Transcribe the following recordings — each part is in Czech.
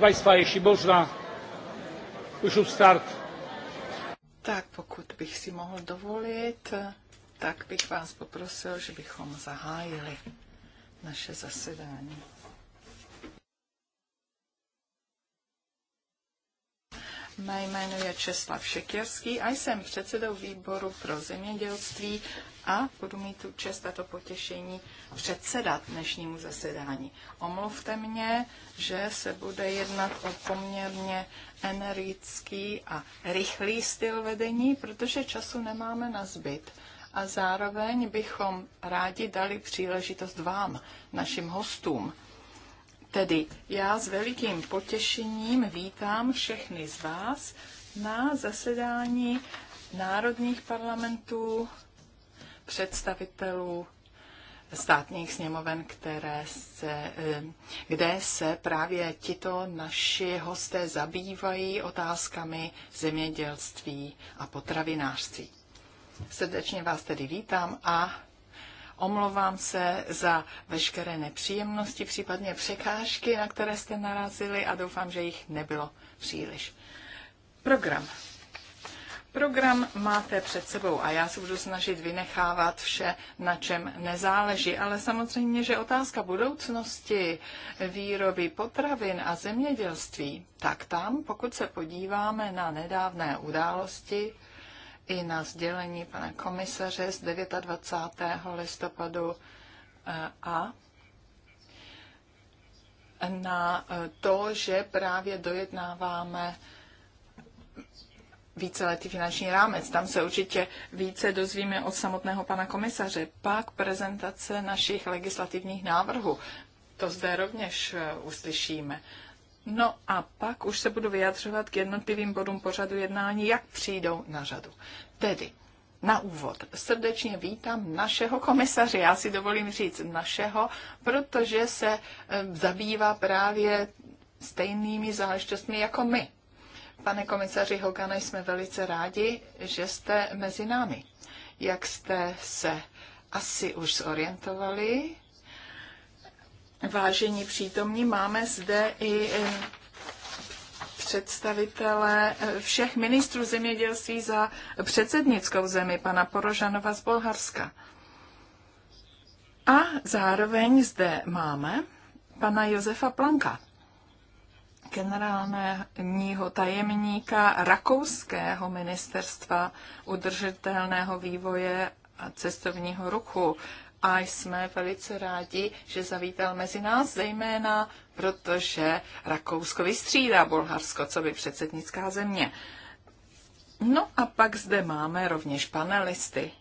Państwa, jeśli można, už start. Tak, pokud bych si mohl dovolit, tak bych vás poprosil, že bychom zahájili naše zasedání. Mé jméno je Česlav Šekěrský a jsem předsedou výboru pro zemědělství a budu mít tu čest a to potěšení předsedat dnešnímu zasedání. Omluvte mě, že se bude jednat o poměrně energický a rychlý styl vedení, protože času nemáme na zbyt. A zároveň bychom rádi dali příležitost vám, našim hostům, Tedy já s velikým potěšením vítám všechny z vás na zasedání národních parlamentů, představitelů státních sněmoven, které se, eh, kde se právě tito naši hosté zabývají otázkami zemědělství a potravinářství. Srdečně vás tedy vítám a Omlouvám se za veškeré nepříjemnosti, případně překážky, na které jste narazili a doufám, že jich nebylo příliš. Program. Program máte před sebou a já se budu snažit vynechávat vše, na čem nezáleží. Ale samozřejmě, že otázka budoucnosti výroby potravin a zemědělství, tak tam, pokud se podíváme na nedávné události, i na sdělení pana komisaře z 29. listopadu eh, a na eh, to, že právě dojednáváme víceletý finanční rámec. Tam se určitě více dozvíme od samotného pana komisaře. Pak prezentace našich legislativních návrhů. To zde rovněž eh, uslyšíme. No a pak už se budu vyjadřovat k jednotlivým bodům pořadu jednání, jak přijdou na řadu. Tedy na úvod srdečně vítám našeho komisaře, já si dovolím říct našeho, protože se eh, zabývá právě stejnými záležitostmi jako my. Pane komisaři Hogane, jsme velice rádi, že jste mezi námi. Jak jste se asi už zorientovali, Vážení přítomní, máme zde i představitele e, všech ministrů zemědělství za předsednickou zemi, pana Porožanova z Bulharska. A zároveň zde máme pana Josefa Planka, generálního tajemníka Rakouského ministerstva udržitelného vývoje a cestovního ruchu a jsme velice rádi, že zavítal mezi nás, zejména protože Rakousko vystřídá Bulharsko, co by předsednická země. No a pak zde máme rovněž panelisty.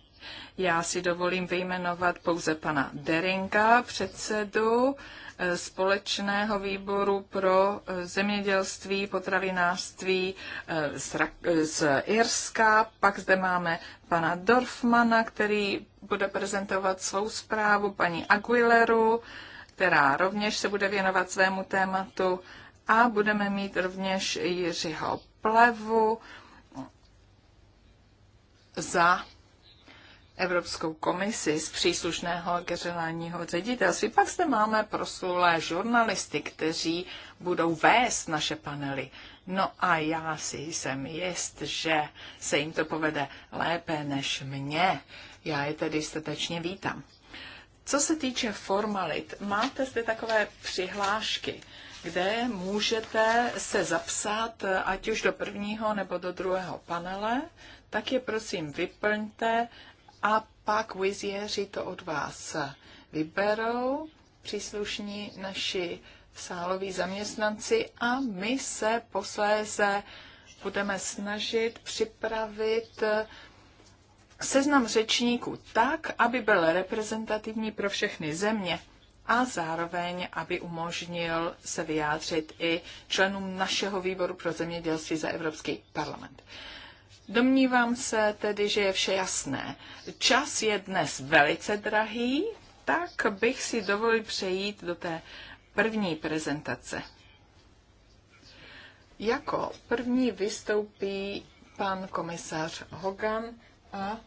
Já si dovolím vyjmenovat pouze pana Derinka, předsedu společného výboru pro eh, zemědělství, potravinářství eh, eh, z Irska. Pak zde máme pana Dorfmana, který bude prezentovat svou zprávu, paní Aguileru, která rovněž se bude věnovat svému tématu. A budeme mít rovněž Jiřího Plevu za Evropskou komisi z příslušného generálního ředitelství. Pak zde máme proslulé žurnalisty, kteří budou vést naše panely. No a já si jsem jist, že se jim to povede lépe než mě. Já je tedy statečně vítám. Co se týče formalit, máte zde takové přihlášky, kde můžete se zapsat ať už do prvního nebo do druhého panele, tak je prosím vyplňte a pak vizieři to od vás vyberou, příslušní naši sáloví zaměstnanci a my se posléze budeme snažit připravit eh, seznam řečníků tak, aby byl reprezentativní pro všechny země a zároveň, aby umožnil se vyjádřit i členům našeho výboru pro zemědělství za Evropský parlament. Domnívám se tedy, že je vše jasné. Čas je dnes velice drahý, tak bych si dovolil přejít do té první prezentace. Jako první vystoupí pan komisař Hogan a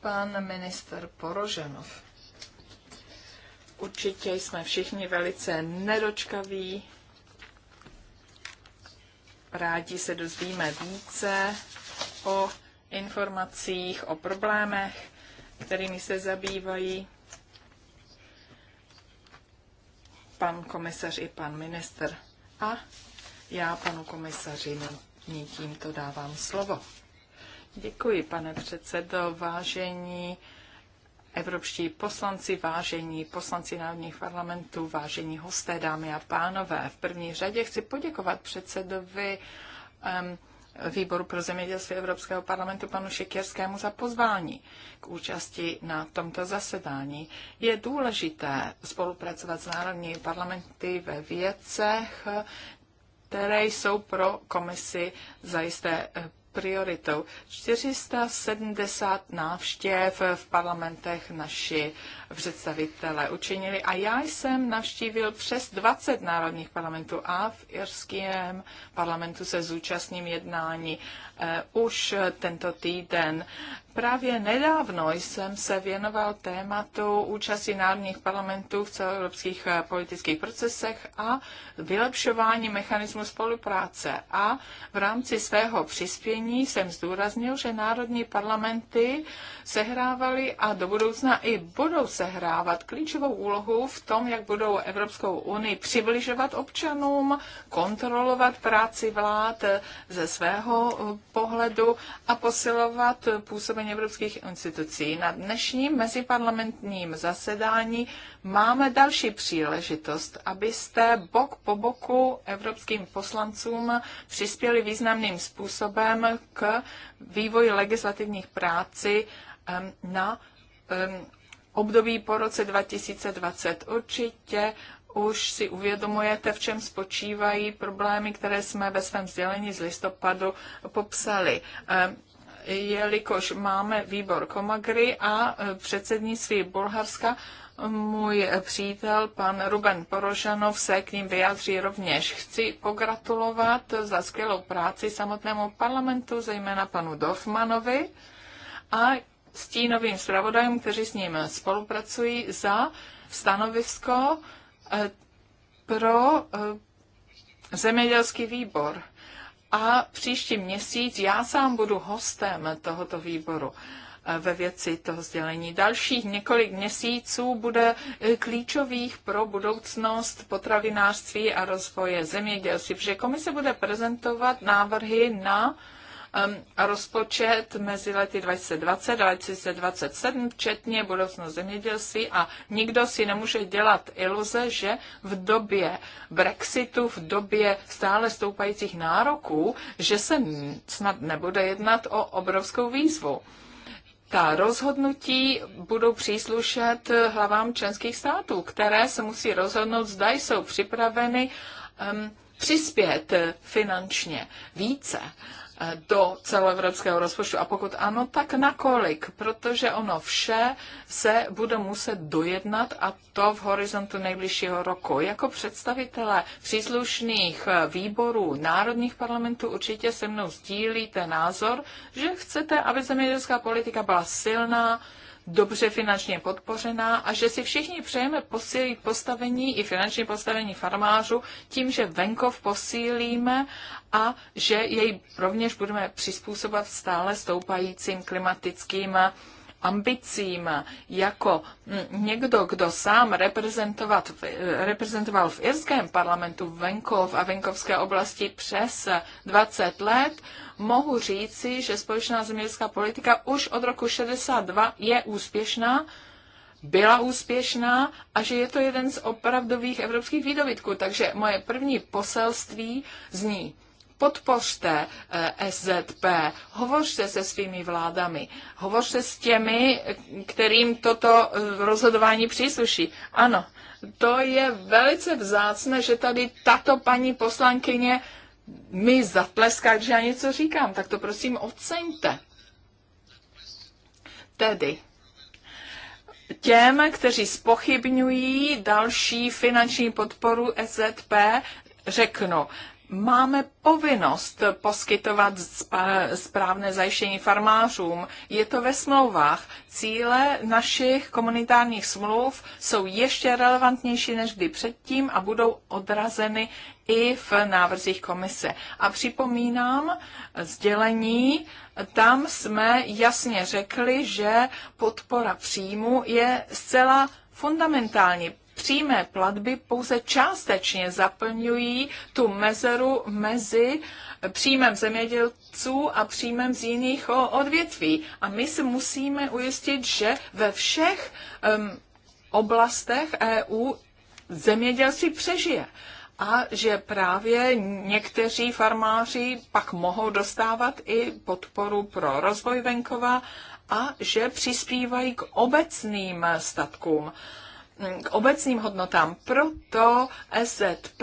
pan minister Poroženov. Určitě jsme všichni velice nedočkaví. Rádi se dozvíme více o informacích, o problémech, kterými se zabývají pan komisař i pan minister. A já panu komisaři nyní tímto dávám slovo. Děkuji, pane předsedo, vážení evropští poslanci, vážení poslanci národních parlamentů, vážení hosté, dámy a pánové. V první řadě chci poděkovat předsedovi um, výboru pro zemědělství Evropského parlamentu panu Šikěrskému za pozvání k účasti na tomto zasedání. Je důležité spolupracovat s národními parlamenty ve věcech, které jsou pro komisi zajisté eh, prioritou. 470 návštěv v parlamentech naši představitelé učinili a já jsem navštívil přes 20 národních parlamentů a v irském parlamentu se zúčastním jednání eh, už tento týden Právě nedávno jsem se věnoval tématu účasti národních parlamentů v celoevropských eh, politických procesech a vylepšování mechanismu spolupráce. A v rámci svého přispění jsem zdůraznil, že národní parlamenty sehrávaly a do budoucna i budou sehrávat klíčovou úlohu v tom, jak budou Evropskou unii přibližovat občanům, kontrolovat práci vlád eh, ze svého eh, pohledu a posilovat působení úroveň evropských institucí. Na dnešním meziparlamentním zasedání máme další příležitost, abyste bok po boku evropským poslancům přispěli významným způsobem k vývoji legislativních práci na období po roce 2020. Určitě už si uvědomujete, v čem spočívají problémy, které jsme ve svém sdělení z listopadu popsali jelikož máme výbor Komagry a e, předsednictví Bulharska, můj přítel, pan Ruben Porožanov, se k ním vyjádří rovněž. Chci pogratulovat za skvělou práci samotnému parlamentu, zejména panu Dorfmanovi a stínovým zpravodajům, kteří s ním spolupracují, za stanovisko e, pro e, zemědělský výbor a příští měsíc já sám budu hostem tohoto výboru eh, ve věci toho sdělení. Dalších několik měsíců bude eh, klíčových pro budoucnost potravinářství a rozvoje zemědělství, protože komise bude prezentovat návrhy na rozpočet mezi lety 2020 a 2027, včetně budoucnost zemědělství a nikdo si nemůže dělat iluze, že v době Brexitu, v době stále stoupajících nároků, že se snad nebude jednat o obrovskou výzvu. Ta rozhodnutí budou příslušet hlavám členských států, které se musí rozhodnout, zda jsou připraveny um, přispět finančně více do celoevropského rozpočtu? A pokud ano, tak nakolik? Protože ono vše se bude muset dojednat a to v horizontu nejbližšího roku. Jako představitelé příslušných výborů národních parlamentů určitě se mnou sdílíte názor, že chcete, aby zemědělská politika byla silná, dobře finančně podpořená a že si všichni přejeme posílit postavení i finanční postavení farmářů tím, že venkov posílíme a že jej rovněž budeme přizpůsobovat stále stoupajícím klimatickým ambicím jako mm, někdo, kdo sám reprezentovat, reprezentoval v irském parlamentu venkov a venkovské oblasti přes 20 let, mohu říci, že společná zemědělská politika už od roku 62 je úspěšná, byla úspěšná a že je to jeden z opravdových evropských výdobytků. Takže moje první poselství zní, podpořte eh, SZP, hovořte se svými vládami, hovořte s těmi, kterým toto eh, rozhodování přísluší. Ano, to je velice vzácné, že tady tato paní poslankyně mi zatleská, když já něco říkám, tak to prosím oceňte. Tedy, těm, kteří spochybňují další finanční podporu SZP, řeknu, máme povinnost poskytovat správné zajištění farmářům. Je to ve smlouvách. Cíle našich komunitárních smluv jsou ještě relevantnější než kdy předtím a budou odrazeny i v návrzích komise. A připomínám sdělení, tam jsme jasně řekli, že podpora příjmu je zcela fundamentální přímé platby pouze částečně zaplňují tu mezeru mezi příjmem zemědělců a příjmem z jiných odvětví. A my se musíme ujistit, že ve všech um, oblastech EU zemědělství přežije a že právě někteří farmáři pak mohou dostávat i podporu pro rozvoj venkova a že přispívají k obecným statkům k obecným hodnotám. Proto SZP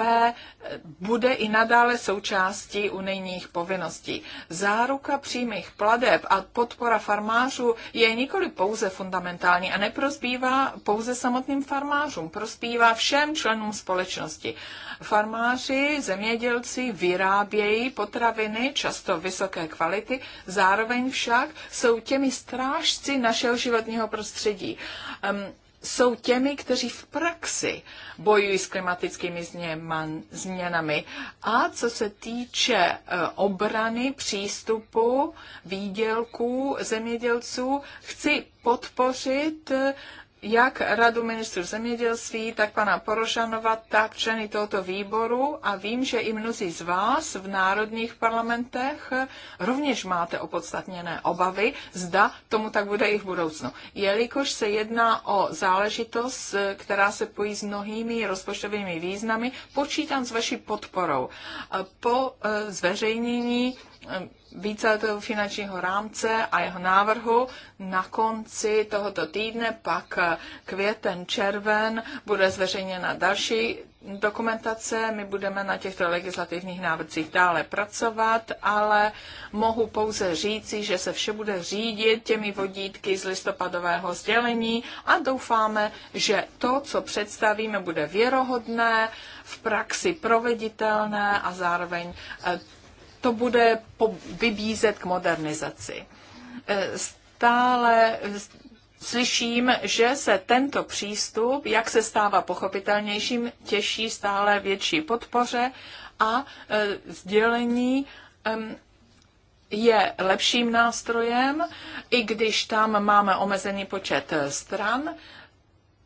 bude i nadále součástí unijních povinností. Záruka přímých pladeb a podpora farmářů je nikoli pouze fundamentální a neprospívá pouze samotným farmářům, prospívá všem členům společnosti. Farmáři, zemědělci vyrábějí potraviny, často vysoké kvality, zároveň však jsou těmi strážci našeho životního prostředí jsou těmi, kteří v praxi bojují s klimatickými změnami. A co se týče eh, obrany přístupu výdělků zemědělců, chci podpořit eh, jak Radu ministrů zemědělství, tak pana Porožanova, tak členy tohoto výboru a vím, že i mnozí z vás v národních parlamentech rovněž máte opodstatněné obavy, zda tomu tak bude i v budoucnu. Jelikož se jedná o záležitost, která se pojí s mnohými rozpočtovými významy, počítám s vaší podporou. Po eh, zveřejnění více toho finančního rámce a jeho návrhu. Na konci tohoto týdne, pak květen, červen, bude zveřejněna další dokumentace. My budeme na těchto legislativních návrcích dále pracovat, ale mohu pouze říci, že se vše bude řídit těmi vodítky z listopadového sdělení a doufáme, že to, co představíme, bude věrohodné, v praxi proveditelné a zároveň eh, to bude vybízet k modernizaci. E, stále slyším, že se tento přístup, jak se stává pochopitelnějším, těší stále větší podpoře a e, sdělení je lepším nástrojem, i když tam máme omezený počet stran,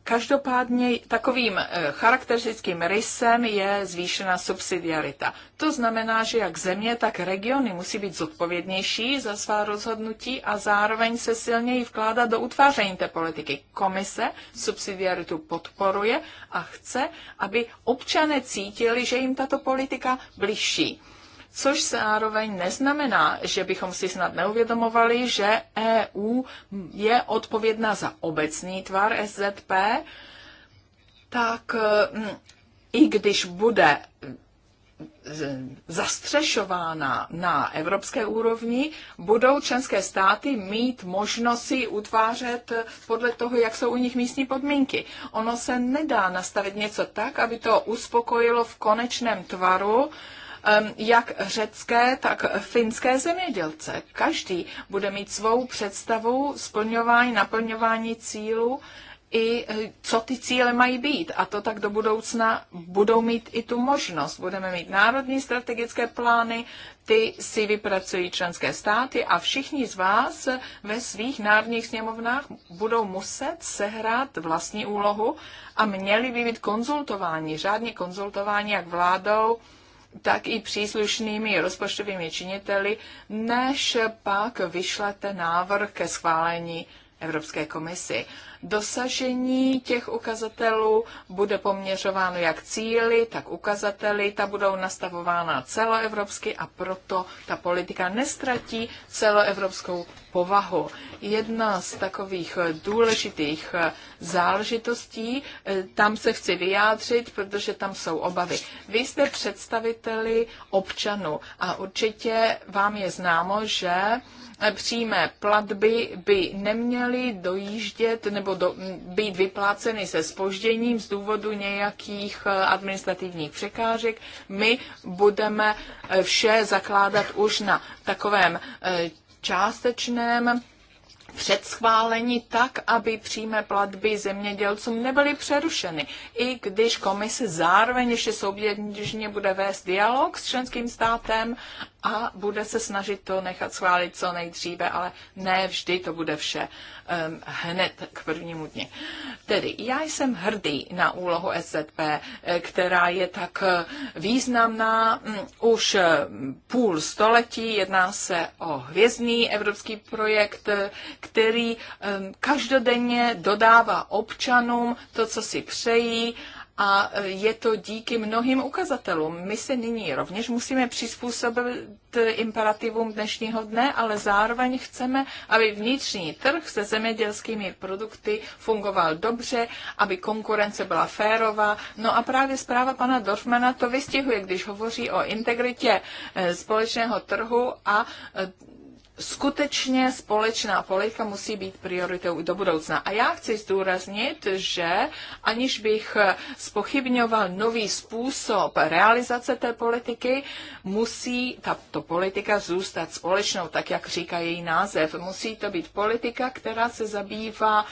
Každopádně takovým eh, charakteristickým rysem je zvýšená subsidiarita. To znamená, že jak země, tak regiony musí být zodpovědnější za svá rozhodnutí a zároveň se silněji vkládat do utváření té politiky. Komise subsidiaritu podporuje a chce, aby občané cítili, že jim tato politika bližší což zároveň neznamená, že bychom si snad neuvědomovali, že EU je odpovědná za obecný tvar SZP, tak mm, i když bude mm, zastřešována na evropské úrovni, budou členské státy mít možnost si utvářet podle toho, jak jsou u nich místní podmínky. Ono se nedá nastavit něco tak, aby to uspokojilo v konečném tvaru Ehm, jak řecké, tak finské zemědělce. Každý bude mít svou představu splňování, naplňování cílů i eh, co ty cíle mají být. A to tak do budoucna budou mít i tu možnost. Budeme mít národní strategické plány, ty si vypracují členské státy a všichni z vás ve svých národních sněmovnách budou muset sehrát vlastní úlohu a měli by být konzultováni, řádně konzultováni jak vládou, tak i příslušnými rozpočtovými činiteli, než pak vyšlete návrh ke schválení Evropské komisi. Dosažení těch ukazatelů bude poměřováno jak cíly, tak ukazateli. Ta budou nastavována celoevropsky a proto ta politika nestratí celoevropskou povahu. Jedna z takových důležitých záležitostí, eh, tam se chci vyjádřit, protože tam jsou obavy. Vy jste představiteli občanů a určitě vám je známo, že přímé platby by neměly dojíždět nebo nebo do, být vypláceny se spožděním z důvodu nějakých eh, administrativních překážek. My budeme eh, vše zakládat už na takovém eh, částečném schválení tak, aby přímé platby zemědělcům nebyly přerušeny. I když komise zároveň ještě souběžně bude vést dialog s členským státem a bude se snažit to nechat schválit co nejdříve, ale ne vždy to bude vše um, hned k prvnímu dni. Tedy já jsem hrdý na úlohu SZP, eh, která je tak eh, významná hm, už eh, půl století. Jedná se o hvězdný evropský projekt, který um, každodenně dodává občanům to, co si přejí a je to díky mnohým ukazatelům. My se nyní rovněž musíme přizpůsobit imperativům dnešního dne, ale zároveň chceme, aby vnitřní trh se zemědělskými produkty fungoval dobře, aby konkurence byla férová. No a právě zpráva pana Dorfmana to vystihuje, když hovoří o integritě eh, společného trhu a eh, skutečně společná politika musí být prioritou i do budoucna. A já chci zdůraznit, že aniž bych spochybňoval nový způsob realizace té politiky, musí tato politika zůstat společnou, tak jak říká její název. Musí to být politika, která se zabývá uh,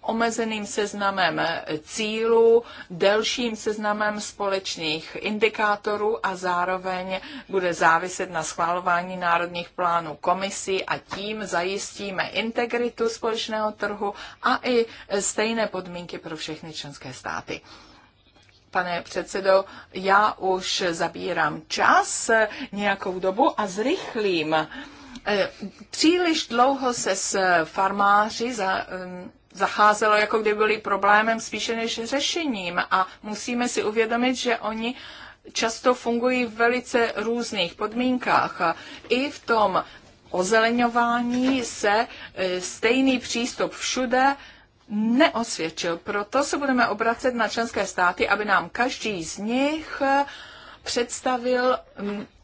omezeným seznamem cílů, delším seznamem společných indikátorů a zároveň bude záviset na schvalování národních plánů komisí a tím zajistíme integritu společného trhu a i stejné podmínky pro všechny členské státy pane předsedo, já už zabírám čas nějakou dobu a zrychlím. Eh, příliš dlouho se s farmáři za, zacházelo, jako kdyby byly problémem spíše než řešením. A musíme si uvědomit, že oni často fungují v velice různých podmínkách. I v tom ozeleňování se e, stejný přístup všude neosvědčil. Proto se budeme obracet na členské státy, aby nám každý z nich e, představil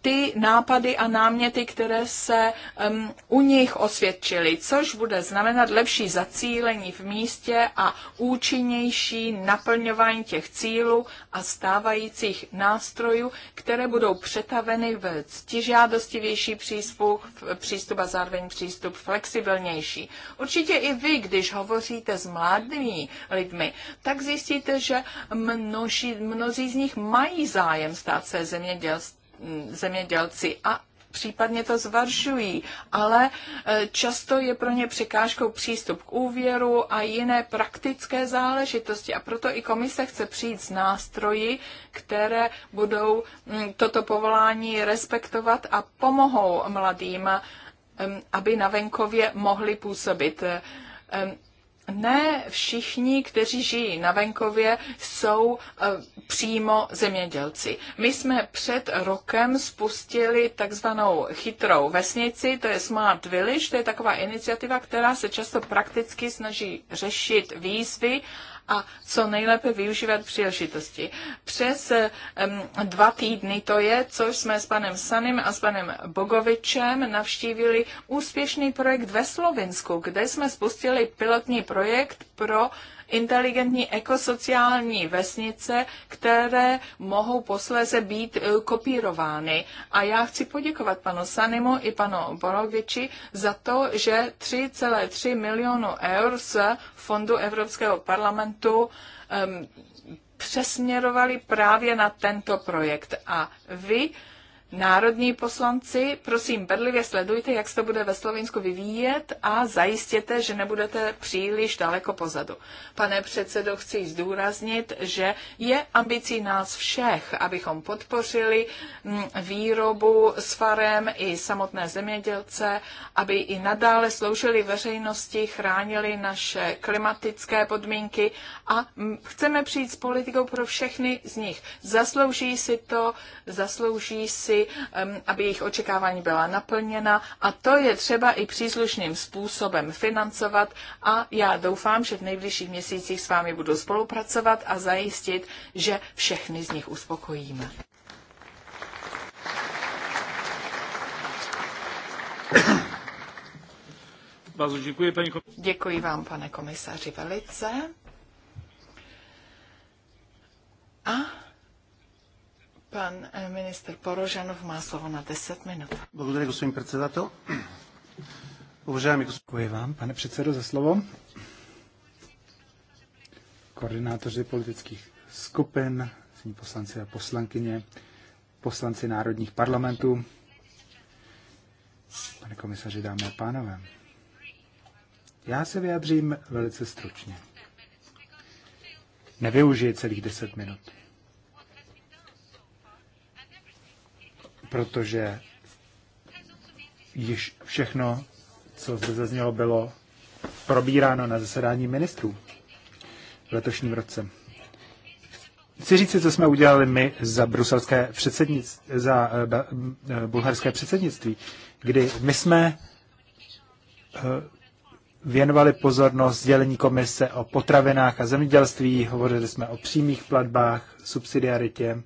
ty nápady a náměty, které se um, u nich osvědčily, což bude znamenat lepší zacílení v místě a účinnější naplňování těch cílů a stávajících nástrojů, které budou přetaveny v ctižádostivější přístup, přístup a zároveň přístup flexibilnější. Určitě i vy, když hovoříte s mladými lidmi, tak zjistíte, že množí, mnozí z nich mají zájem stát se zemědělství Mm, zemědělci a případně to zvaržují, ale e, často je pro ně překážkou přístup k úvěru a jiné praktické záležitosti. A proto i komise chce přijít s nástroji, které budou mm, toto povolání respektovat a pomohou mladým, mm, aby na venkově mohli působit e, ne všichni, kteří žijí na venkově, jsou eh, přímo zemědělci. My jsme před rokem spustili takzvanou chytrou vesnici, to je Smart Village, to je taková iniciativa, která se často prakticky snaží řešit výzvy a co nejlépe využívat příležitosti. Přes dva týdny to je, což jsme s panem Sanem a s panem Bogovičem navštívili úspěšný projekt ve slovensku, kde jsme spustili pilotní projekt pro inteligentní ekosociální vesnice, které mohou posléze být eh, kopírovány. A já chci poděkovat panu Sanimu i panu Boroviči za to, že 3,3 milionu eur z Fondu Evropského parlamentu um, přesměrovali právě na tento projekt. A vy národní poslanci, prosím, bedlivě sledujte, jak se to bude ve Slovensku vyvíjet a zajistěte, že nebudete příliš daleko pozadu. Pane předsedo, chci zdůraznit, že je ambicí nás všech, abychom podpořili mm, výrobu s farem i samotné zemědělce, aby i nadále sloužili veřejnosti, chránili naše klimatické podmínky a mm, chceme přijít s politikou pro všechny z nich. Zaslouží si to, zaslouží si aby, um, aby jejich očekávání byla naplněna a to je třeba i příslušným způsobem financovat a já doufám, že v nejbližších měsících s vámi budu spolupracovat a zajistit, že všechny z nich uspokojíme. Děkuji vám, pane komisaři, velice. A Pan eh, minister Porožanov má slovo na 10 minut. Благодаря, господин председател. Уважаеми господин vám, pane předsedo, za slovo. Koordinátoři politických skupin, poslanci a poslankyně, poslanci národních parlamentů, pane komisaři, dámy a pánové. Já se vyjádřím velice stručně. Nevyužiji celých deset minut protože již všechno, co zde zaznělo, bylo probíráno na zasedání ministrů v letošním roce. Chci říct, co jsme udělali my za, bruselské předsednictví, za eh, eh, bulharské předsednictví, kdy my jsme eh, věnovali pozornost sdělení komise o potravinách a zemědělství, hovořili jsme o přímých platbách, subsidiaritě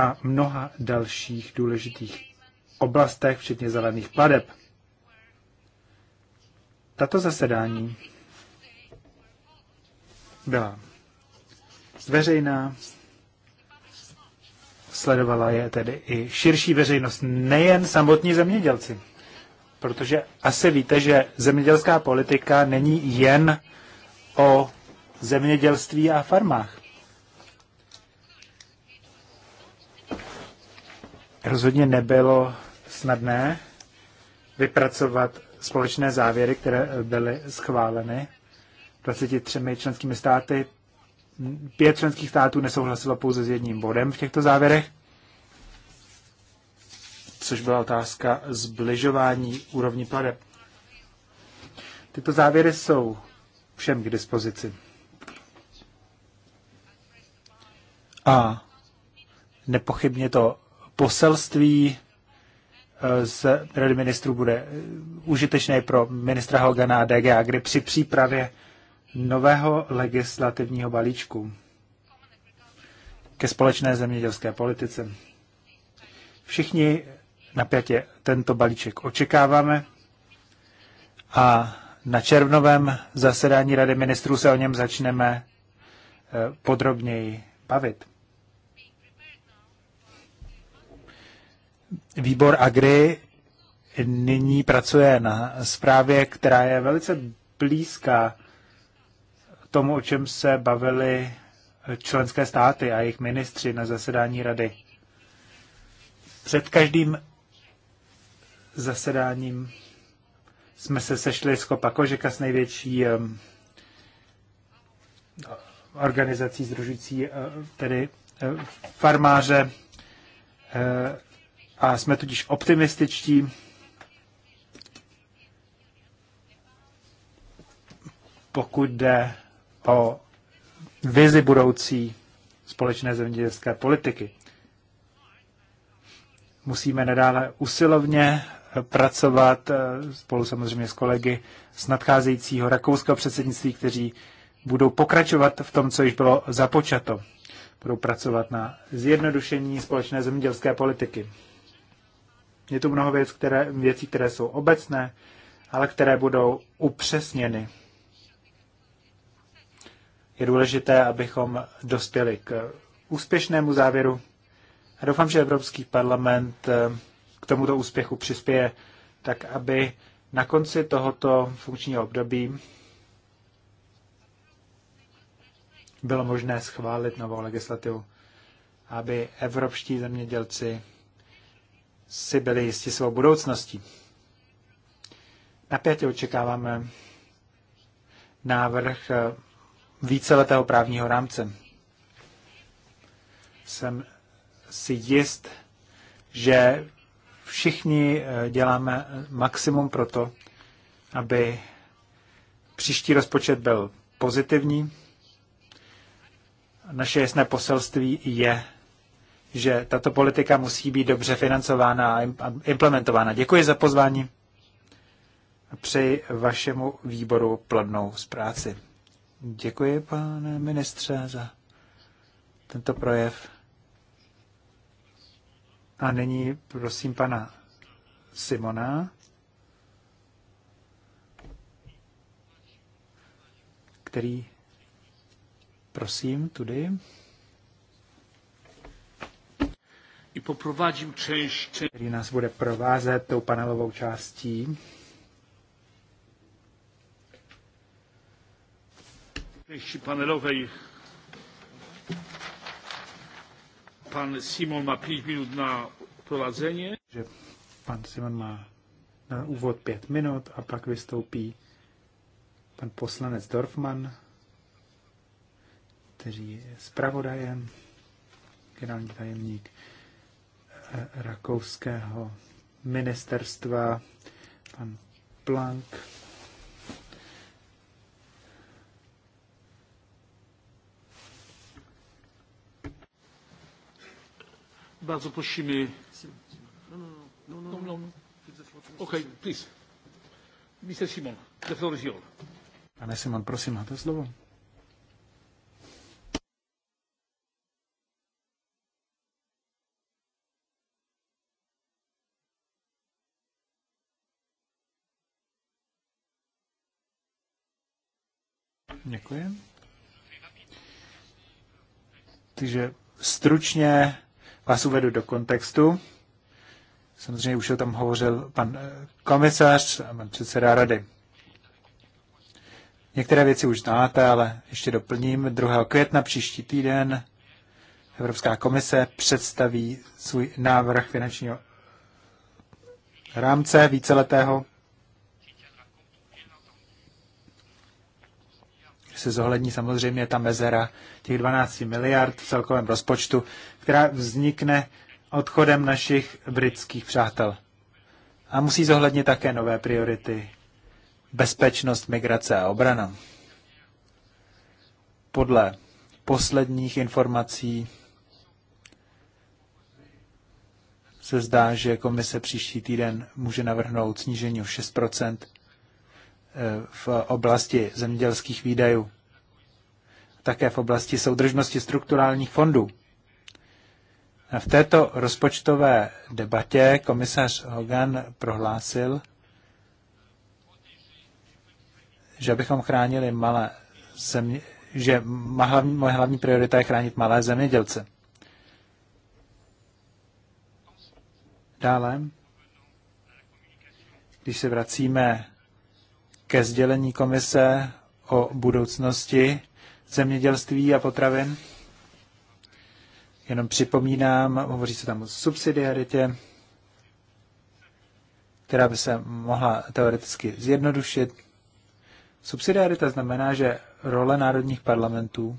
a mnoha dalších důležitých oblastech, včetně zelených pladeb. Tato zasedání byla zveřejná, sledovala je tedy i širší veřejnost, nejen samotní zemědělci. Protože asi víte, že zemědělská politika není jen o zemědělství a farmách. rozhodně nebylo snadné vypracovat společné závěry, které byly schváleny 23 členskými státy. Pět členských států nesouhlasilo pouze s jedním bodem v těchto závěrech, což byla otázka zbližování úrovní pladeb. Tyto závěry jsou všem k dispozici. A nepochybně to poselství eh, z rady ministrů bude eh, užitečné pro ministra Hogana a DG Agri při přípravě nového legislativního balíčku ke společné zemědělské politice. Všichni napjatě tento balíček očekáváme a na červnovém zasedání Rady ministrů se o něm začneme eh, podrobněji bavit. výbor Agri nyní pracuje na zprávě, která je velice blízká tomu, o čem se bavili členské státy a jejich ministři na zasedání rady. Před každým zasedáním jsme se sešli s Kopakožeka s největší organizací združující eh, tedy eh, farmáře eh, a jsme tudíž optimističtí. pokud jde o vizi budoucí společné zemědělské politiky. Musíme nadále usilovně pracovat eh, spolu samozřejmě s kolegy z nadcházejícího rakouského předsednictví, kteří budou pokračovat v tom, co již bylo započato. Budou pracovat na zjednodušení společné zemědělské politiky. Je tu mnoho věc, které, věcí, které jsou obecné, ale které budou upřesněny. Je důležité, abychom dospěli k úspěšnému závěru a doufám, že Evropský parlament eh, k tomuto úspěchu přispěje tak, aby na konci tohoto funkčního období bylo možné schválit novou legislativu, aby evropští zemědělci si byli jistí svou budoucností. Napětě očekáváme návrh eh, víceletého právního rámce. Jsem si jist, že všichni eh, děláme eh, maximum pro to, aby příští rozpočet byl pozitivní. Naše jasné poselství je, že tato politika musí být dobře financována a implementována. Děkuji za pozvání a přeji vašemu výboru plodnou zpráci. Děkuji, pane ministře, za tento projev. A nyní prosím pana Simona, který, prosím, tudy. i część... Který nás bude provázet tou panelovou částí. Części panelowej pan Simon má 5 minut na prowadzenie. Že pan Simon má na úvod 5 minut a pak vystoupí pan poslanec Dorfman, který je zpravodajem, generální tajemník rakouského ministerstva, pan Planck. Bardzo prosimy. No, no, no. no, no. Okay, please. Mr. Simon, the floor is yours. Pane Simon, prosím, máte slovo. Děkuji. Takže stručně vás uvedu do kontextu. Samozřejmě už o tom hovořil pan eh, komisař a pan předseda rady. Některé věci už znáte, ale ještě doplním. 2. května příští týden Evropská komise představí svůj návrh finančního rámce víceletého se zohlední samozřejmě ta mezera těch 12 miliard v celkovém rozpočtu, která vznikne odchodem našich britských přátel. A musí zohlednit také nové priority. Bezpečnost, migrace a obrana. Podle posledních informací se zdá, že komise příští týden může navrhnout snížení o 6 v oblasti zemědělských výdajů, také v oblasti soudržnosti strukturálních fondů. A v této rozpočtové debatě komisař Hogan prohlásil, že bychom chránili malé země, že má hlavní, moje hlavní priorita je chránit malé zemědělce. Dále, když se vracíme ke sdělení komise o budoucnosti zemědělství a potravin. Jenom připomínám, hovoří se tam o subsidiaritě, která by se mohla teoreticky zjednodušit. Subsidiarita znamená, že role národních parlamentů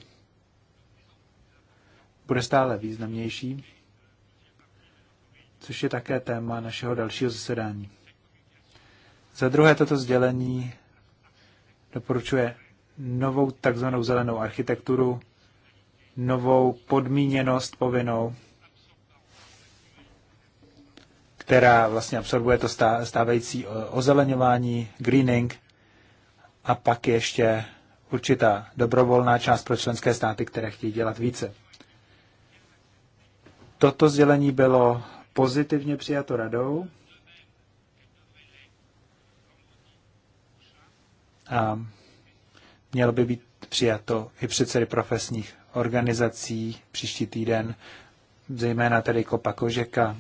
bude stále významnější, což je také téma našeho dalšího zasedání. Za druhé, toto sdělení doporučuje novou takzvanou zelenou architekturu, novou podmíněnost povinnou, která vlastně absorbuje to stávající ozeleňování, greening, a pak ještě určitá dobrovolná část pro členské státy, které chtějí dělat více. Toto sdělení bylo pozitivně přijato radou a mělo by být přijato i předsedy profesních organizací příští týden, zejména tedy Kopa Kožeka,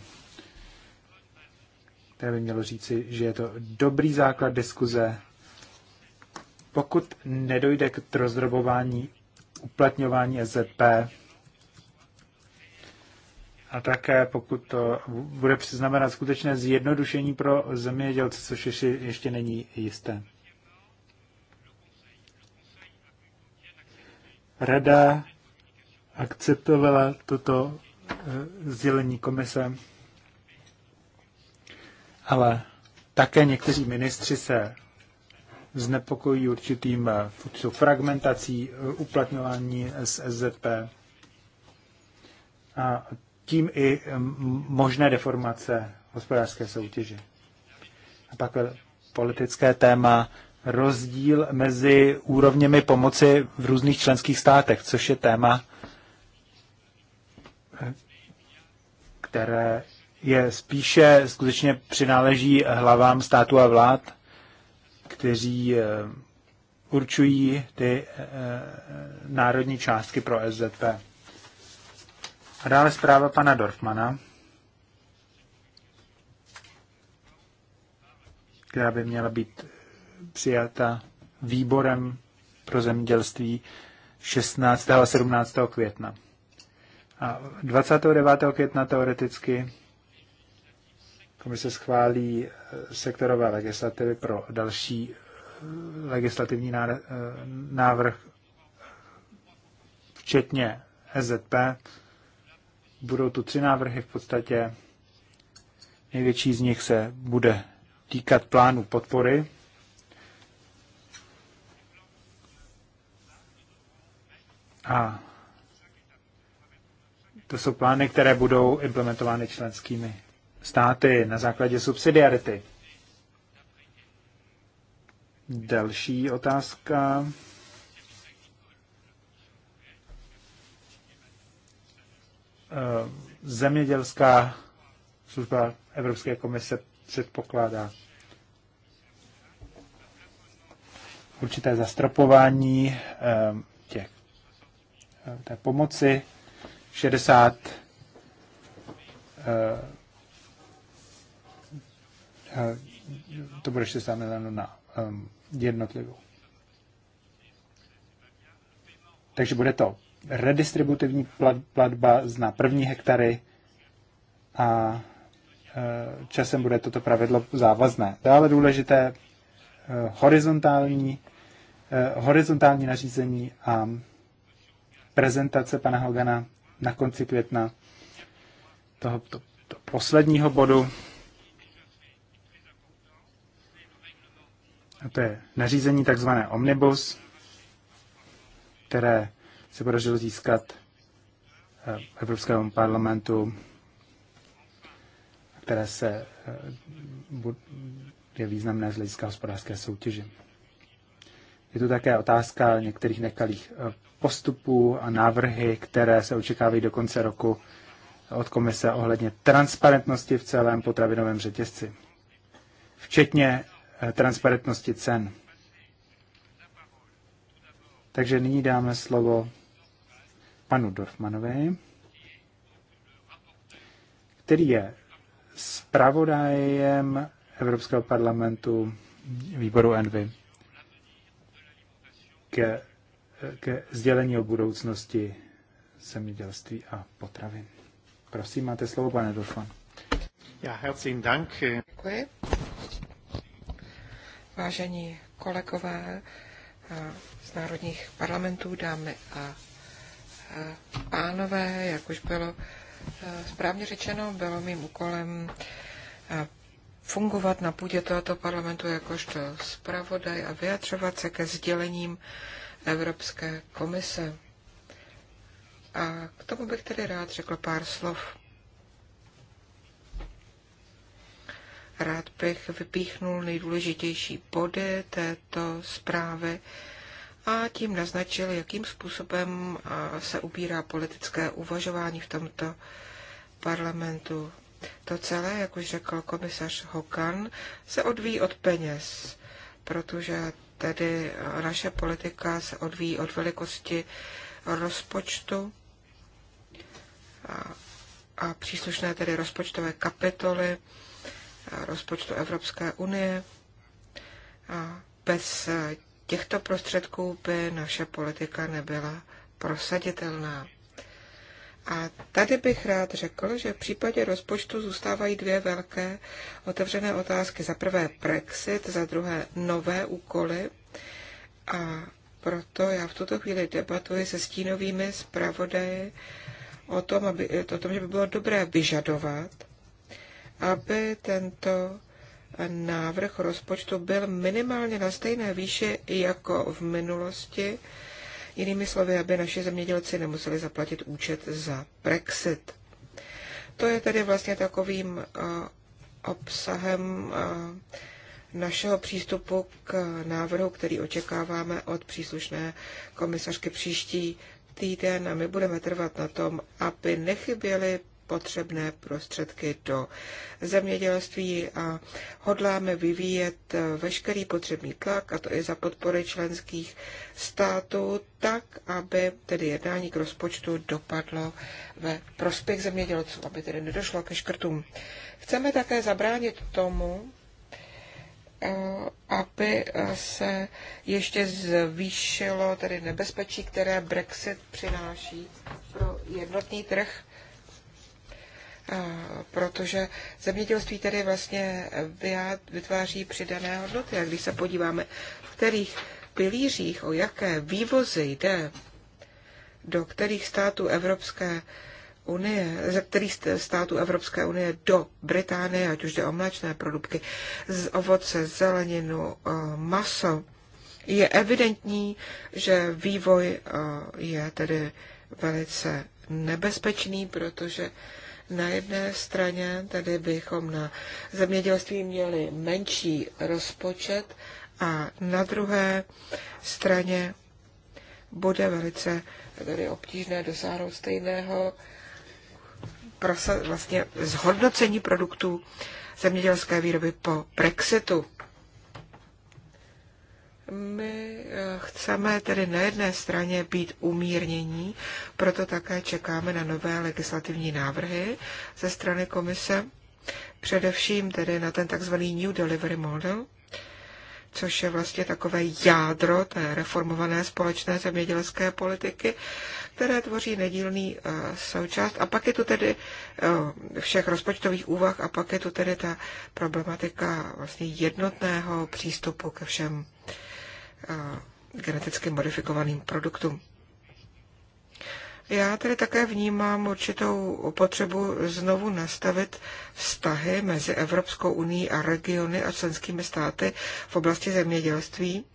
které by mělo říci, že je to dobrý základ diskuze. Pokud nedojde k rozdrobování uplatňování SZP, a také pokud to bude přiznamenat skutečné zjednodušení pro zemědělce, což ještě, ještě není jisté. Rada akceptovala toto eh, sdělení komise, ale také někteří ministři se znepokojí určitým eh, fragmentací eh, uplatňování SZP a tím i možné deformace hospodářské soutěže. A pak politické téma rozdíl mezi úrovněmi pomoci v různých členských státech, což je téma, které je spíše skutečně přináleží hlavám státu a vlád, kteří eh, určují ty eh, národní částky pro SZP. A dále zpráva pana Dorfmana, která by měla být přijata výborem pro zemědělství 16. a 17. května. A 29. května teoreticky komise schválí eh, sektorové legislativy pro další eh, legislativní eh, návrh, včetně SZP. Budou tu tři návrhy v podstatě. Největší z nich se bude týkat plánu podpory A to jsou plány, které budou implementovány členskými státy na základě subsidiarity. Další otázka. Eh, zemědělská služba Evropské komise předpokládá určité zastropování eh, Eh, té pomoci. 60 eh, eh, to bude 60 milionů na jednotlivou. Takže bude to redistributivní platba na první hektary a časem bude toto pravidlo závazné. Dále důležité horizontální, horizontální nařízení a prezentace pana Hogana na konci května toho to posledního bodu. A to je nařízení takzvané Omnibus, které se podařilo získat v eh, Evropskému parlamentu, které se eh, je významné z hlediska hospodářské soutěže. Je tu také otázka některých nekalých eh, postupů a návrhy, které se očekávají do konce roku od komise ohledně transparentnosti v celém potravinovém řetězci, včetně eh, transparentnosti cen. Takže nyní dáme slovo panu Dorfmanovi, který je zpravodajem Evropského parlamentu výboru Envy ke, ke sdělení o budoucnosti zemědělství a potravin. Prosím, máte slovo, pane Dofan. Já herzlichen Dank. Děkuji. Vážení kolegové eh, z národních parlamentů, dámy a eh, pánové, jak už bylo eh, správně řečeno, bylo mým úkolem fungovat na půdě tohoto parlamentu jakožto zpravodaj a vyjadřovat se ke sdělením Evropské komise. A k tomu bych tedy rád řekl pár slov. Rád bych vypíchnul nejdůležitější body této zprávy a tím naznačil, jakým způsobem se ubírá politické uvažování v tomto parlamentu. To celé, jak už řekl komisař Hokan, se odvíjí od peněz, protože tedy naše politika se odvíjí od velikosti rozpočtu a, a příslušné tedy rozpočtové kapitoly rozpočtu Evropské unie. A bez těchto prostředků by naše politika nebyla prosaditelná. A tady bych rád řekl, že v případě rozpočtu zůstávají dvě velké otevřené otázky. Za prvé Brexit, za druhé nové úkoly. A proto já v tuto chvíli debatuji se stínovými zpravodaji o tom, aby, o tom, že by bylo dobré vyžadovat, aby tento návrh rozpočtu byl minimálně na stejné výši jako v minulosti Jinými slovy, aby naši zemědělci nemuseli zaplatit účet za Brexit. To je tedy vlastně takovým uh, obsahem uh, našeho přístupu k návrhu, který očekáváme od příslušné komisařky příští týden a my budeme trvat na tom, aby nechyběly potřebné prostředky do zemědělství a hodláme vyvíjet veškerý potřebný tlak, a to i za podpory členských států, tak, aby tedy jednání k rozpočtu dopadlo ve prospěch zemědělců, aby tedy nedošlo ke škrtům. Chceme také zabránit tomu, eh, aby eh, se ještě zvýšilo tedy nebezpečí, které Brexit přináší pro jednotný trh protože zemědělství tedy vlastně vytváří přidané hodnoty. A když se podíváme, v kterých pilířích, o jaké vývozy jde, do kterých států Evropské unie, ze kterých států Evropské unie do Británie, ať už jde o mléčné produkty, z ovoce, zeleninu, e, maso, je evidentní, že vývoj e, je tedy velice nebezpečný, protože na jedné straně tedy bychom na zemědělství měli menší rozpočet a na druhé straně bude velice tedy obtížné dosáhnout stejného vlastně zhodnocení produktů zemědělské výroby po Brexitu. My eh, chceme tedy na jedné straně být umírnění, proto také čekáme na nové legislativní návrhy ze strany komise, především tedy na ten takzvaný New Delivery Model, což je vlastně takové jádro té reformované společné zemědělské politiky, které tvoří nedílný eh, součást. A pak je tu tedy eh, všech rozpočtových úvah a pak je tu tedy ta problematika vlastně jednotného přístupu ke všem geneticky modifikovaným produktům. Já tedy také vnímám určitou potřebu znovu nastavit vztahy mezi Evropskou unii a regiony a členskými státy v oblasti zemědělství.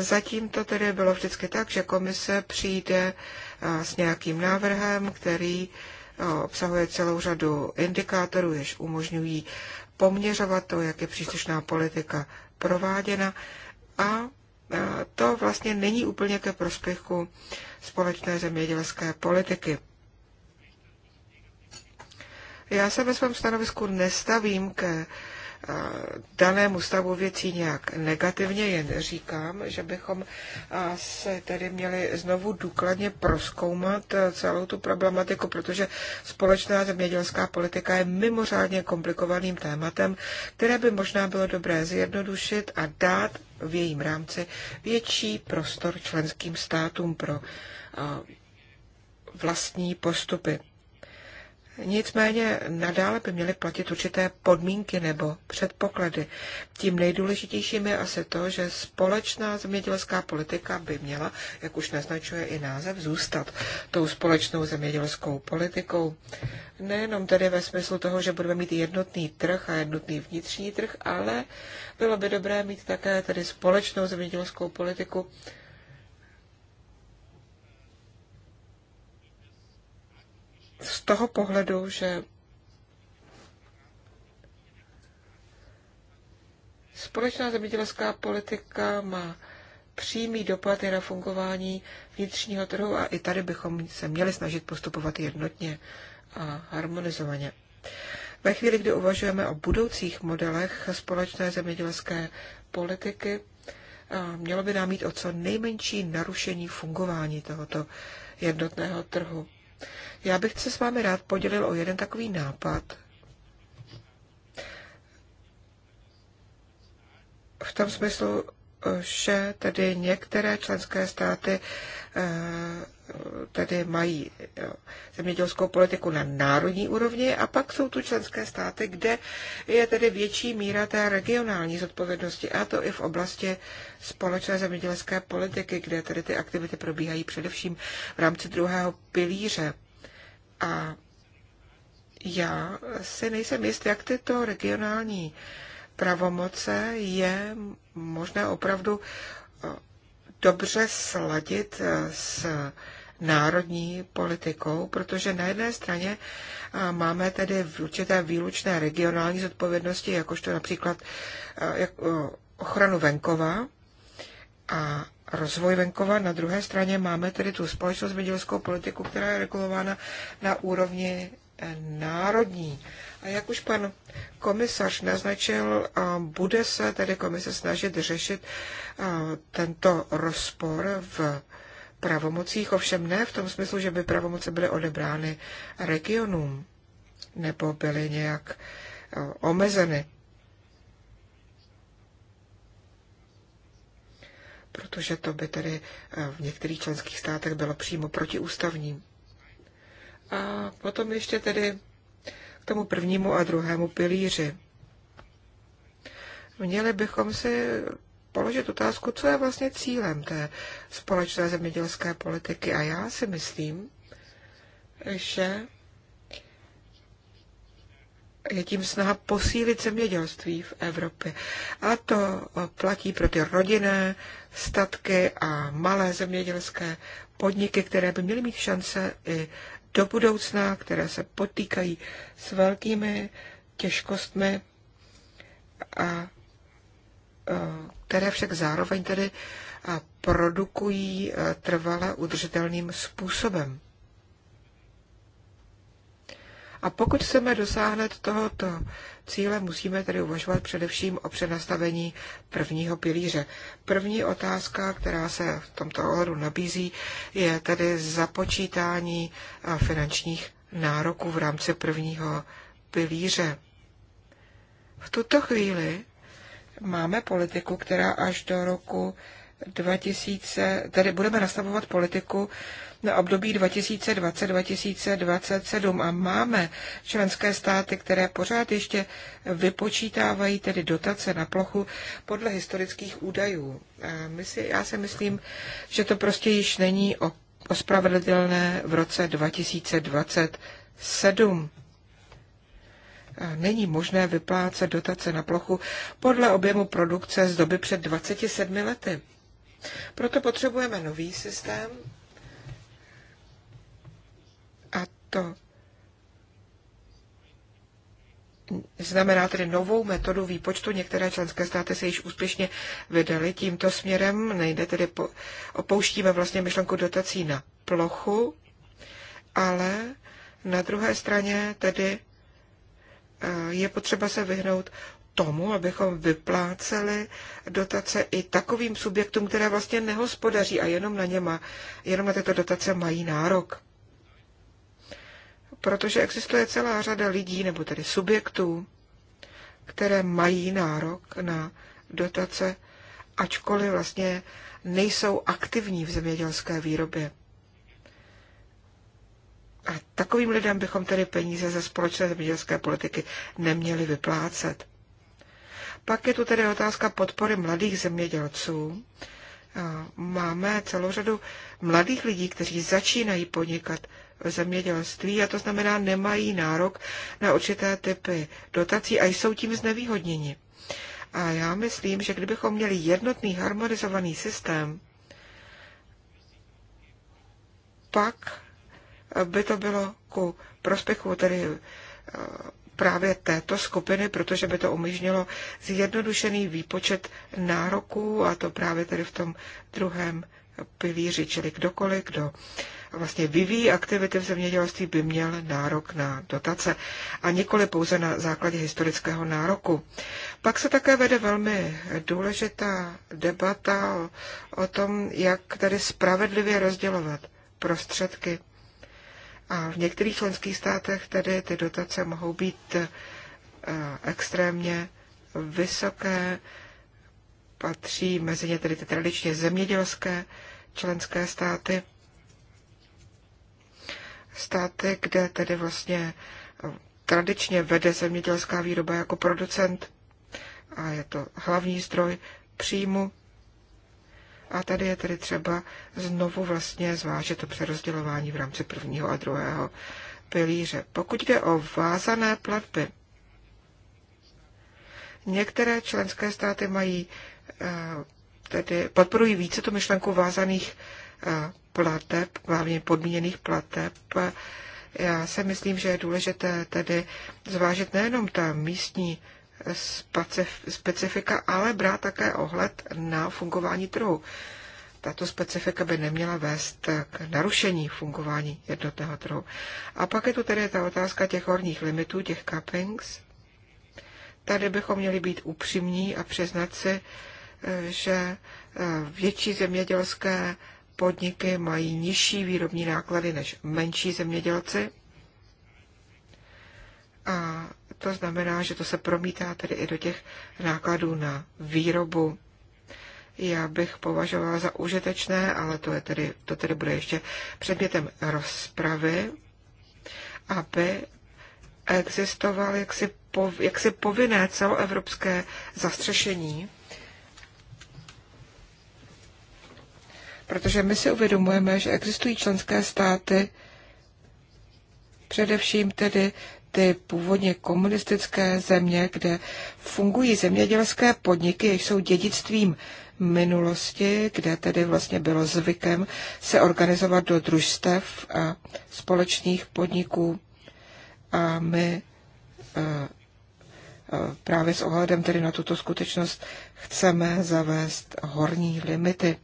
Zatím to tedy bylo vždycky tak, že komise přijde eh, s nějakým návrhem, který eh, obsahuje celou řadu indikátorů, jež umožňují poměřovat to, jak je příslušná politika prováděna a to vlastně není úplně ke prospěchu společné zemědělské politiky. Já se ve svém stanovisku nestavím ke eh, danému stavu věcí nějak negativně, jen říkám, že bychom eh, se tedy měli znovu důkladně proskoumat eh, celou tu problematiku, protože společná zemědělská politika je mimořádně komplikovaným tématem, které by možná bylo dobré zjednodušit a dát v jejím rámci větší prostor členským státům pro vlastní postupy. Nicméně nadále by měly platit určité podmínky nebo předpoklady. Tím nejdůležitějším je asi to, že společná zemědělská politika by měla, jak už naznačuje i název, zůstat tou společnou zemědělskou politikou. Nejenom tedy ve smyslu toho, že budeme mít jednotný trh a jednotný vnitřní trh, ale bylo by dobré mít také tedy společnou zemědělskou politiku, z toho pohledu, že společná zemědělská politika má přímý dopad i na fungování vnitřního trhu a i tady bychom se měli snažit postupovat jednotně a harmonizovaně. Ve chvíli, kdy uvažujeme o budoucích modelech společné zemědělské politiky, mělo by nám jít o co nejmenší narušení fungování tohoto jednotného trhu. Já bych se s vámi rád podělil o jeden takový nápad. V tom smyslu, že tedy některé členské státy eh, tedy mají zemědělskou politiku na národní úrovni a pak jsou tu členské státy, kde je tedy větší míra té regionální zodpovědnosti a to i v oblasti společné zemědělské politiky, kde tedy ty aktivity probíhají především v rámci druhého pilíře. A já si nejsem jist, jak tyto regionální pravomoce je možné opravdu eh, dobře sladit eh, s národní politikou, protože na jedné straně eh, máme tedy v určité výlučné regionální zodpovědnosti, jakožto například ochranu venkova, a rozvoj venkova. Na druhé straně máme tedy tu společnou zemědělskou politiku, která je regulována na úrovni eh, národní. A jak už pan komisař naznačil, eh, bude se tedy komise snažit řešit eh, tento rozpor v pravomocích, ovšem ne v tom smyslu, že by pravomoce byly odebrány regionům nebo byly nějak omezeny. protože to by tedy eh, v některých členských státech bylo přímo protiústavní. A potom ještě tedy k tomu prvnímu a druhému pilíři. Měli bychom si položit otázku, co je vlastně cílem té společné zemědělské politiky. A já si myslím, že je tím snaha posílit zemědělství v Evropě. A to platí pro ty rodinné statky a malé zemědělské podniky, které by měly mít šance i do budoucna, které se potýkají s velkými těžkostmi a e, které však zároveň tedy produkují e, trvale udržitelným způsobem. A pokud chceme dosáhnout tohoto cíle, musíme tedy uvažovat především o přenastavení prvního pilíře. První otázka, která se v tomto ohledu nabízí, je tedy započítání eh, finančních nároků v rámci prvního pilíře. V tuto chvíli máme politiku, která až do roku 2000, tedy budeme nastavovat politiku na období 2020-2027 a máme členské státy, které pořád ještě vypočítávají tedy dotace na plochu podle historických údajů. A my si, já si myslím, že to prostě již není ospravedlitelné v roce 2027. Není možné vyplácet dotace na plochu podle objemu produkce z doby před 27 lety. Proto potřebujeme nový systém, to znamená tedy novou metodu výpočtu. Některé členské státy se již úspěšně vydaly tímto směrem. Nejde tedy po, opouštíme vlastně myšlenku dotací na plochu, ale na druhé straně tedy eh, je potřeba se vyhnout tomu, abychom vypláceli dotace i takovým subjektům, které vlastně nehospodaří a jenom na, něma, má, jenom na tyto dotace mají nárok protože existuje celá řada lidí, nebo tedy subjektů, které mají nárok na dotace, ačkoliv vlastně nejsou aktivní v zemědělské výrobě. A takovým lidem bychom tedy peníze ze společné zemědělské politiky neměli vyplácet. Pak je tu tedy otázka podpory mladých zemědělců. Máme celou řadu mladých lidí, kteří začínají podnikat zemědělství a to znamená nemají nárok na určité typy dotací a jsou tím znevýhodněni. A já myslím, že kdybychom měli jednotný harmonizovaný systém, pak by to bylo ku prospěchu tedy eh, právě této skupiny, protože by to umožnilo zjednodušený výpočet nároků a to právě tedy v tom druhém pilíři, čili kdokoliv, kdo vlastně vyvíjí aktivity v zemědělství, by měl nárok na dotace a nikoli pouze na základě historického nároku. Pak se také vede velmi důležitá debata o, o tom, jak tady spravedlivě rozdělovat prostředky. A v některých členských státech tedy ty dotace mohou být e, extrémně vysoké, patří mezi ně tedy ty tradičně zemědělské členské státy státy, kde tedy vlastně eh, tradičně vede zemědělská výroba jako producent a je to hlavní zdroj příjmu. A tady je tedy třeba znovu vlastně zvážit to přerozdělování v rámci prvního a druhého pilíře. Pokud jde o vázané platby, některé členské státy mají eh, tedy podporují více tu myšlenku vázaných plateb, hlavně podmíněných plateb, já si myslím, že je důležité tedy zvážit nejenom ta místní specifika, ale brát také ohled na fungování trhu. Tato specifika by neměla vést k narušení fungování jednotného trhu. A pak je tu tedy ta otázka těch horních limitů, těch cappings. Tady bychom měli být upřímní a přiznat si, že eh, větší zemědělské podniky mají nižší výrobní náklady než menší zemědělci. A to znamená, že to se promítá tedy i do těch nákladů na výrobu. Já bych považovala za užitečné, ale to, je tedy, to tedy bude ještě předmětem rozpravy, aby existoval jaksi, pov, jaksi povinné celoevropské zastřešení protože my si uvědomujeme, že existují členské státy, především tedy ty původně komunistické země, kde fungují zemědělské podniky, jež jsou dědictvím minulosti, kde tedy vlastně bylo zvykem se organizovat do družstev a společných podniků. A my eh, eh, právě s ohledem tedy na tuto skutečnost chceme zavést horní limity.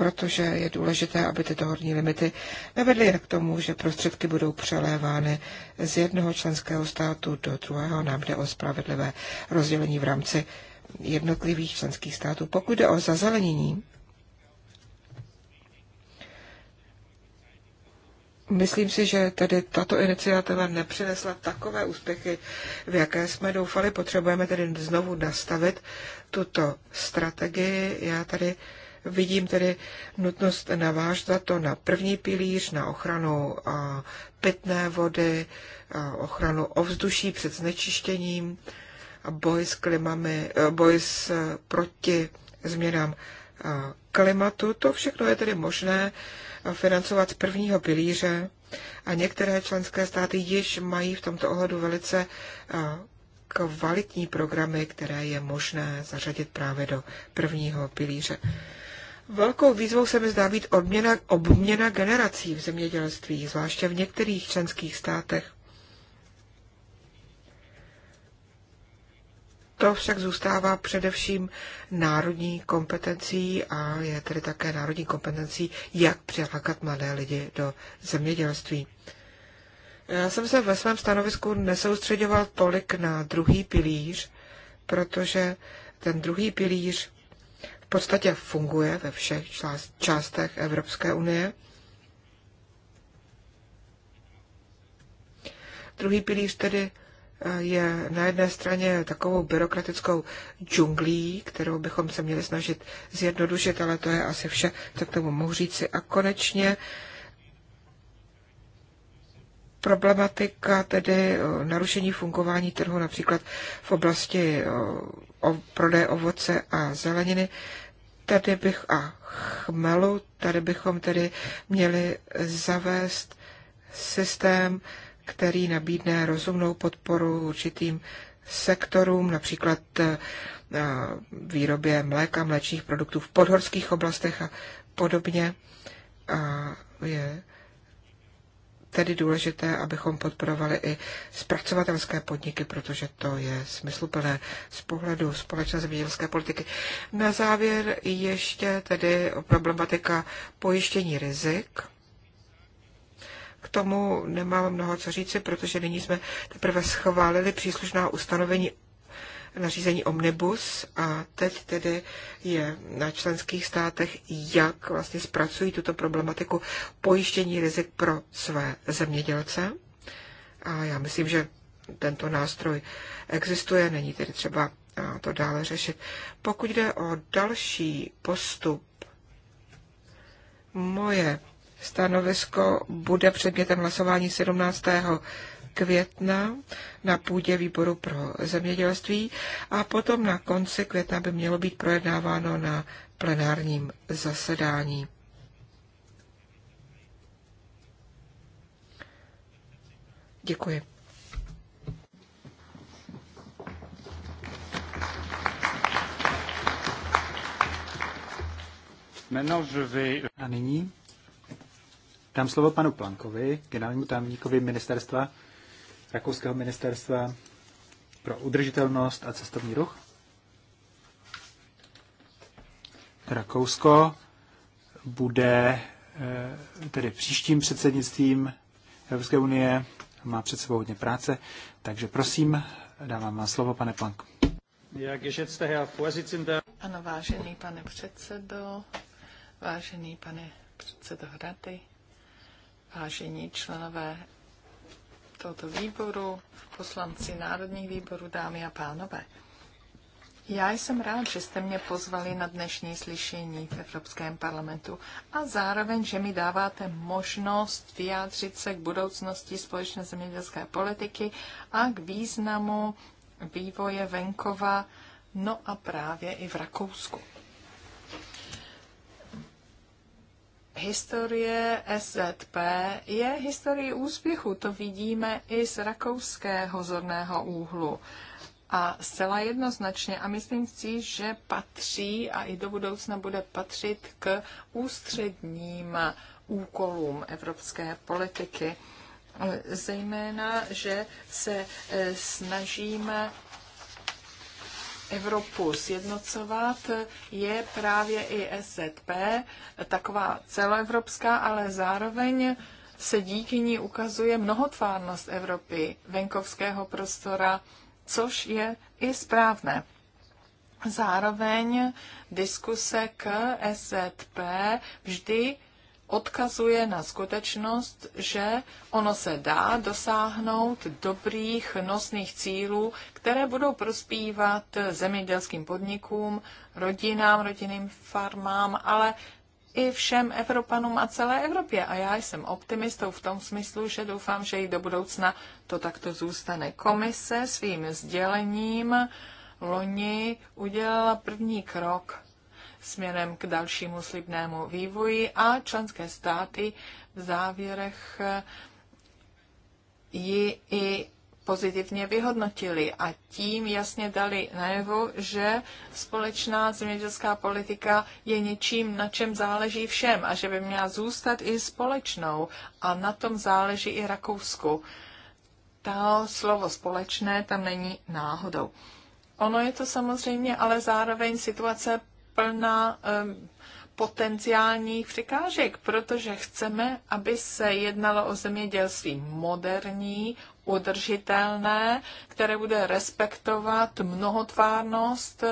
protože je důležité, aby tyto horní limity nevedly jak k tomu, že prostředky budou přelévány z jednoho členského státu do druhého. Nám jde o spravedlivé rozdělení v rámci jednotlivých členských států. Pokud jde o zazelenění, Myslím si, že tedy tato iniciativa nepřinesla takové úspěchy, v jaké jsme doufali. Potřebujeme tedy znovu nastavit tuto strategii. Já tady uh, vidím tedy nutnost navážet to na první pilíř, na ochranu pitné vody, ochranu ovzduší před znečištěním, boj s klimami, boj s proti změnám klimatu. To všechno je tedy možné financovat z prvního pilíře a některé členské státy již mají v tomto ohledu velice kvalitní programy, které je možné zařadit právě do prvního pilíře. Velkou výzvou se mi zdá být obměna, obměna generací v zemědělství, zvláště v některých členských státech. To však zůstává především národní kompetencí a je tedy také národní kompetencí, jak přilákat mladé lidi do zemědělství. Já jsem se ve svém stanovisku nesoustředoval tolik na druhý pilíř, protože ten druhý pilíř podstatě funguje ve všech částech Evropské unie. Druhý pilíř tedy eh, je na jedné straně takovou byrokratickou džunglí, kterou bychom se měli snažit zjednodušit, ale to je asi vše, co k tomu mohu říci. A konečně problematika tedy eh, narušení fungování trhu například v oblasti eh, o prodej ovoce a zeleniny, tady bych a chmelu, tady bychom tedy měli zavést systém, který nabídne rozumnou podporu určitým sektorům, například eh, výrobě mléka, mléčných produktů v podhorských oblastech a podobně. A je tedy důležité, abychom podporovali i zpracovatelské podniky, protože to je smysluplné z pohledu společné zemědělské politiky. Na závěr ještě tedy problematika pojištění rizik. K tomu nemám mnoho co říci, protože nyní jsme teprve schválili příslušná ustanovení nařízení Omnibus a teď tedy je na členských státech, jak vlastně zpracují tuto problematiku pojištění rizik pro své zemědělce. A já myslím, že tento nástroj existuje, není tedy třeba to dále řešit. Pokud jde o další postup, moje stanovisko bude předmětem hlasování 17 května na půdě výboru pro zemědělství a potom na konci května by mělo být projednáváno na plenárním zasedání. Děkuji. A nyní dám slovo panu Plankovi, generálnímu tajemníkovi ministerstva rakouského ministerstva pro udržitelnost a cestovní ruch. Rakousko bude eh, tedy příštím předsednictvím Evropské unie, má před sebou hodně práce, takže prosím, dávám vám slovo, pane Plank. Ano, vážený pane předsedo, vážený pane předsedo Rady, vážení členové tohoto výboru, poslanci národních výborů, dámy a pánové. Já jsem rád, že jste mě pozvali na dnešní slyšení v Evropském parlamentu a zároveň, že mi dáváte možnost vyjádřit se k budoucnosti společné zemědělské politiky a k významu vývoje venkova, no a právě i v Rakousku. Historie SZP je historie úspěchu, to vidíme i z rakouského zorného úhlu. A zcela jednoznačně, a myslím si, že patří a i do budoucna bude patřit k ústředním úkolům evropské politiky. Zejména, že se eh, snažíme Evropu sjednocovat, je právě i SZP, taková celoevropská, ale zároveň se díky ní ukazuje mnohotvárnost Evropy, venkovského prostora, což je i správné. Zároveň diskuse k SZP vždy odkazuje na skutečnost, že ono se dá dosáhnout dobrých nosných cílů, které budou prospívat zemědělským podnikům, rodinám, rodinným farmám, ale i všem Evropanům a celé Evropě. A já jsem optimistou v tom smyslu, že doufám, že i do budoucna to takto zůstane. Komise svým sdělením loni udělala první krok směrem k dalšímu slibnému vývoji a členské státy v závěrech ji i pozitivně vyhodnotili a tím jasně dali najevo, že společná zemědělská politika je něčím, na čem záleží všem a že by měla zůstat i společnou a na tom záleží i Rakousku. Ta slovo společné tam není náhodou. Ono je to samozřejmě ale zároveň situace plná potenciálních překážek, protože chceme, aby se jednalo o zemědělství moderní, udržitelné, které bude respektovat mnohotvárnost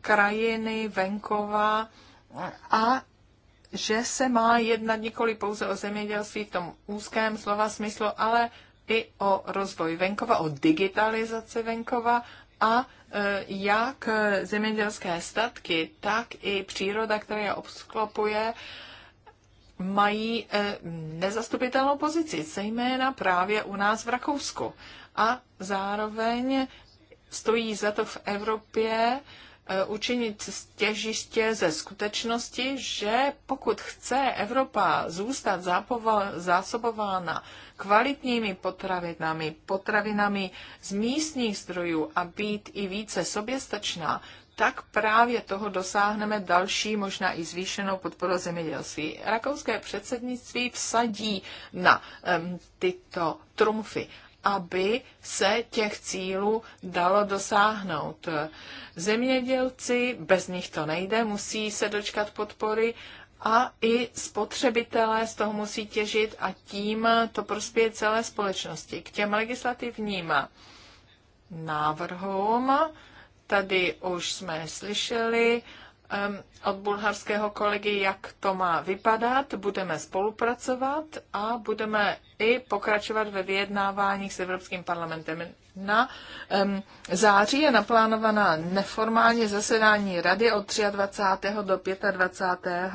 krajiny, venkova a že se má jednat nikoli pouze o zemědělství v tom úzkém slova smyslu, ale i o rozvoj venkova, o digitalizaci venkova a e, jak zemědělské statky, tak i příroda, která je obsklopuje, mají e, nezastupitelnou pozici, zejména právě u nás v Rakousku. A zároveň stojí za to v Evropě Eh, učinit stěžiště ze skutečnosti, že pokud chce Evropa zůstat zásobována kvalitními potravinami, potravinami z místních zdrojů a být i více soběstačná, tak právě toho dosáhneme další, možná i zvýšenou podporu zemědělství. Rakouské předsednictví vsadí na um, tyto trumfy aby se těch cílů dalo dosáhnout. Zemědělci, bez nich to nejde, musí se dočkat podpory a i spotřebitelé z toho musí těžit a tím to prospěje celé společnosti. K těm legislativním návrhům tady už jsme slyšeli, od bulharského kolegy, jak to má vypadat. Budeme spolupracovat a budeme i pokračovat ve vyjednáváních s Evropským parlamentem. Na um, září je naplánovaná neformální zasedání rady od 23. do 25.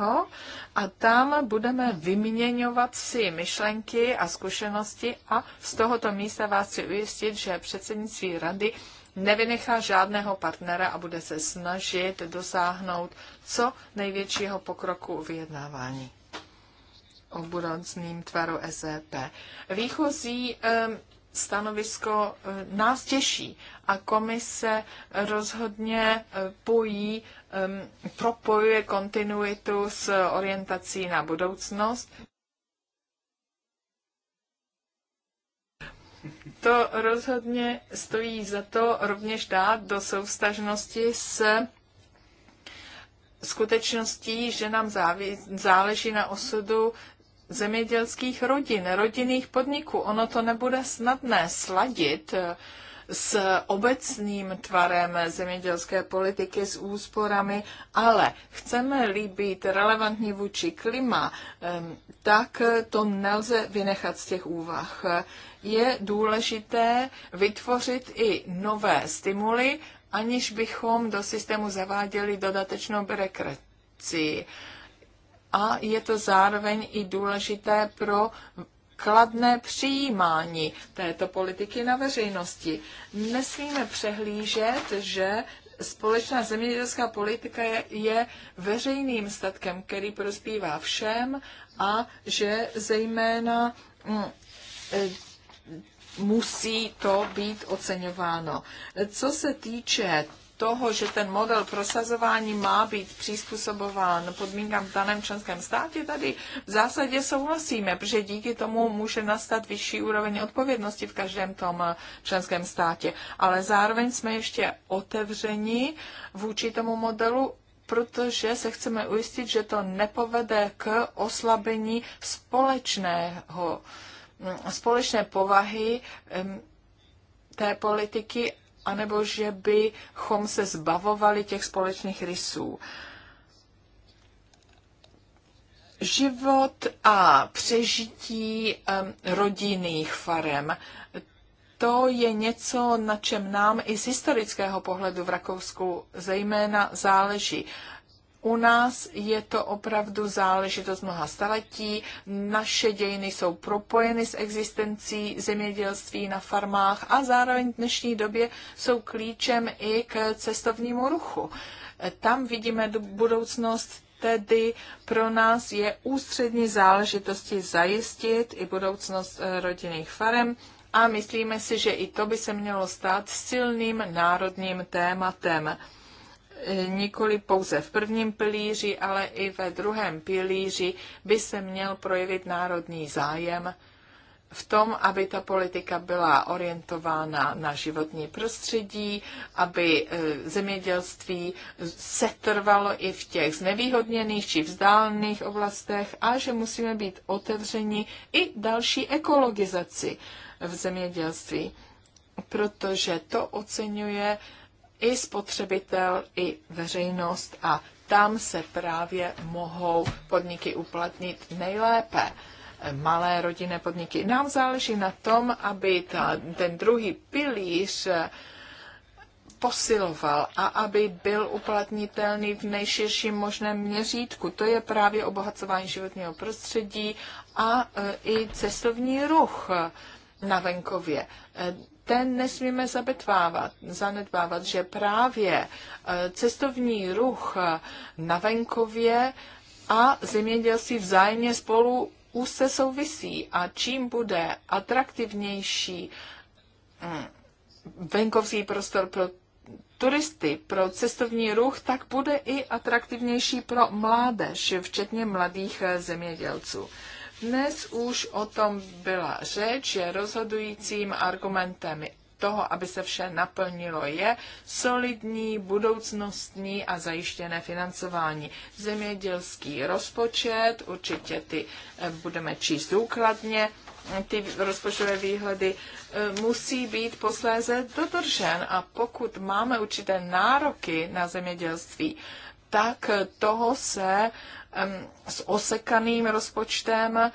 a tam budeme vyměňovat si myšlenky a zkušenosti a z tohoto místa vás chci ujistit, že předsednictví rady nevynechá žádného partnera a bude se snažit dosáhnout co největšího pokroku vyjednávání o budoucním tvaru SEP. Výchozí stanovisko eh, nás těší a komise rozhodně eh, pojí, propojuje kontinuitu s orientací na budoucnost. to rozhodně stojí za to rovněž dát do soustažnosti s skutečností, že nám záleží na osudu zemědělských rodin, rodinných podniků. Ono to nebude snadné sladit s obecným tvarem zemědělské politiky, s úsporami, ale chceme-li být relevantní vůči klima, tak to nelze vynechat z těch úvah. Je důležité vytvořit i nové stimuly, aniž bychom do systému zaváděli dodatečnou byrokracii a je to zároveň i důležité pro kladné přijímání této politiky na veřejnosti. Nesmíme přehlížet, že společná zemědělská politika je, je veřejným statkem, který prospívá všem a že zejména mm, e, musí to být oceňováno. Co se týče toho, že ten model prosazování má být přizpůsobován podmínkám v daném členském státě, tady v zásadě souhlasíme, protože díky tomu může nastat vyšší úroveň odpovědnosti v každém tom eh, členském státě. Ale zároveň jsme ještě otevřeni vůči tomu modelu protože se chceme ujistit, že to nepovede k oslabení společného, mm, společné povahy té politiky anebo že bychom se zbavovali těch společných rysů. Život a přežití rodinných farem, to je něco, na čem nám i z historického pohledu v Rakousku zejména záleží. U nás je to opravdu záležitost mnoha staletí. Naše dějiny jsou propojeny s existencí zemědělství na farmách a zároveň v dnešní době jsou klíčem i k cestovnímu ruchu. Tam vidíme budoucnost tedy pro nás je ústřední záležitosti zajistit i budoucnost eh, rodinných farem a myslíme si, že i to by se mělo stát silným národním tématem nikoli pouze v prvním pilíři, ale i ve druhém pilíři by se měl projevit národní zájem v tom, aby ta politika byla orientována na životní prostředí, aby e, zemědělství setrvalo i v těch znevýhodněných či vzdálených oblastech a že musíme být otevřeni i další ekologizaci v zemědělství, protože to oceňuje i spotřebitel, i veřejnost a tam se právě mohou podniky uplatnit nejlépe. Malé rodinné podniky. Nám záleží na tom, aby ta, ten druhý pilíř eh, posiloval a aby byl uplatnitelný v nejširším možném měřítku. To je právě obohacování životního prostředí a eh, i cestovní ruch eh, na venkově ten nesmíme zabetvávat, zanedbávat, že právě e, cestovní ruch e, na venkově a zemědělství vzájemně spolu úzce souvisí a čím bude atraktivnější mm, venkovský prostor pro turisty, pro cestovní ruch, tak bude i atraktivnější pro mládež, včetně mladých e, zemědělců. Dnes už o tom byla řeč, že rozhodujícím argumentem toho, aby se vše naplnilo, je solidní, budoucnostní a zajištěné financování. Zemědělský rozpočet, určitě ty eh, budeme číst důkladně, ty rozpočtové výhledy eh, musí být posléze dodržen a pokud máme určité nároky na zemědělství, tak toho se s osekaným rozpočtem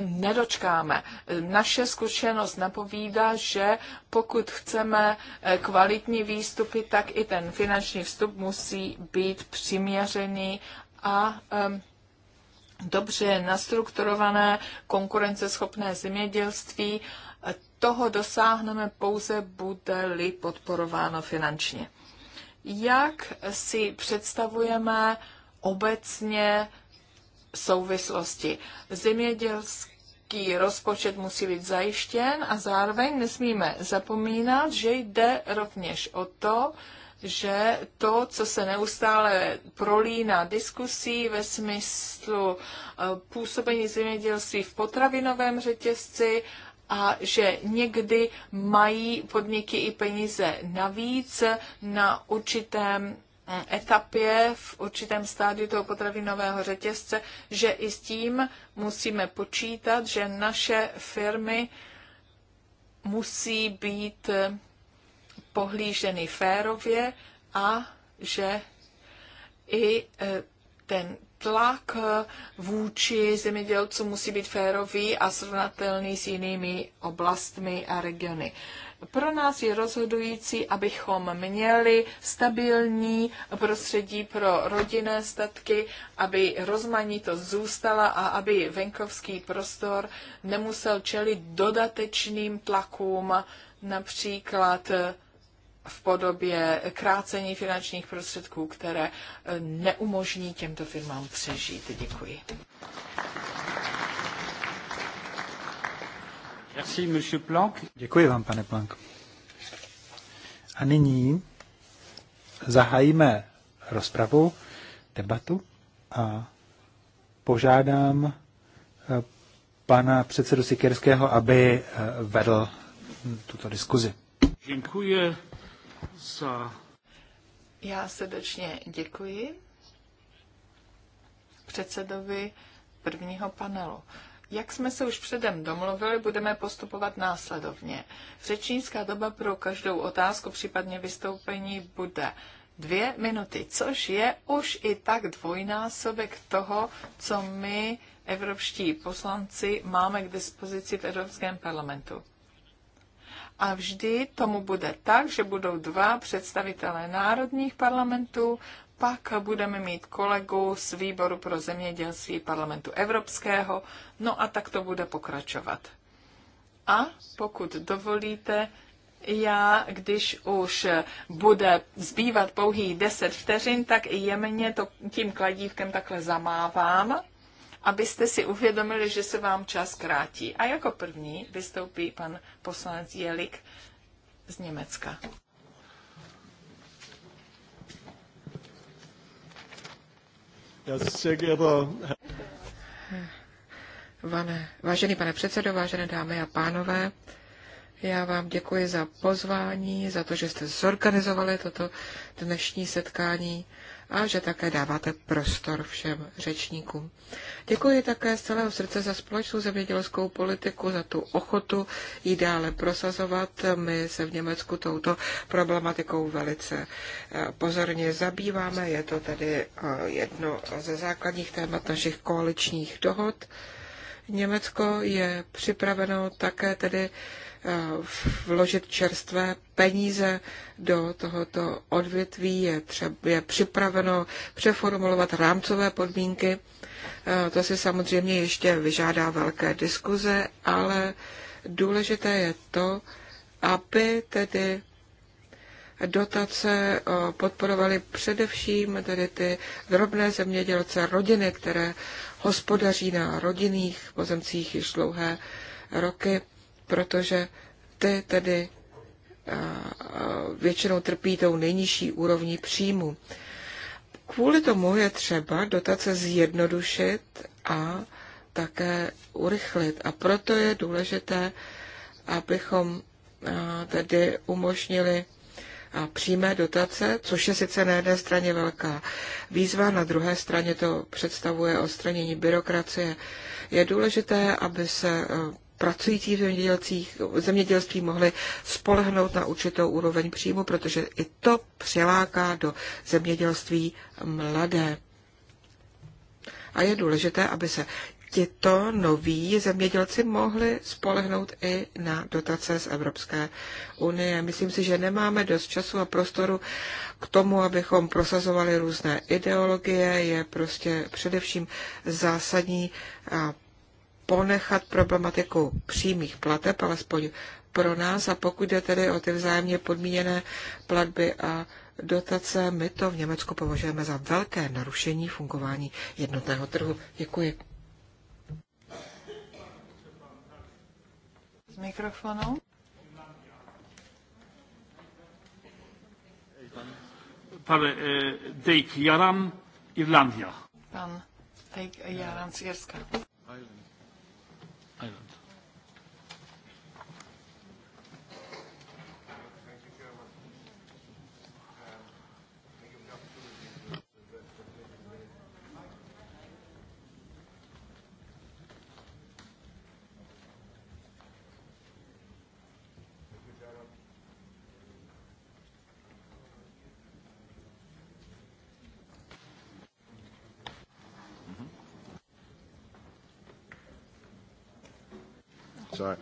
nedočkáme. Naše zkušenost napovídá, že pokud chceme eh, kvalitní výstupy, tak i ten finanční vstup musí být přiměřený a dobře nastrukturované konkurenceschopné zemědělství. Toho dosáhneme pouze, bude-li podporováno finančně. Jak si představujeme obecně souvislosti. Zemědělský rozpočet musí být zajištěn a zároveň nesmíme zapomínat, že jde rovněž o to, že to, co se neustále prolíná diskusí ve smyslu eh, působení zemědělství v potravinovém řetězci, a že někdy mají podniky i peníze navíc na určitém etapě, v určitém stádiu toho potravinového řetězce, že i s tím musíme počítat, že naše firmy musí být pohlíženy férově a že i e, ten tlak e, vůči zemědělcům musí být férový a srovnatelný s jinými oblastmi a regiony. Pro nás je rozhodující, abychom měli stabilní prostředí pro rodinné statky, aby rozmanitost zůstala a aby venkovský prostor nemusel čelit dodatečným tlakům, například eh, v podobě krácení finančních prostředků, které eh, neumožní těmto firmám přežít. Děkuji. Merci, monsieur Planck. Děkuji vám, pane Planck. A nyní zahájíme rozpravu, debatu a požádám eh, pana předsedu Sikerského, aby eh, vedl hm, tuto diskuzi. Děkuji za... Já srdečně děkuji předsedovi prvního panelu. Jak jsme se už předem domluvili, budeme postupovat následovně. Řečnická doba pro každou otázku, případně vystoupení, bude dvě minuty, což je už i tak dvojnásobek toho, co my, evropští poslanci, máme k dispozici v Evropském parlamentu. A vždy tomu bude tak, že budou dva představitelé národních parlamentů, pak budeme mít kolegu z výboru pro zemědělství parlamentu evropského, no a tak to bude pokračovat. A pokud dovolíte, já, když už bude zbývat pouhý 10 vteřin, tak jemně to tím kladívkem takhle zamávám, abyste si uvědomili, že se vám čas krátí. A jako první vystoupí pan poslanec Jelik z Německa. Pane, vážený pane předsedo, vážené dámy a pánové, já vám děkuji za pozvání, za to, že jste zorganizovali toto dnešní setkání a že také dáváte prostor všem řečníkům. Děkuji také z celého srdce za společnou zemědělskou politiku, za tu ochotu ji dále prosazovat. My se v Německu touto problematikou velice eh, pozorně zabýváme. Je to tedy eh, jedno ze základních témat našich koaličních dohod. Německo je připraveno také tedy Eh, vložit čerstvé peníze do tohoto odvětví, je, třeba, je připraveno přeformulovat rámcové podmínky. Eh, to si samozřejmě ještě vyžádá velké diskuze, ale důležité je to, aby tedy dotace eh, podporovaly především tedy ty drobné zemědělce, rodiny, které hospodaří na rodinných pozemcích již dlouhé roky protože ty tedy většinou trpí tou nejnižší úrovní příjmu. Kvůli tomu je třeba dotace zjednodušit a také urychlit. A proto je důležité, abychom tedy umožnili přímé dotace, což je sice na jedné straně velká výzva, na druhé straně to představuje odstranění byrokracie. Je důležité, aby se pracující v zemědělství mohli spolehnout na určitou úroveň příjmu, protože i to přiláká do zemědělství mladé. A je důležité, aby se tito noví zemědělci mohli spolehnout i na dotace z Evropské unie. Myslím si, že nemáme dost času a prostoru k tomu, abychom prosazovali různé ideologie. Je prostě především zásadní ponechat problematiku přímých plateb, alespoň pro nás. A pokud jde tedy o ty vzájemně podmíněné platby a dotace, my to v Německu považujeme za velké narušení fungování jednotného trhu. Děkuji. Z mikrofonu. Pane Dejk Jaran, Irlandia. Pan Dejk Jaran z to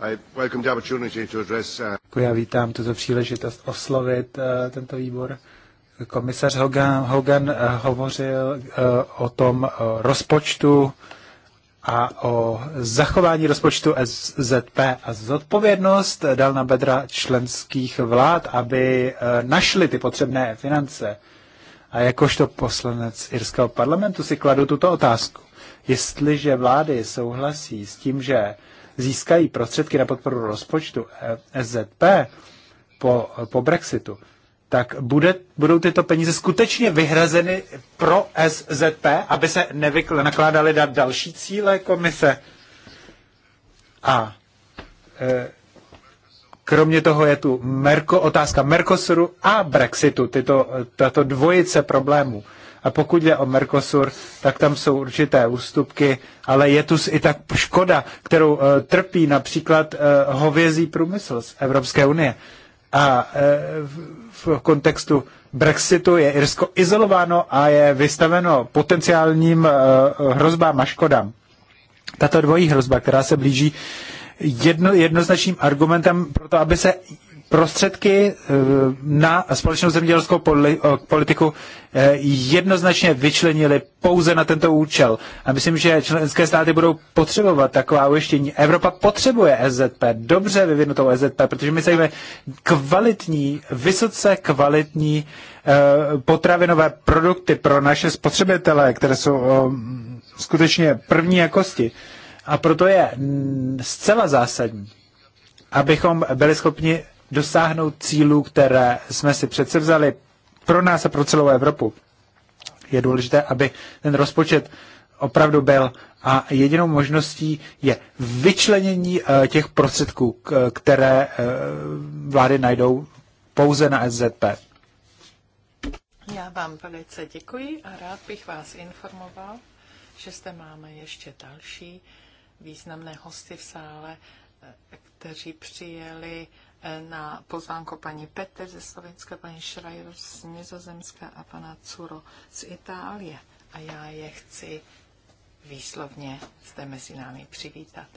uh, Já vítám tuto příležitost oslovit uh, tento výbor. Komisař Hogan, Hogan uh, hovořil uh, o tom uh, rozpočtu a o zachování rozpočtu SZP a zodpovědnost dal na bedra členských vlád, aby uh, našli ty potřebné finance. A jakožto poslanec Irského parlamentu si kladu tuto otázku. Jestliže vlády souhlasí s tím, že získají prostředky na podporu rozpočtu eh, SZP po, eh, po Brexitu, tak bude, budou tyto peníze skutečně vyhrazeny pro SZP, aby se nevykl, nakládali dát další cíle komise. A e, kromě toho je tu Merko, otázka Mercosuru a Brexitu, tyto, tato dvojice problémů. A pokud jde o Mercosur, tak tam jsou určité ústupky, ale je tu i tak škoda, kterou uh, trpí například uh, hovězí průmysl z Evropské unie. A uh, v kontextu Brexitu je Irsko izolováno a je vystaveno potenciálním uh, hrozbám a škodám. Tato dvojí hrozba, která se blíží, jedno, jednoznačným argumentem pro to, aby se prostředky eh, na společnou zemědělskou politiku eh, jednoznačně vyčlenili pouze na tento účel. A myslím, že členské státy budou potřebovat taková ujištění. Evropa potřebuje EZP, dobře vyvinutou EZP, protože my chceme kvalitní, vysoce kvalitní eh, potravinové produkty pro naše spotřebitele, které jsou skutečně první jakosti. A proto je mm, zcela zásadní, abychom byli schopni dosáhnout cílů, které jsme si přece vzali pro nás a pro celou Evropu. Je důležité, aby ten rozpočet opravdu byl a jedinou možností je vyčlenění eh, těch prostředků, které eh, vlády najdou pouze na SZP. Já vám velice děkuji a rád bych vás informoval, že zde máme ještě další významné hosty v sále, eh, kteří přijeli na pozvánku paní Petr ze Slovenska, paní Schreier z Nizozemska a pana Curo z Itálie. A já je chci výslovně zde mezi námi přivítat.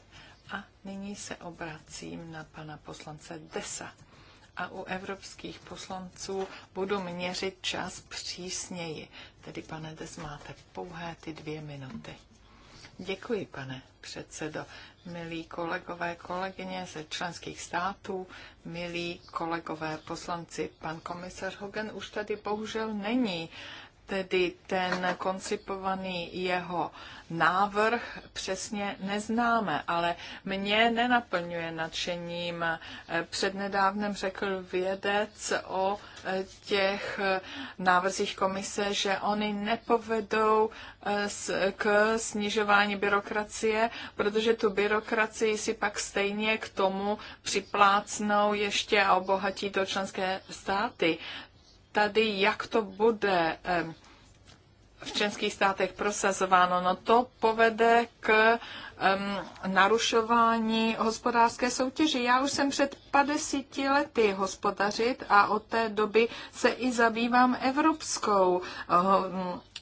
A nyní se obracím na pana poslance Desa. A u evropských poslanců budu měřit čas přísněji. Tedy, pane Des, máte pouhé ty dvě minuty. Děkuji, pane předsedo milí kolegové, kolegyně ze členských států, milí kolegové poslanci. Pan komisař Hogan už tady bohužel není tedy ten koncipovaný jeho návrh přesně neznáme, ale mě nenaplňuje nadšením. Přednedávnem řekl vědec o těch návrzích komise, že oni nepovedou eh, k snižování byrokracie, protože tu byrokracii si pak stejně k tomu připlácnou ještě a obohatí to členské státy tady, jak to bude v členských státech prosazováno, no to povede k um, narušování hospodářské soutěže. Já už jsem před 50 lety hospodařit a od té doby se i zabývám evropskou uh,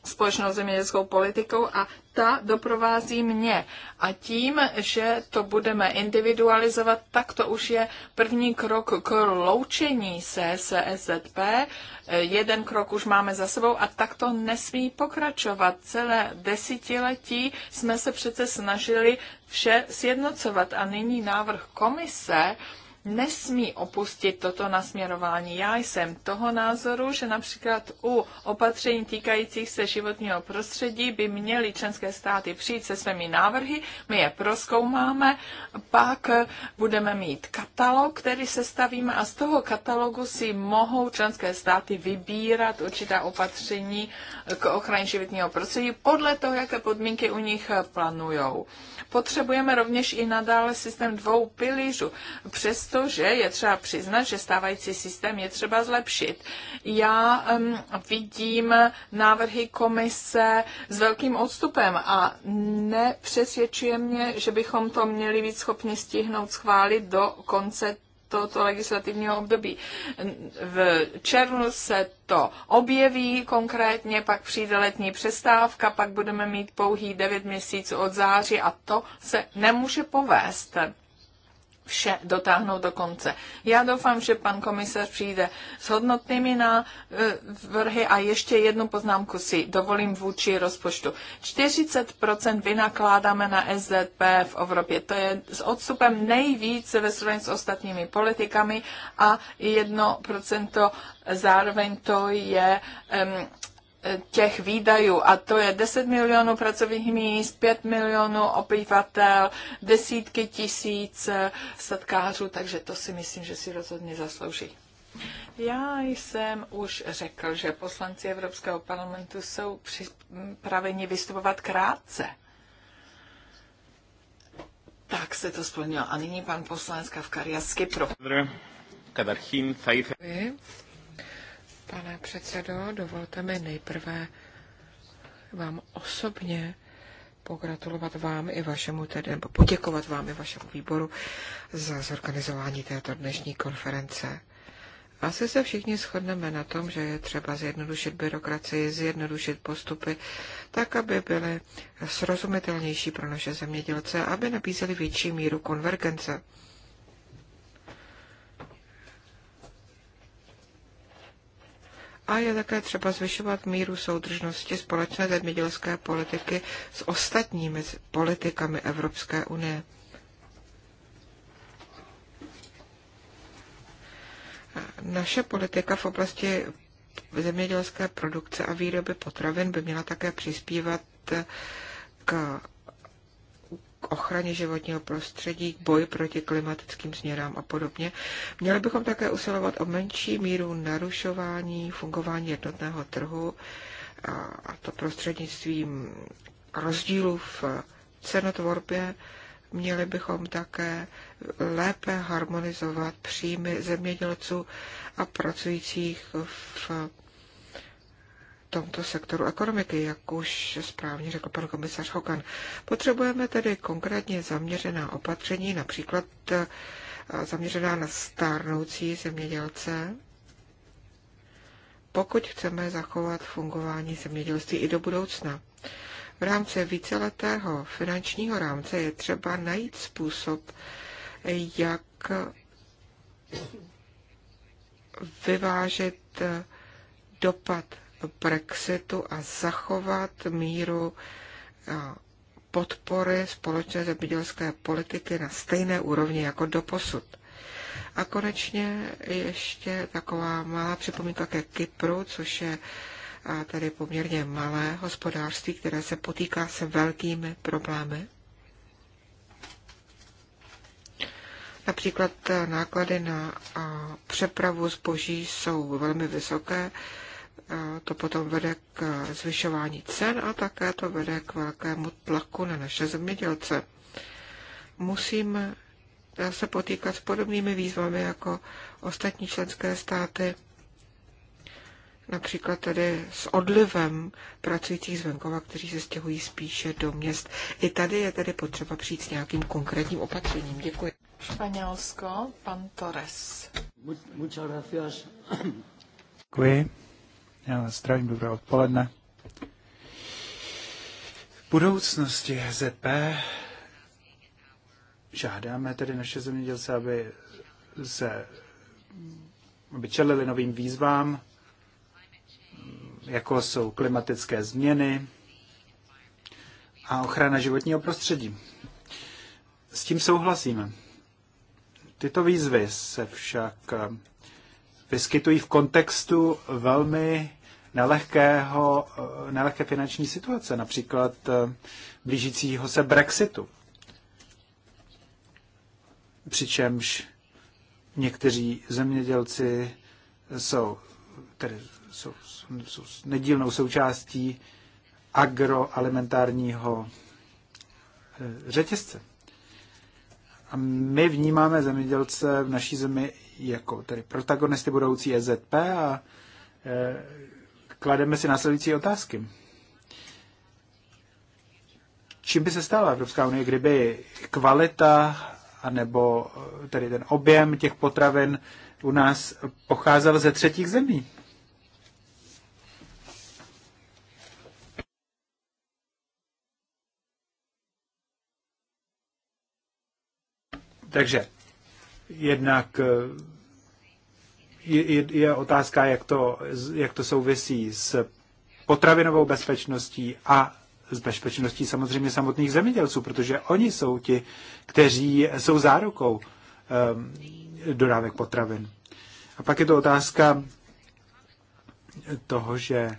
společnou zemědělskou politikou a ta doprovází mě. A tím, že to budeme individualizovat, tak to už je první krok k loučení se SZP. E Jeden krok už máme za sebou a tak to nesmí pokračovat. Celé desetiletí jsme se přece snažili vše sjednocovat a nyní návrh komise, nesmí opustit toto nasměrování. Já jsem toho názoru, že například u opatření týkajících se životního prostředí by měly členské státy přijít se svými návrhy, my je proskoumáme, pak budeme mít katalog, který sestavíme a z toho katalogu si mohou členské státy vybírat určitá opatření k ochraně životního prostředí podle toho, jaké podmínky u nich plánujou. Potřebujeme rovněž i nadále systém dvou pilířů. Přesto protože je třeba přiznat, že stávající systém je třeba zlepšit. Já um, vidím návrhy komise s velkým odstupem a nepřesvědčuje mě, že bychom to měli být schopni stihnout schválit do konce tohoto legislativního období. V červnu se to objeví konkrétně, pak přijde letní přestávka, pak budeme mít pouhý 9 měsíců od září a to se nemůže povést vše dotáhnout do konce. Já doufám, že pan komisař přijde s hodnotnými návrhy e, a ještě jednu poznámku si dovolím vůči rozpočtu. 40% vynakládáme na SZP v Evropě. To je s odstupem nejvíce ve srovnání s ostatními politikami a 1% zároveň to je um, těch výdajů, a to je 10 milionů pracovních míst, 5 milionů obyvatel, desítky tisíc eh, statkářů, takže to si myslím, že si rozhodně zaslouží. Já jsem už řekl, že poslanci Evropského parlamentu jsou připraveni vystupovat krátce. Tak se to splnilo. A nyní pan poslanec Kavkarias z Kypru. Děkuji. Pane předsedo, dovolte mi nejprve vám osobně pogratulovat vám i vašemu, tedy, nebo poděkovat vám i vašemu výboru za zorganizování této dnešní konference. Asi se všichni shodneme na tom, že je třeba zjednodušit byrokracii, zjednodušit postupy, tak, aby byly srozumitelnější pro naše zemědělce, aby nabízely větší míru konvergence. a je také třeba zvyšovat míru soudržnosti společné zemědělské politiky s ostatními politikami Evropské unie. Naše politika v oblasti zemědělské produkce a výroby potravin by měla také přispívat k k ochraně životního prostředí, k boji proti klimatickým změnám a podobně. Měli bychom také usilovat o menší míru narušování fungování jednotného trhu, a to prostřednictvím rozdílů v cenotvorbě. Měli bychom také lépe harmonizovat příjmy zemědělců a pracujících v tomto sektoru ekonomiky, jak už správně řekl pan komisař Hogan. Potřebujeme tedy konkrétně zaměřená opatření, například eh, zaměřená na stárnoucí zemědělce, pokud chceme zachovat fungování zemědělství i do budoucna. V rámci víceletého finančního rámce je třeba najít způsob, jak vyvážet eh, dopad Brexitu a zachovat míru eh, podpory společné zemědělské politiky na stejné úrovni jako doposud. A konečně ještě taková malá připomínka ke Kypru, což je eh, tady poměrně malé hospodářství, které se potýká se velkými problémy. Například eh, náklady na přepravu zboží jsou velmi vysoké to potom vede k zvyšování cen a také to vede k velkému tlaku na naše zemědělce. Musím se potýkat s podobnými výzvami jako ostatní členské státy, například tedy s odlivem pracujících z venkova, kteří se stěhují spíše do měst. I tady je tedy potřeba přijít s nějakým konkrétním opatřením. Děkuji. Španělsko, pan Torres. Děkuji. Já vás zdravím, dobré odpoledne. V budoucnosti HZP žádáme tedy naše zemědělce, aby se aby čelili novým výzvám, jako jsou klimatické změny a ochrana životního prostředí. S tím souhlasíme. Tyto výzvy se však vyskytují v kontextu velmi nelehkého, nelehké finanční situace, například eh, blížícího se Brexitu. Přičemž někteří zemědělci jsou, tedy jsou, jsou, jsou nedílnou součástí agroalimentárního eh, řetězce. A my vnímáme zemědělce v naší zemi jako tedy protagonisty budoucí EZP a e, klademe si následující otázky. Čím by se stala Evropská unie, kdyby kvalita anebo e, tedy ten objem těch potravin u nás pocházel ze třetích zemí? Takže jednak eh, je, je otázka, jak to, jak to souvisí s potravinovou bezpečností a s bezpečností samozřejmě samotných zemědělců, protože oni jsou ti, kteří jsou zárukou um, dodávek potravin. A pak je to otázka toho, že eh,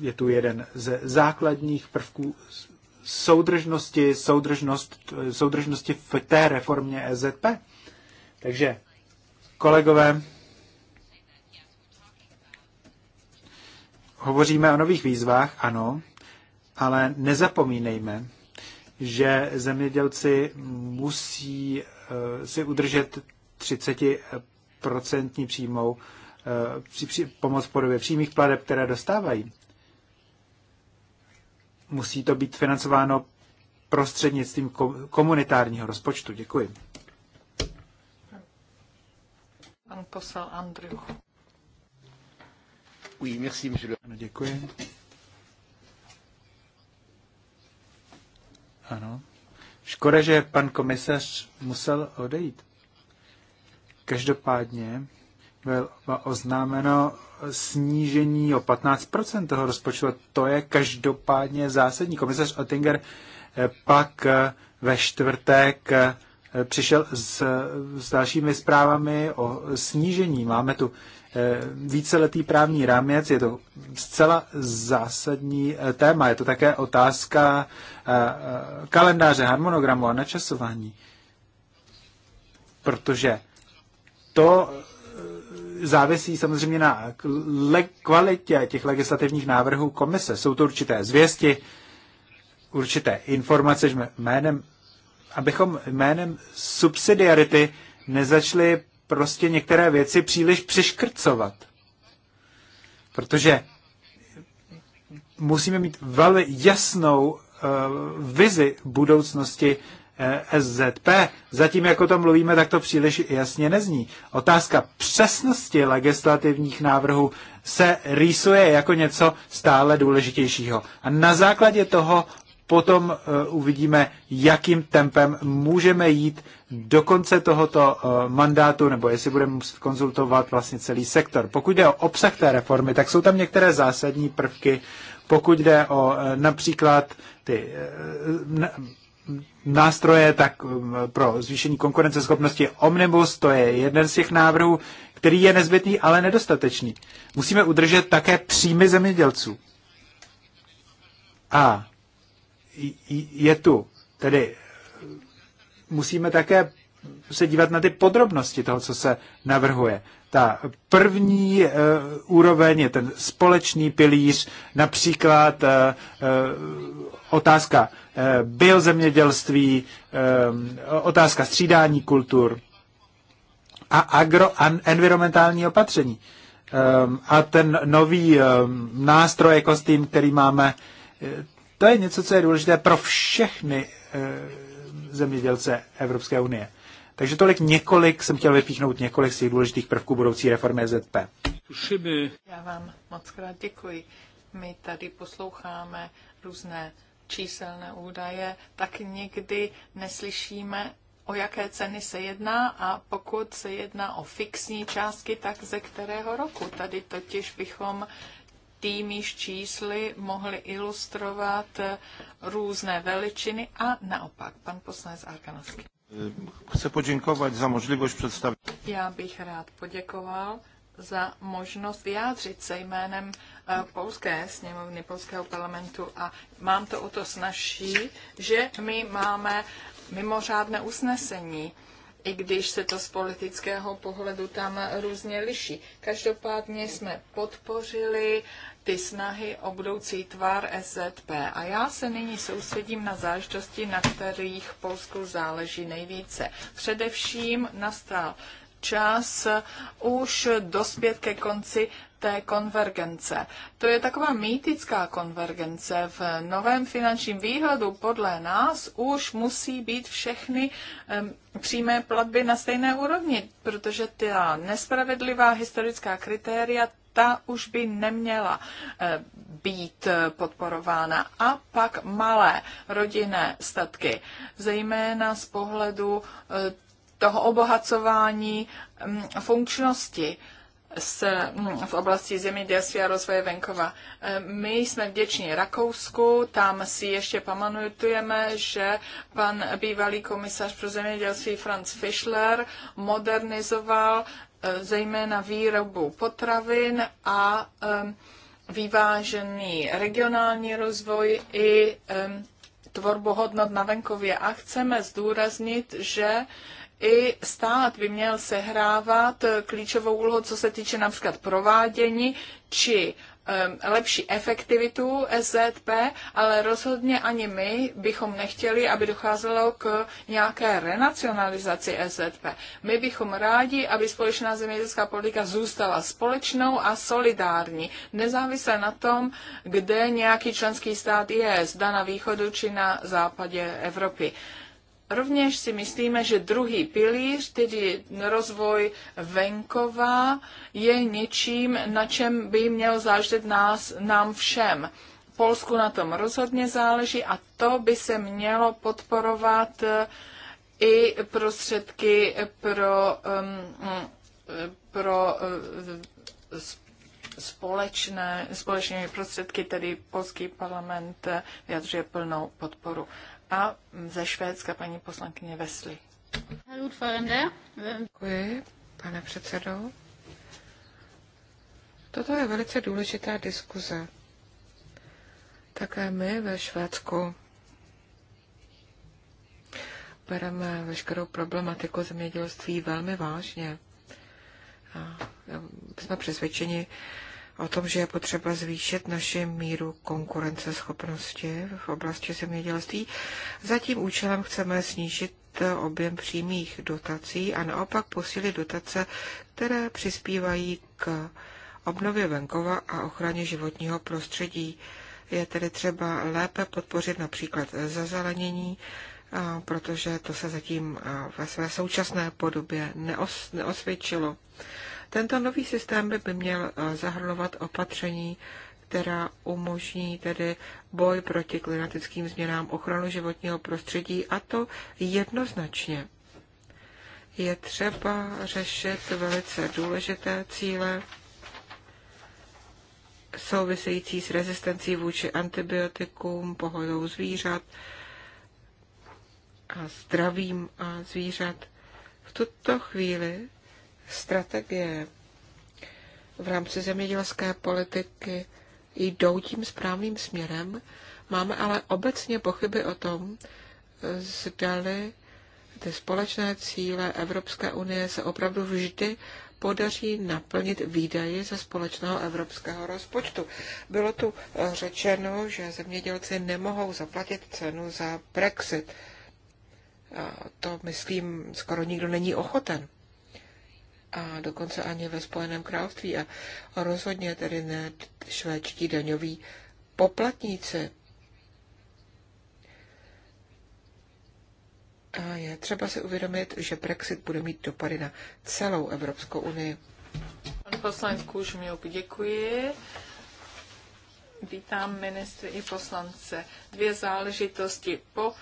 je tu jeden ze základních prvků soudržnosti, soudržnost, soudržnosti v té reformě EZP. Takže, kolegové, hovoříme o nových výzvách, ano, ale nezapomínejme, že zemědělci musí eh, si udržet 30% přímou eh, pomoc v podobě přímých pladeb, které dostávají musí to být financováno prostřednictvím komunitárního rozpočtu. Děkuji. Pan posel Andrew. Oui, merci, monsieur Ano, děkuji. Ano. Škoda, že pan komisař musel odejít. Každopádně bylo oznámeno snížení o 15% toho rozpočtu. To je každopádně zásadní. Komisař Oettinger eh, pak eh, ve čtvrtek eh, přišel s, s dalšími zprávami o snížení. Máme tu víceletý právní rámec, je to zcela zásadní téma. Je to také otázka kalendáře, harmonogramu a načasování. Protože to závisí samozřejmě na kvalitě těch legislativních návrhů komise. Jsou to určité zvěsti, určité informace, že jménem, abychom jménem subsidiarity nezačali prostě některé věci příliš přiškrcovat. Protože musíme mít velmi jasnou uh, vizi budoucnosti E SZP, zatím jako to mluvíme, tak to příliš jasně nezní. Otázka přesnosti legislativních návrhů se rýsuje jako něco stále důležitějšího. A na základě toho potom e, uvidíme, jakým tempem můžeme jít do konce tohoto e, mandátu, nebo jestli budeme muset konzultovat vlastně celý sektor. Pokud jde o obsah té reformy, tak jsou tam některé zásadní prvky, pokud jde o například ty nástroje tak um, pro zvýšení konkurenceschopnosti Omnibus, to je jeden z těch návrhů, který je nezbytný, ale nedostatečný. Musíme udržet také příjmy zemědělců. A je tu, tedy musíme také se dívat na ty podrobnosti toho, co se navrhuje. Ta první uh, úroveň je ten společný pilíř, například uh, uh, otázka uh, biozemědělství, uh, otázka střídání kultur a agroenvironmentální opatření. Um, a ten nový um, nástroj, ekostým, který máme, to je něco, co je důležité pro všechny uh, zemědělce Evropské unie. Takže tolik několik, jsem chtěl vypíchnout několik z těch důležitých prvků budoucí reformy e ZP. Já vám moc krát děkuji. My tady posloucháme různé číselné údaje, tak někdy neslyšíme, o jaké ceny se jedná a pokud se jedná o fixní částky, tak ze kterého roku. Tady totiž bychom týmíž čísly mohli ilustrovat různé veličiny a naopak. Pan poslanec Arkanovský. Chci poděkovat za možnost představit. Já bych rád poděkoval za možnost vyjádřit se jménem eh, Polské sněmovny, Polského parlamentu a mám to o to snažší, že my máme mimořádné usnesení, i když se to z politického pohledu tam různě liší. Každopádně jsme podpořili ty snahy o budoucí tvar SZP. A já se nyní soustředím na záležitosti, na kterých Polsku záleží nejvíce. Především nastal čas už dospět ke konci té konvergence. To je taková mýtická konvergence. V novém finančním výhledu podle nás už musí být všechny um, přímé platby na stejné úrovni, protože ta nespravedlivá historická kritéria ta už by neměla eh, být eh, podporována. A pak malé rodinné statky, zejména z pohledu eh, toho obohacování mm, funkčnosti s, mm, v oblasti zemědělství a rozvoje venkova. My jsme vděční Rakousku, tam si ještě pamatujeme, že pan bývalý komisař pro zemědělství Franz Fischler modernizoval zejména výrobu potravin a vyvážený regionální rozvoj i tvorbu hodnot na venkově. A chceme zdůraznit, že i stát by měl sehrávat eh, klíčovou úlohu, co se týče například provádění či Um, lepší efektivitu SZP, ale rozhodně ani my bychom nechtěli, aby docházelo k nějaké renacionalizaci SZP. My bychom rádi, aby společná zemědělská politika zůstala společnou a solidární, nezávisle na tom, kde nějaký členský stát je, zda na východu či na západě Evropy. Rovněž si myslíme, že druhý pilíř, tedy rozvoj venkova, je něčím, na čem by měl záležet nás, nám všem. Polsku na tom rozhodně záleží a to by se mělo podporovat eh, i prostředky pro, eh, pro eh, společné, společné prostředky, tedy polský parlament vyjadřuje plnou podporu. A ze Švédska paní poslankyně Vesli. Děkuji, pane předsedo. Toto je velice důležitá diskuze. Také my ve Švédsku bereme veškerou problematiku zemědělství velmi vážně. A jsme přesvědčeni, o tom, že je potřeba zvýšit naši míru konkurenceschopnosti v oblasti zemědělství. Za tím účelem chceme snížit objem přímých dotací a naopak posílit dotace, které přispívají k obnově venkova a ochraně životního prostředí. Je tedy třeba lépe podpořit například zazelenění, protože to se zatím ve své současné podobě neos, neosvědčilo. Tento nový systém by, by měl eh, zahrnovat opatření, která umožní tedy boj proti klimatickým změnám, ochranu životního prostředí a to jednoznačně. Je třeba řešit velice důležité cíle související s rezistencí vůči antibiotikům, pohodou zvířat a zdravím a zvířat. V tuto chvíli strategie v rámci zemědělské politiky jdou tím správným směrem. Máme ale obecně pochyby o tom, zdali ty společné cíle Evropské unie se opravdu vždy podaří naplnit výdaje ze společného evropského rozpočtu. Bylo tu eh, řečeno, že zemědělci nemohou zaplatit cenu za Brexit. To, myslím, skoro nikdo není ochoten a dokonce ani ve Spojeném království a rozhodně tedy ne švédští daňoví poplatníci. A je třeba si uvědomit, že Brexit bude mít dopady na celou Evropskou unii. Pan poslanec Kůžměl, děkuji. Vítám ministry i poslance. Dvě záležitosti. Po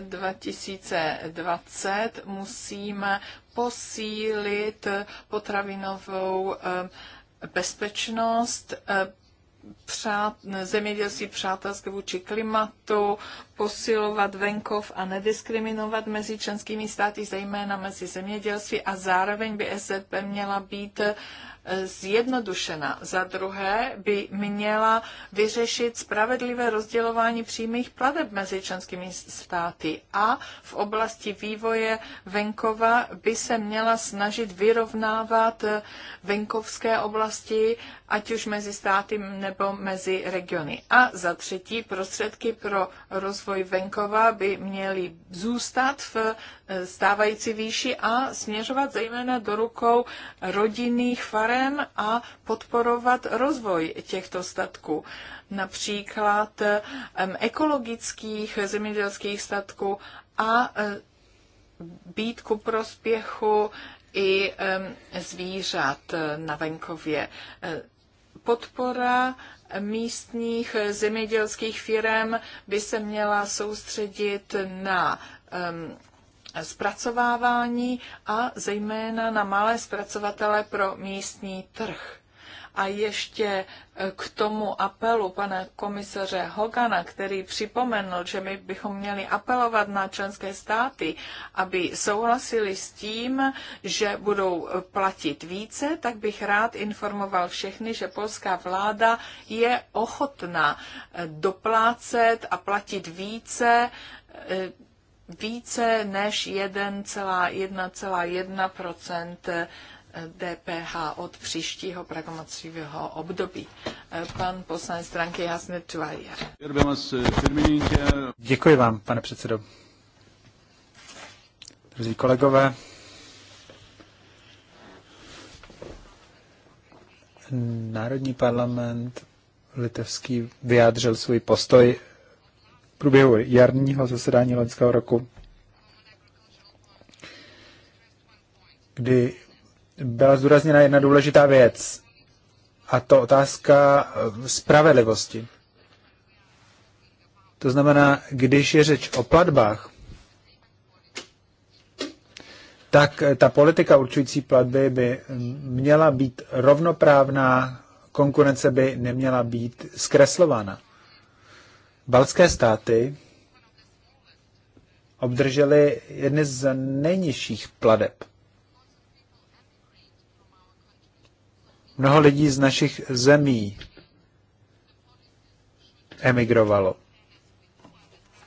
2020 eh, musíme posílit potravinovou eh, bezpečnost, eh, přát, zemědělství přátelské vůči klimatu, posilovat venkov a nediskriminovat mezi členskými státy, zejména mezi zemědělství a zároveň by SZP měla být uh, zjednodušena. Za druhé by měla vyřešit spravedlivé rozdělování přímých plateb mezi členskými státy a v oblasti vývoje venkova by se měla snažit vyrovnávat venkovské oblasti, ať už mezi státy nebo mezi regiony. A za třetí, prostředky pro rozvoj venkova by měly zůstat v stávající výši a směřovat zejména do rukou rodinných farem a podporovat rozvoj těchto statků. Například ekologických zemědělských statků a e, být ku prospěchu i zvířat na venkově. E, podpora místních zemědělských firm by se měla soustředit na um, zpracovávání a zejména na malé zpracovatele pro místní trh. A ještě eh, k tomu apelu pana komisaře Hogana, který připomenul, že my bychom měli apelovat na členské státy, aby souhlasili s tím, že budou eh, platit více, tak bych rád informoval všechny, že polská vláda je ochotná eh, doplácet a platit více více než 1,1 eh, DPH od příštího pragmatického období. Eh, pan poslanec Stranky Jasne Tvajer. Děkuji vám, pane předsedo. Drzí kolegové, Národní parlament litevský vyjádřil svůj postoj průběhu jarního zasedání loňského roku, kdy byla zdůrazněna jedna důležitá věc, a to otázka eh, spravedlivosti. To znamená, když je řeč o platbách, tak eh, ta politika určující platby by mm, měla být rovnoprávná, konkurence by neměla být zkreslována. Balské státy obdržely jedny z nejnižších pladeb. Mnoho lidí z našich zemí emigrovalo.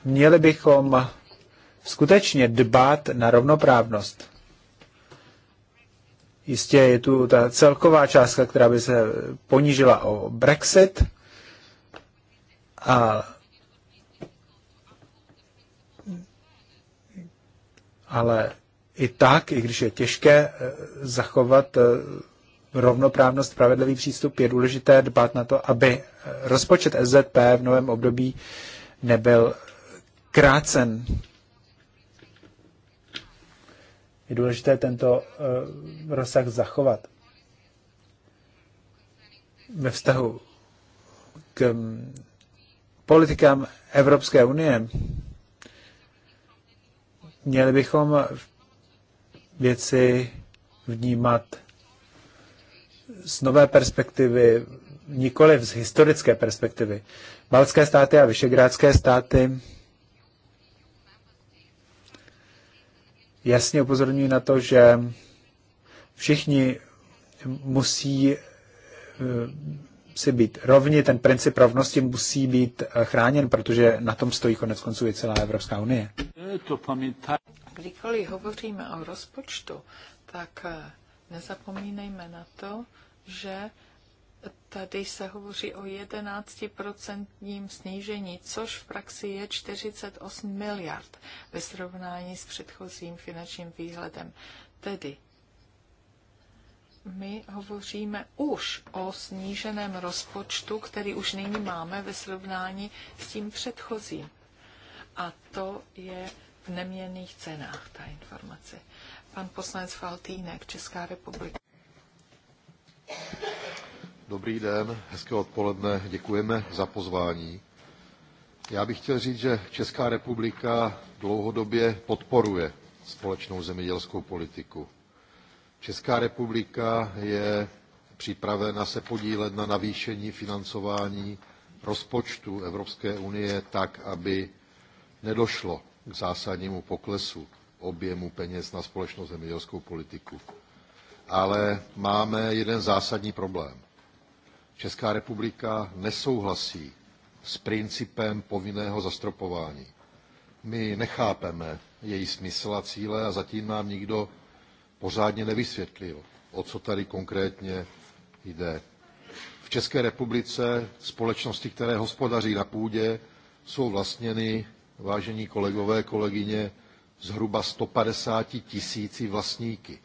Měli bychom skutečně dbát na rovnoprávnost. Jistě je tu ta celková částka, která by se ponížila o Brexit, a ale i tak, i když je těžké eh, zachovat eh, rovnoprávnost, spravedlivý přístup, je důležité dbát na to, aby eh, rozpočet SZP v novém období nebyl krácen. Je důležité tento rozsah zachovat. Ve vztahu k mm, politikám Evropské unie Měli bychom věci vnímat z nové perspektivy, nikoli z historické perspektivy. Balské státy a vyšegrádské státy jasně upozorňují na to, že všichni musí eh, si být rovni, ten princip rovnosti musí být eh, chráněn, protože na tom stojí konec konců i celá Evropská unie. Kdykoliv hovoříme o rozpočtu, tak eh, nezapomínejme na to, že tady se hovoří o 11% snížení, což v praxi je 48 miliard ve srovnání s předchozím finančním výhledem. Tedy my hovoříme už o sníženém rozpočtu, který už nyní máme ve srovnání s tím předchozím. A to je v neměných cenách, ta informace. Pan poslanec Faltýnek, Česká republika. Dobrý den, hezké odpoledne, děkujeme za pozvání. Já bych chtěl říct, že Česká republika dlouhodobě podporuje společnou zemědělskou politiku. Česká republika je připravena se podílet na navýšení financování rozpočtu Evropské unie tak, aby nedošlo k zásadnímu poklesu objemu peněz na společnou zemědělskou politiku. Ale máme jeden zásadní problém. Česká republika nesouhlasí s principem povinného zastropování. My nechápeme její smysl a cíle a zatím nám nikdo pořádně nevysvětlil, o co tady konkrétně jde. V České republice společnosti, které hospodaří na půdě, jsou vlastněny, vážení kolegové, kolegyně, zhruba 150 tisíci vlastníky.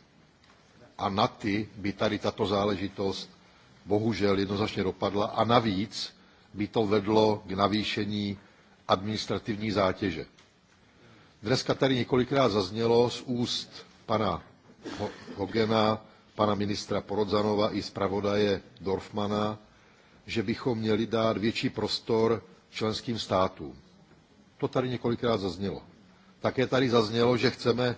A na ty by tady tato záležitost bohužel jednoznačně dopadla a navíc by to vedlo k navýšení administrativní zátěže. Dneska tady několikrát zaznělo z úst pana Hogena, pana ministra Porodzanova i zpravodaje Dorfmana, že bychom měli dát větší prostor členským státům. To tady několikrát zaznělo. Také tady zaznělo, že chceme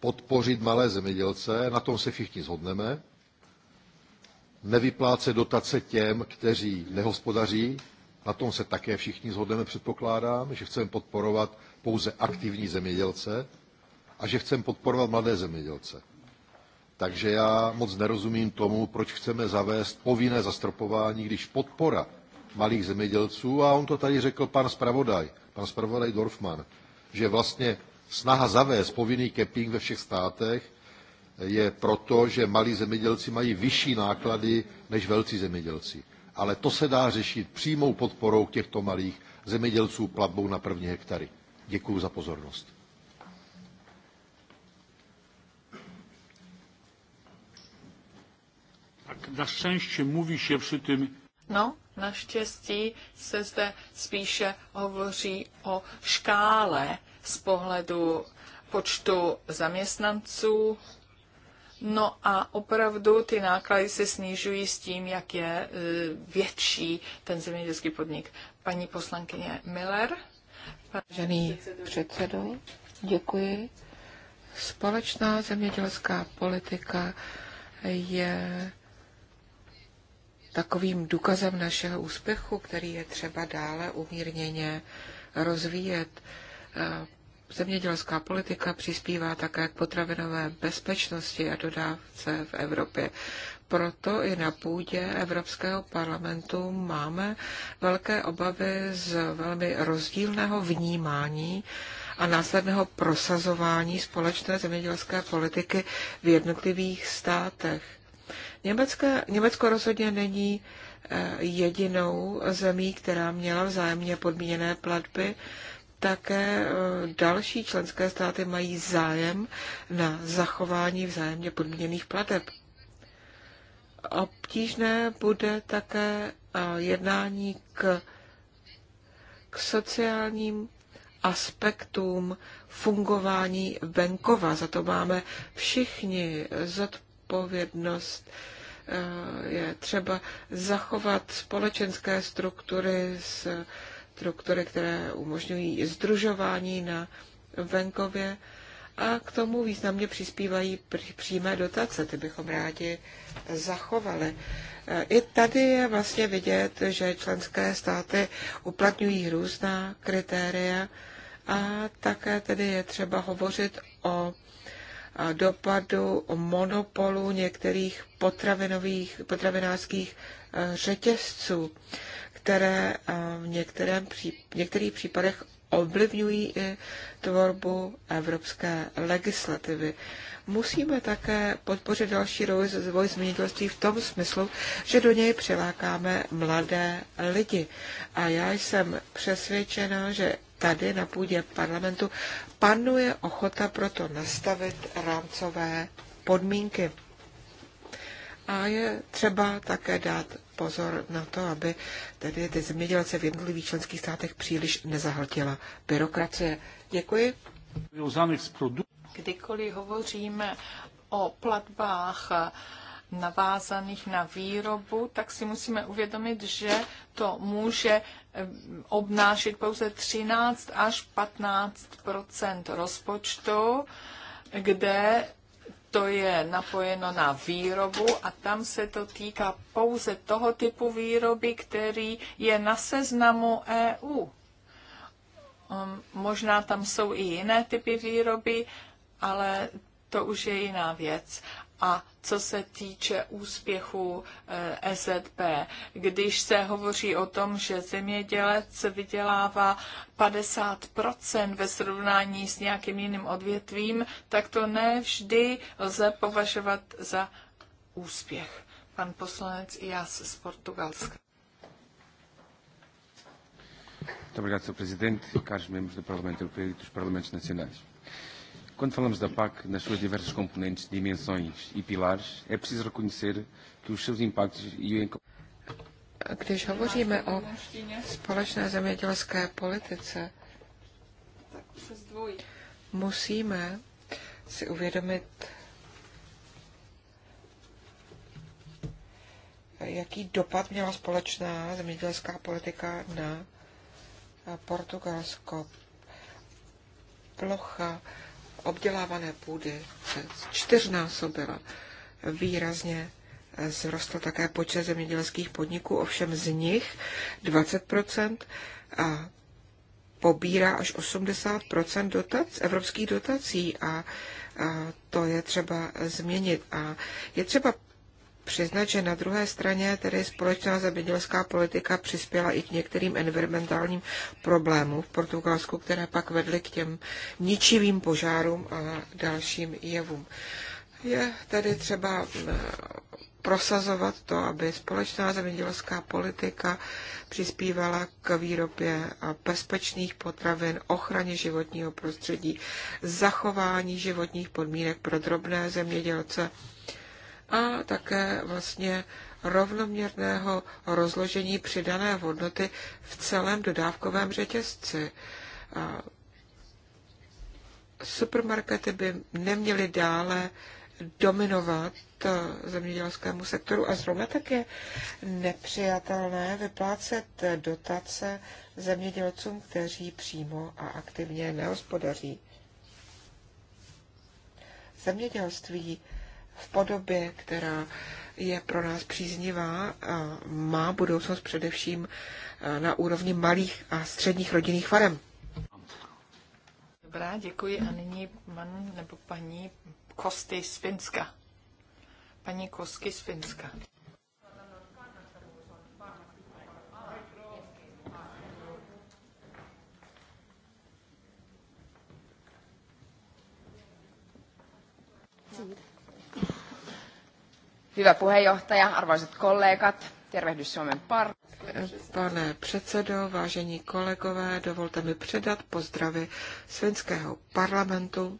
podpořit malé zemědělce, na tom se všichni zhodneme, nevypláce dotace těm, kteří nehospodaří, na tom se také všichni zhodneme, předpokládám, že chceme podporovat pouze aktivní zemědělce a že chceme podporovat mladé zemědělce. Takže já moc nerozumím tomu, proč chceme zavést povinné zastropování, když podpora malých zemědělců, a on to tady řekl pan zpravodaj, pan zpravodaj Dorfman, že vlastně snaha zavést povinný keping ve všech státech je proto, že malí zemědělci mají vyšší náklady než velcí zemědělci. Ale to se dá řešit přímou podporou těchto malých zemědělců platbou na první hektary. Děkuji za pozornost. Na šťastí mluví se při tom. No, naštěstí se zde spíše hovoří o škále z pohledu počtu zaměstnanců. No a opravdu ty náklady se snižují s tím, jak je e, větší ten zemědělský podnik. Paní poslankyně Miller. Vážený předsedo, děkuji. Společná zemědělská politika je takovým důkazem našeho úspěchu, který je třeba dále umírněně rozvíjet. Eh, zemědělská politika přispívá také k potravinové bezpečnosti a dodávce v Evropě. Proto i na půdě Evropského parlamentu máme velké obavy z velmi rozdílného vnímání a následného prosazování společné zemědělské politiky v jednotlivých státech. Německé, Německo rozhodně není eh, jedinou zemí, která měla vzájemně podmíněné platby. Také eh, další členské státy mají zájem na zachování vzájemně podmíněných plateb. Obtížné bude také eh, jednání k, k sociálním aspektům fungování venkova. Za to máme všichni zodpovědnost. Eh, je třeba zachovat společenské struktury, struktury, které umožňují združování na venkově a k tomu významně přispívají přímé dotace, ty bychom rádi zachovali. Eh, I tady je vlastně vidět, že členské státy uplatňují různá kritéria a také tedy je třeba hovořit o dopadu monopolu některých potravinových, potravinářských eh, řetězců, které eh, v, některém, v některých případech ovlivňují i tvorbu evropské legislativy. Musíme také podpořit další rozvoj změnitelství v tom smyslu, že do něj přilákáme mladé lidi. A já jsem přesvědčena, že tady na půdě parlamentu panuje ochota proto nastavit rámcové podmínky. A je třeba také dát pozor na to, aby tedy ty zemědělce v jednotlivých členských státech příliš nezahltila byrokracie. Děkuji. Kdykoliv hovoříme o platbách navázaných na výrobu, tak si musíme uvědomit, že to může eh, obnášet pouze 13 až 15 rozpočtu, kde to je napojeno na výrobu a tam se to týká pouze toho typu výroby, který je na seznamu EU. Um, možná tam jsou i jiné typy výroby, ale to už je jiná věc. A co se týče úspěchu eh, SZP, když se hovoří o tom, že zemědělec vydělává 50% ve srovnání s nějakým jiným odvětvím, tak to ne vždy lze považovat za úspěch. Pan poslanec Jas z Portugalska. Dobrý den, pane Presidente, caros membros do Parlamento Europeu e dos Quando falamos da PAC nas suas diversas componentes, dimensões e pilares, é preciso reconhecer que os seus impactos e o Když hovoříme o společné zemědělské politice, musíme si uvědomit, jaký dopad měla společná zemědělská politika na Portugalsko. Plocha obdělávané půdy se čtyřnásobila. Výrazně zrostl také počet zemědělských podniků, ovšem z nich 20% a pobírá až 80% dotac, evropských dotací a, a to je třeba změnit. A je třeba přiznat, že na druhé straně tedy společná zemědělská politika přispěla i k některým environmentálním problémům v Portugalsku, které pak vedly k těm ničivým požárům a dalším jevům. Je tedy třeba eh, prosazovat to, aby společná zemědělská politika přispívala k výrobě bezpečných potravin, ochraně životního prostředí, zachování životních podmínek pro drobné zemědělce a také vlastně rovnoměrného rozložení přidané hodnoty v celém dodávkovém řetězci. Supermarkety by neměly dále dominovat eh, zemědělskému sektoru a zrovna tak je nepřijatelné vyplácet dotace zemědělcům, kteří přímo a aktivně nehospodaří. Zemědělství v podobě, která je pro nás příznivá a má budoucnost především eh, na úrovni malých a středních rodinných farem. Dobrá, děkuji. A nyní pan nebo paní Kosty z Finska. Paní Kosky z Finska. Thank you. Hyvä puheenjohtaja, arvoisat kollegat, tervehdys Suomen par. Pane předsedo, vážení kolegové, dovolte mi předat pozdravy svinského parlamentu.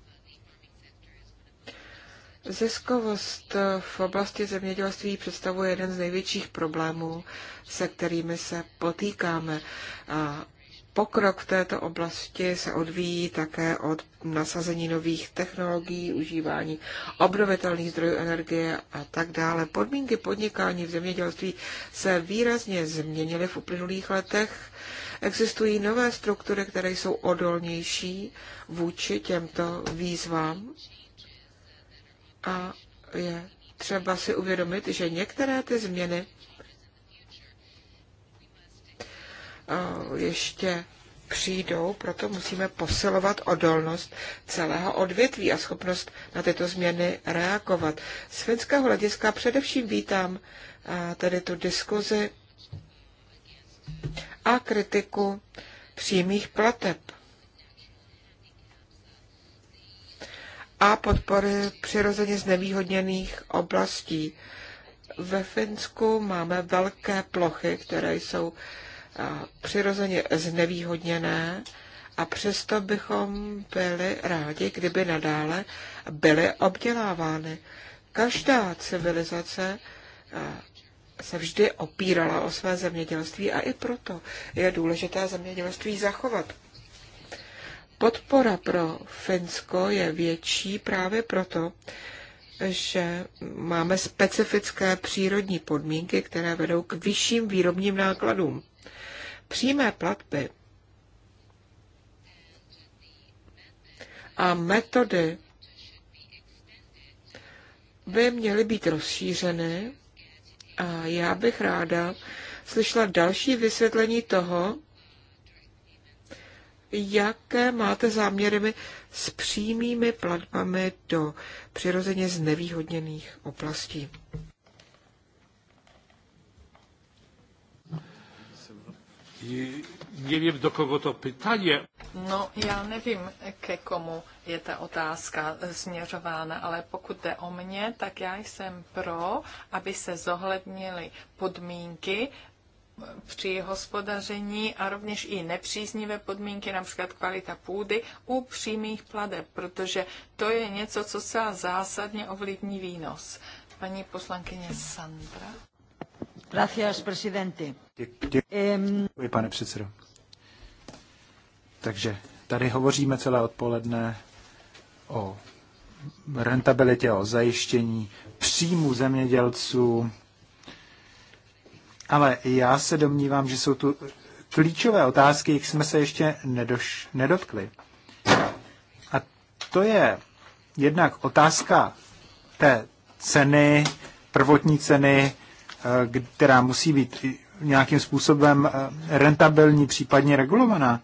Ziskovost v oblasti zemědělství představuje jeden z největších problémů, se kterými se potýkáme. Pokrok v této oblasti se odvíjí také od nasazení nových technologií, užívání obnovitelných zdrojů energie a tak dále. Podmínky podnikání v zemědělství se výrazně změnily v uplynulých letech. Existují nové struktury, které jsou odolnější vůči těmto výzvám. A je třeba si uvědomit, že některé ty změny Eh, ještě přijdou, proto musíme posilovat odolnost celého odvětví a schopnost na tyto změny reagovat. Z finského hlediska především vítám eh, tedy tu diskuzi a kritiku přímých plateb a podpory přirozeně znevýhodněných oblastí. Ve Finsku máme velké plochy, které jsou přirozeně znevýhodněné a přesto bychom byli rádi, kdyby nadále byly obdělávány. Každá civilizace se vždy opírala o své zemědělství a i proto je důležité zemědělství zachovat. Podpora pro Finsko je větší právě proto, že máme specifické přírodní podmínky, které vedou k vyšším výrobním nákladům. Přímé platby a metody by měly být rozšířeny a já bych ráda slyšela další vysvětlení toho, jaké máte záměry s přímými platbami do přirozeně znevýhodněných oblastí. Nevím, do koho to pytanie. No, já nevím, ke komu je ta otázka eh, směřována, ale pokud jde o mě, tak já jsem pro, aby se zohlednily podmínky eh, při hospodaření a rovněž i nepříznivé podmínky, například kvalita půdy, u přímých pladeb, protože to je něco, co se zásadně ovlivní výnos. Paní poslankyně Sandra. Gracias, presidente. Děkuji, pane předsedo. Takže tady hovoříme celé odpoledne o rentabilitě, o zajištění příjmu zemědělců, ale já se domnívám, že jsou tu klíčové otázky, jich jsme se ještě nedoš, nedotkli. A to je jednak otázka té ceny, prvotní ceny, eh, která musí být nějakým způsobem eh, rentabilní, případně regulovaná.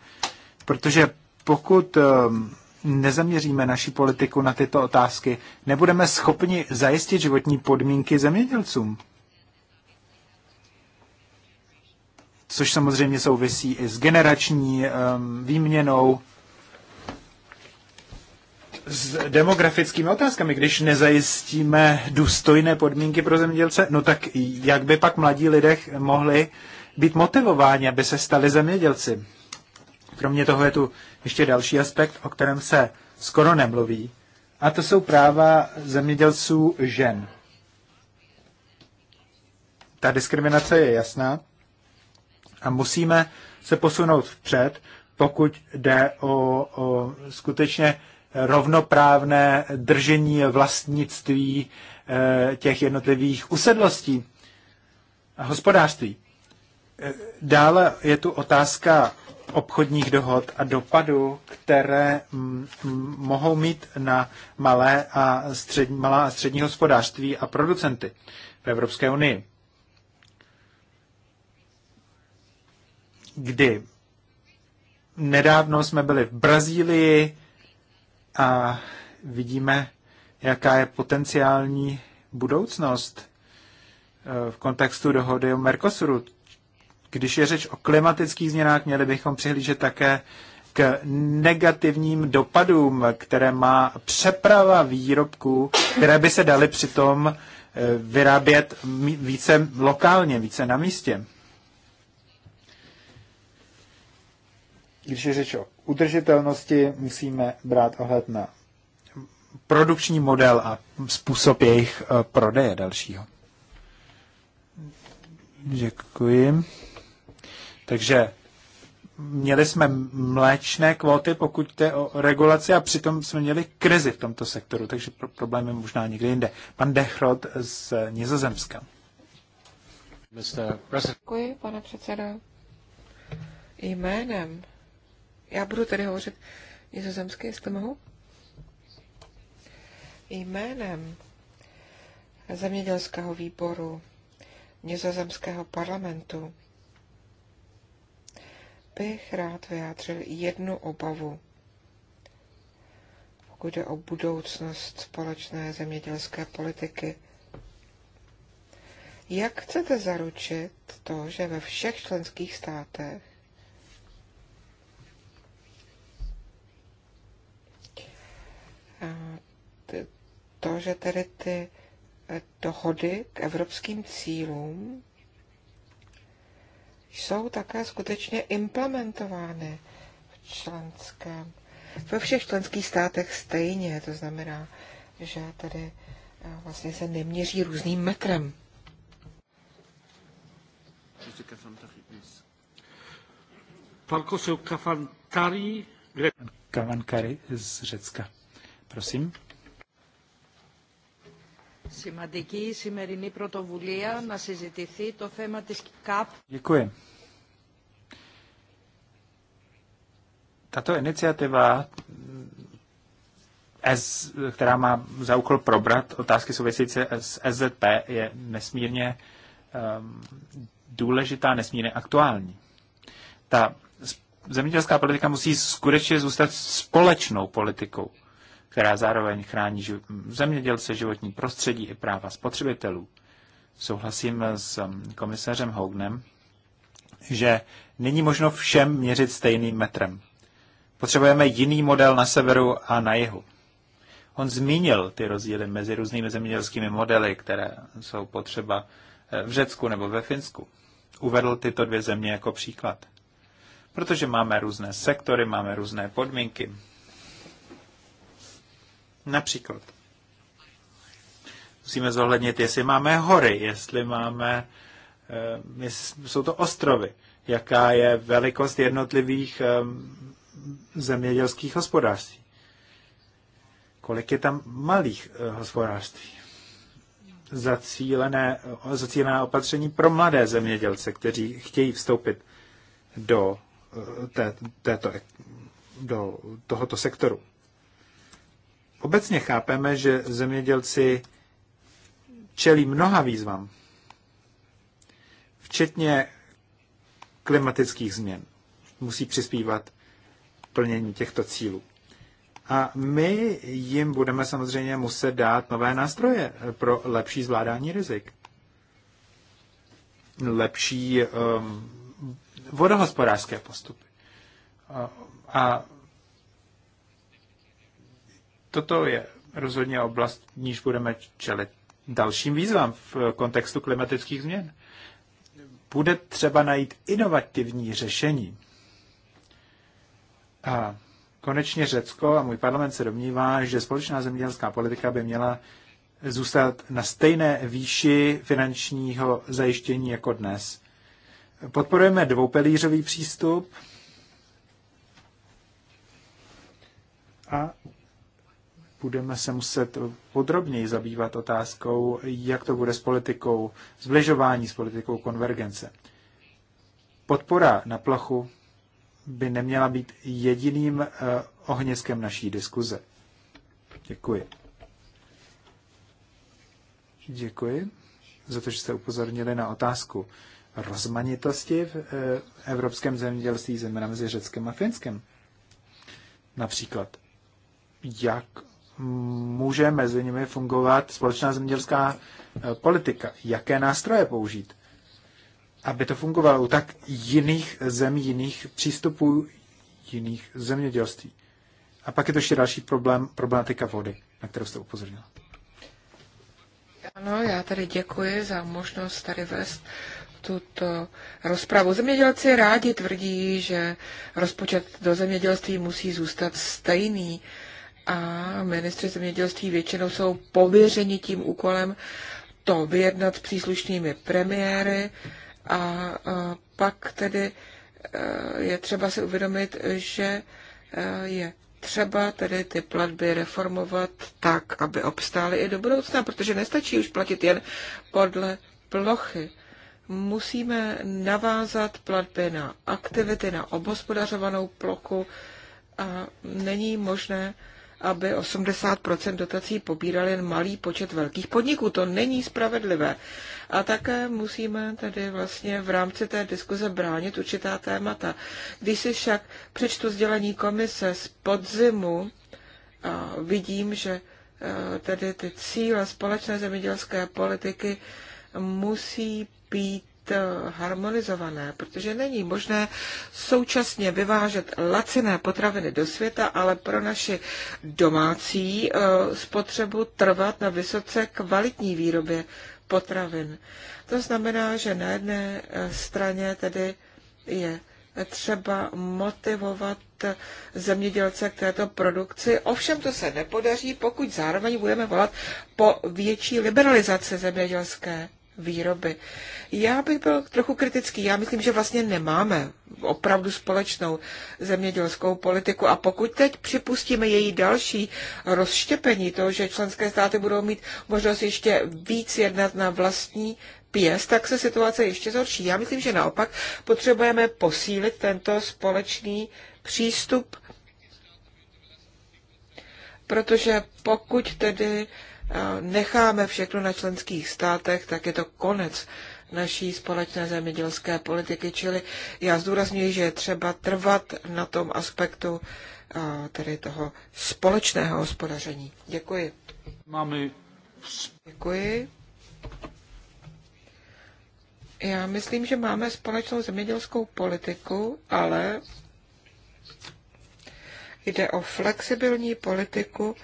Protože pokud eh, nezaměříme naši politiku na tyto otázky, nebudeme schopni zajistit životní podmínky zemědělcům. Což samozřejmě souvisí i s generační um, výměnou s demografickými otázkami. Když nezajistíme důstojné podmínky pro zemědělce, no tak jak by pak mladí lidé mohli být motivováni, aby se stali zemědělci? Kromě toho je tu ještě další aspekt, o kterém se skoro nemluví, a to jsou práva zemědělců žen. Ta diskriminace je jasná a musíme se posunout vpřed, pokud jde o, o skutečně rovnoprávné držení vlastnictví eh, těch jednotlivých usedlostí a hospodářství. Eh, dále je tu otázka obchodních dohod a dopadů, které mohou mít na malé a střední, malá a střední hospodářství a producenty v Evropské unii. Kdy nedávno jsme byli v Brazílii, a vidíme, jaká je potenciální budoucnost eh, v kontextu dohody o Mercosuru. Když je řeč o klimatických změnách, měli bychom přihlížet také k negativním dopadům, které má přeprava výrobků, které by se daly přitom eh, vyrábět více lokálně, více na místě. Když je řeč o udržitelnosti, musíme brát ohled na produkční model a způsob jejich eh, prodeje dalšího. Děkuji. Takže měli jsme mléčné kvóty, pokud jde o regulaci, a přitom jsme měli krizi v tomto sektoru, takže pro problém je možná někde jinde. Pan Dechrod z Nizozemska. Děkuji, pane předsedo. Jménem já budu tedy hovořit nizozemsky, jestli mohu. Jménem zemědělského výboru nizozemského parlamentu bych rád vyjádřil jednu obavu, pokud jde o budoucnost společné zemědělské politiky. Jak chcete zaručit to, že ve všech členských státech to, že tedy ty eh, dohody k evropským cílům jsou také skutečně implementovány v členském, ve všech členských státech stejně. To znamená, že tedy eh, vlastně se neměří různým metrem. Kavankari z Řecka. Prosím. Děkuji. Tato iniciativa, která má za úkol probrat otázky související s EZP, je nesmírně ehm, důležitá, nesmírně aktuální. Ta zemědělská politika musí skutečně zůstat společnou politikou která zároveň chrání zemědělce, životní prostředí i práva spotřebitelů. Souhlasím s um, komisařem Hougnem, že není možno všem měřit stejným metrem. Potřebujeme jiný model na severu a na jihu. On zmínil ty rozdíly mezi různými zemědělskými modely, které jsou potřeba eh, v Řecku nebo ve Finsku. Uvedl tyto dvě země jako příklad. Protože máme různé sektory, máme různé podmínky, Například. Musíme zohlednit, jestli máme hory, jestli máme, eh, jsou to ostrovy, jaká je velikost jednotlivých eh, zemědělských hospodářství. Kolik je tam malých eh, hospodářství? Zacílené, zacílené opatření pro mladé zemědělce, kteří chtějí vstoupit do, té, této, do tohoto sektoru. Obecně chápeme, že zemědělci čelí mnoha výzvám, včetně klimatických změn. Musí přispívat plnění těchto cílů. A my jim budeme samozřejmě muset dát nové nástroje pro lepší zvládání rizik. Lepší um, vodohospodářské postupy. A, a toto je rozhodně oblast, níž budeme čelit dalším výzvám v kontextu klimatických změn. Bude třeba najít inovativní řešení. A konečně Řecko a můj parlament se domnívá, že společná zemědělská politika by měla zůstat na stejné výši finančního zajištění jako dnes. Podporujeme dvoupelířový přístup a budeme se muset podrobněji zabývat otázkou, jak to bude s politikou zbližování, s politikou konvergence. Podpora na plochu by neměla být jediným eh, ohniskem naší diskuze. Děkuji. Děkuji za to, že jste upozornili na otázku rozmanitosti v eh, evropském zemědělství, zejména mezi Řeckem a Finskem. Například, jak může mezi nimi fungovat společná zemědělská eh, politika. Jaké nástroje použít, aby to fungovalo u tak jiných zemí, jiných přístupů, jiných zemědělství. A pak je to ještě další problém, problematika vody, na kterou jste upozornila. Ano, já tady děkuji za možnost tady vést tuto rozpravu. Zemědělci rádi tvrdí, že rozpočet do zemědělství musí zůstat stejný a ministři zemědělství většinou jsou pověřeni tím úkolem to vyjednat s příslušnými premiéry a pak tedy e, je třeba si uvědomit, že e, je třeba tedy ty platby reformovat tak, aby obstály i do budoucna, protože nestačí už platit jen podle plochy. Musíme navázat platby na aktivity, na obospodařovanou plochu a není možné aby 80% dotací pobíral jen malý počet velkých podniků. To není spravedlivé. A také musíme tedy vlastně v rámci té diskuze bránit určitá témata. Když si však přečtu sdělení komise z podzimu, vidím, že e, tedy ty cíle společné zemědělské politiky musí být Eh, harmonizované, protože není možné současně vyvážet laciné potraviny do světa, ale pro naši domácí eh, spotřebu trvat na vysoce kvalitní výrobě potravin. To znamená, že na jedné eh, straně tedy je třeba motivovat zemědělce k této produkci. Ovšem to se nepodaří, pokud zároveň budeme volat po větší liberalizaci zemědělské výroby. Já bych byl trochu kritický. Já myslím, že vlastně nemáme opravdu společnou zemědělskou politiku a pokud teď připustíme její další rozštěpení, to, že členské státy budou mít možnost ještě víc jednat na vlastní pěst, tak se situace ještě zhorší. Já myslím, že naopak potřebujeme posílit tento společný přístup, protože pokud tedy uh, necháme všechno na členských státech, tak je to konec naší společné zemědělské politiky. Čili já zdůraznuju, že je třeba trvat na tom aspektu tedy toho společného hospodaření. Děkuji. Máme. Děkuji. Já myslím, že máme společnou zemědělskou politiku, ale jde o flexibilní politiku,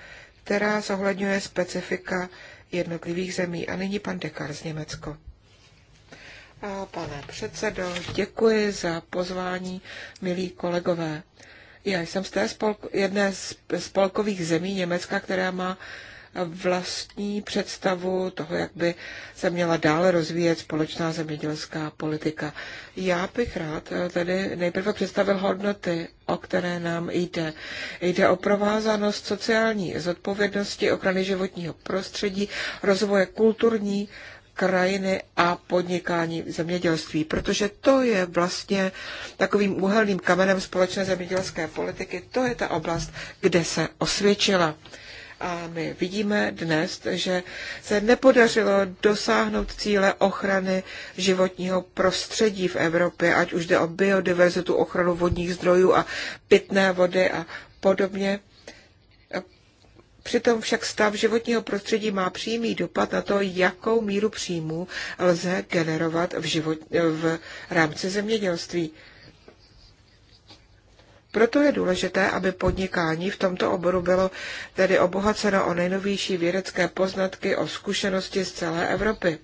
která zohledňuje specifika jednotlivých zemí. A nyní pan Dekar z Německo. A pane předsedo, děkuji za pozvání, milí kolegové. Já jsem z té spolko, jedné z spolkových zemí Německa, která má vlastní představu toho, jak by se měla dále rozvíjet společná zemědělská politika. Já bych rád tedy nejprve představil hodnoty, o které nám jde. Jde o provázanost sociální zodpovědnosti, ochrany životního prostředí, rozvoje kulturní, krajiny a podnikání v zemědělství, protože to je vlastně takovým úhelným kamenem společné zemědělské politiky, to je ta oblast, kde se osvědčila. A my vidíme dnes, že se nepodařilo dosáhnout cíle ochrany životního prostředí v Evropě, ať už jde o biodiverzitu, ochranu vodních zdrojů a pitné vody a podobně. Přitom však stav životního prostředí má přímý dopad na to, jakou míru příjmů lze generovat v, život, v rámci zemědělství. Proto je důležité, aby podnikání v tomto oboru bylo tedy obohaceno o nejnovější vědecké poznatky o zkušenosti z celé Evropy.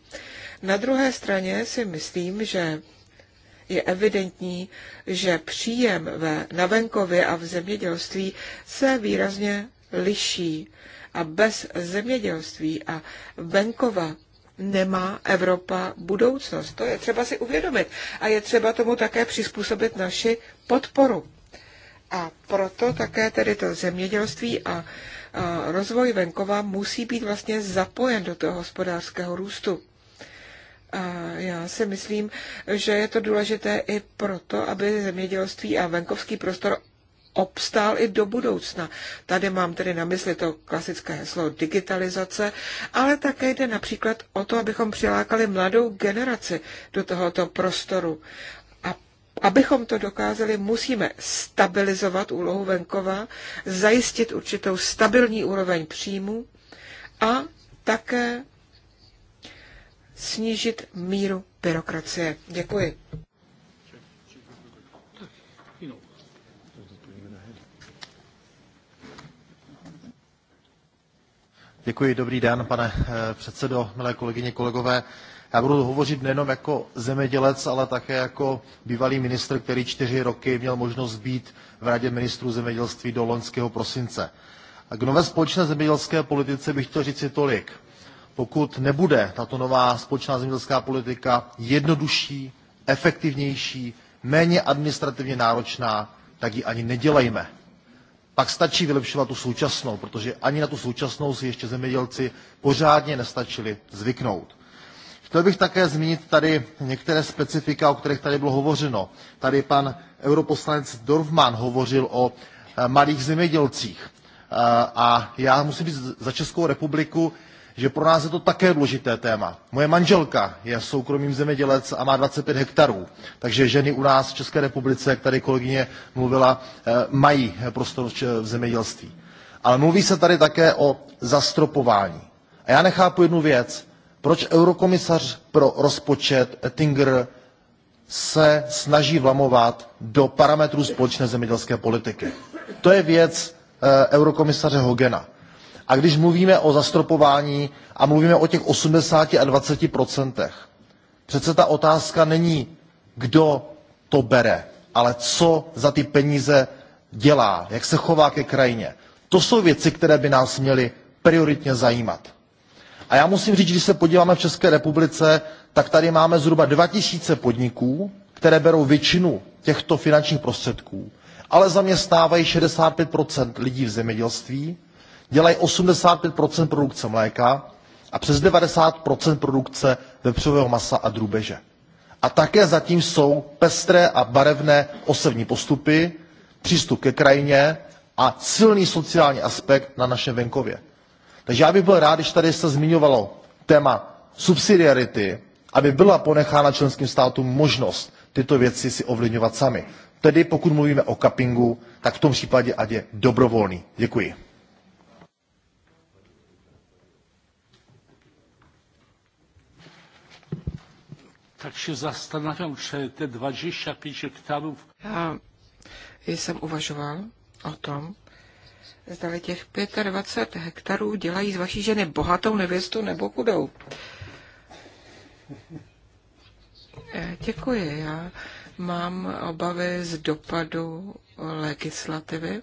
Na druhé straně si myslím, že je evidentní, že příjem ve, na venkově a v zemědělství se výrazně liší a bez zemědělství a venkova nemá Evropa budoucnost. To je třeba si uvědomit a je třeba tomu také přizpůsobit naši podporu. A proto také tedy to zemědělství a rozvoj venkova musí být vlastně zapojen do toho hospodářského růstu. A já si myslím, že je to důležité i proto, aby zemědělství a venkovský prostor obstál i do budoucna. Tady mám tedy na mysli to klasické heslo digitalizace, ale také jde například o to, abychom přilákali mladou generaci do tohoto prostoru. Abychom to dokázali, musíme stabilizovat úlohu venkova, zajistit určitou stabilní úroveň příjmu a také snížit míru byrokracie. Děkuji. Děkuji, dobrý den, pane eh, předsedo, milé kolegyně, kolegové. Já budu hovořit nejenom jako zemědělec, ale také jako bývalý ministr, který čtyři roky měl možnost být v Radě ministrů zemědělství do loňského prosince. A k nové společné zemědělské politice bych chtěl si tolik. Pokud nebude tato nová společná zemědělská politika jednodušší, efektivnější, méně administrativně náročná, tak ji ani nedělejme. Pak stačí vylepšovat tu současnou, protože ani na tu současnou si ještě zemědělci pořádně nestačili zvyknout. Chtěl bych také zmínit tady některé specifika, o kterých tady bylo hovořeno. Tady pan europoslanec Dorfman hovořil o eh, malých zemědělcích. Eh, a já musím říct za Českou republiku, že pro nás je to také důležité téma. Moje manželka je soukromým zemědělec a má 25 hektarů, takže ženy u nás v České republice, jak tady kolegyně mluvila, eh, mají prostor v zemědělství. Ale mluví se tady také o zastropování. A já nechápu jednu věc proč eurokomisař pro rozpočet Ettinger se snaží vlamovat do parametrů společné zemědělské politiky. To je věc eh, eurokomisaře Hogena. A když mluvíme o zastropování a mluvíme o těch 80 a 20 procentech, přece ta otázka není, kdo to bere, ale co za ty peníze dělá, jak se chová ke krajině. To jsou věci, které by nás měly prioritně zajímat. A já musím říct, že když se podíváme v České republice, tak tady máme zhruba 2000 podniků, které berou většinu těchto finančních prostředků, ale zaměstnávají 65 lidí v zemědělství, dělají 85 produkce mléka a přes 90 produkce vepřového masa a drůbeže. A také zatím jsou pestré a barevné osevní postupy, přístup ke krajině a silný sociální aspekt na našem venkově. Takže já bych byl rád, když tady se zmiňovalo téma subsidiarity, aby byla ponechána členským státům možnost tyto věci si ovlivňovat sami. Tedy pokud mluvíme o cuppingu, tak v tom případě ať je dobrovolný. Děkuji. tak się zastanawiam, czy te 25 hektarów... Ja jsem uvažoval o tom, zdali těch 25 hektarů dělají z vaší ženy bohatou nevěstu nebo kudou? Děkuji. Já mám obavy z dopadu legislativy.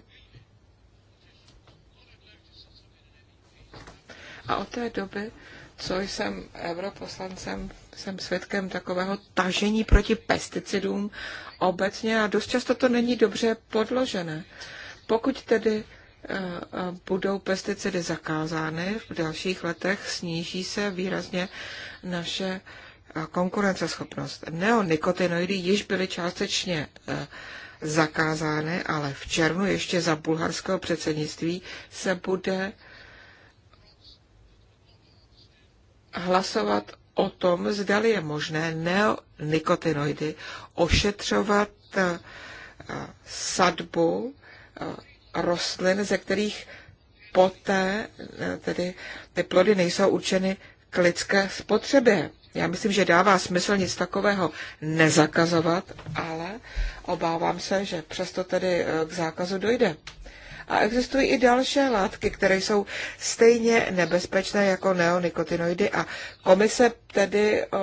A od té doby, co jsem europoslancem, jsem svědkem takového tažení proti pesticidům obecně a dost často to není dobře podložené. Pokud tedy budou pesticidy zakázány v dalších letech, sníží se výrazně naše konkurenceschopnost. Neonikotinoidy již byly částečně e, zakázány, ale v červnu ještě za bulharského předsednictví se bude hlasovat o tom, zdali je možné neonikotinoidy ošetřovat e, sadbu rostlin, ze kterých poté eh, tedy ty plody nejsou určeny k lidské spotřebě. Já myslím, že dává smysl nic takového nezakazovat, ale obávám se, že přesto tedy eh, k zákazu dojde. A existují i další látky, které jsou stejně nebezpečné jako neonikotinoidy a komise tedy o,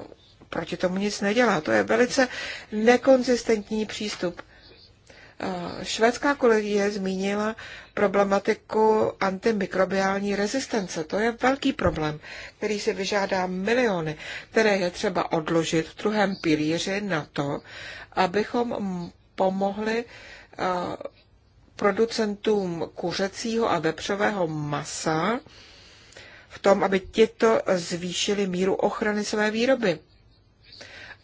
eh, proti tomu nic nedělá. To je velice nekonzistentní přístup. Švédská kolegie zmínila problematiku antimikrobiální rezistence. To je velký problém, který si vyžádá miliony, které je třeba odložit v druhém pilíři na to, abychom pomohli eh, producentům kuřecího a vepřového masa v tom, aby tito zvýšili míru ochrany své výroby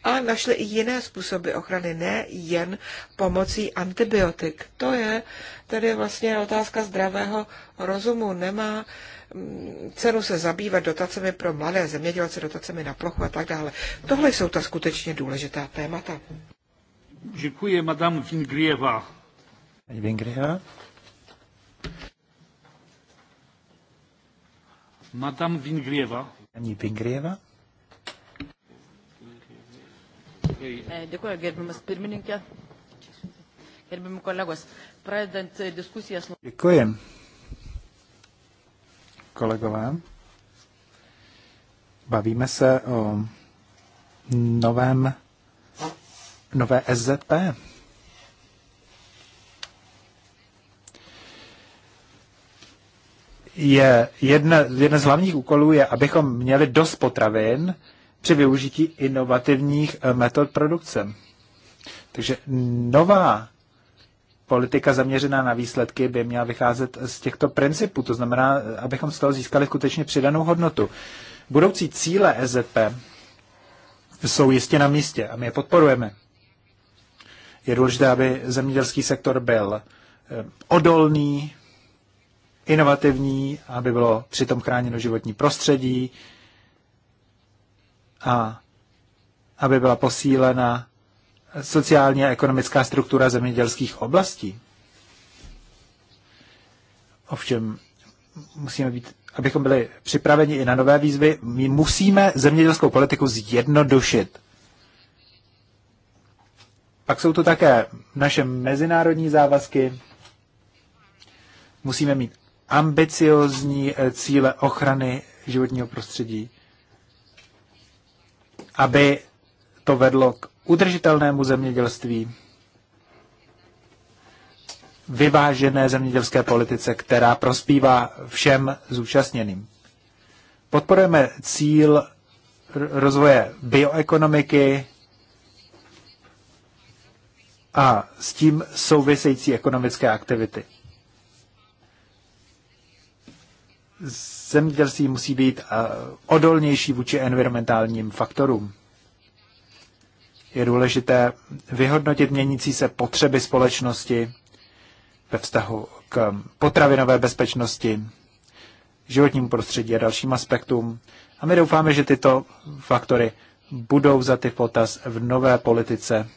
ale našli i jiné způsoby ochrany, ne jen pomocí antibiotik. To je tedy vlastně otázka zdravého rozumu. Nemá mm, cenu se zabývat dotacemi pro mladé zemědělce, dotacemi na plochu a tak dále. Tohle jsou ta skutečně důležitá témata. Děkuji, madame Vingrieva. Vingrieva. Madame Vingrieva. Pani Vingrieva. E, dėkuoju, gerbiamas pirmininkė, gerbiami kolegos. Pradedant e, diskusijas. Děkuji. Kolegové, bavíme se o novém, nové SZP. Je jedna, jeden z hlavních úkolů je, abychom měli dost potravin, při využití inovativních eh, metod produkce. Takže nová politika zaměřená na výsledky by měla vycházet z těchto principů, to znamená, eh, abychom z toho získali skutečně přidanou hodnotu. Budoucí cíle EZP jsou jistě na místě a my je podporujeme. Je důležité, aby zemědělský sektor byl eh, odolný, inovativní, aby bylo přitom chráněno životní prostředí, a aby byla posílena sociálně a ekonomická struktura zemědělských oblastí. Ovšem, musíme být, abychom byli připraveni i na nové výzvy, my musíme zemědělskou politiku zjednodušit. Pak jsou to také naše mezinárodní závazky. Musíme mít ambiciozní eh, cíle ochrany životního prostředí aby to vedlo k udržitelnému zemědělství, vyvážené zemědělské politice, která prospívá všem zúčastněným. Podporujeme cíl rozvoje bioekonomiky a s tím související ekonomické aktivity. Z zemědělství musí být eh, odolnější vůči environmentálním faktorům. Je důležité vyhodnotit měnící se potřeby společnosti ve vztahu k potravinové bezpečnosti, životnímu prostředí a dalším aspektům. A my doufáme, že tyto faktory budou za ty potaz v nové politice.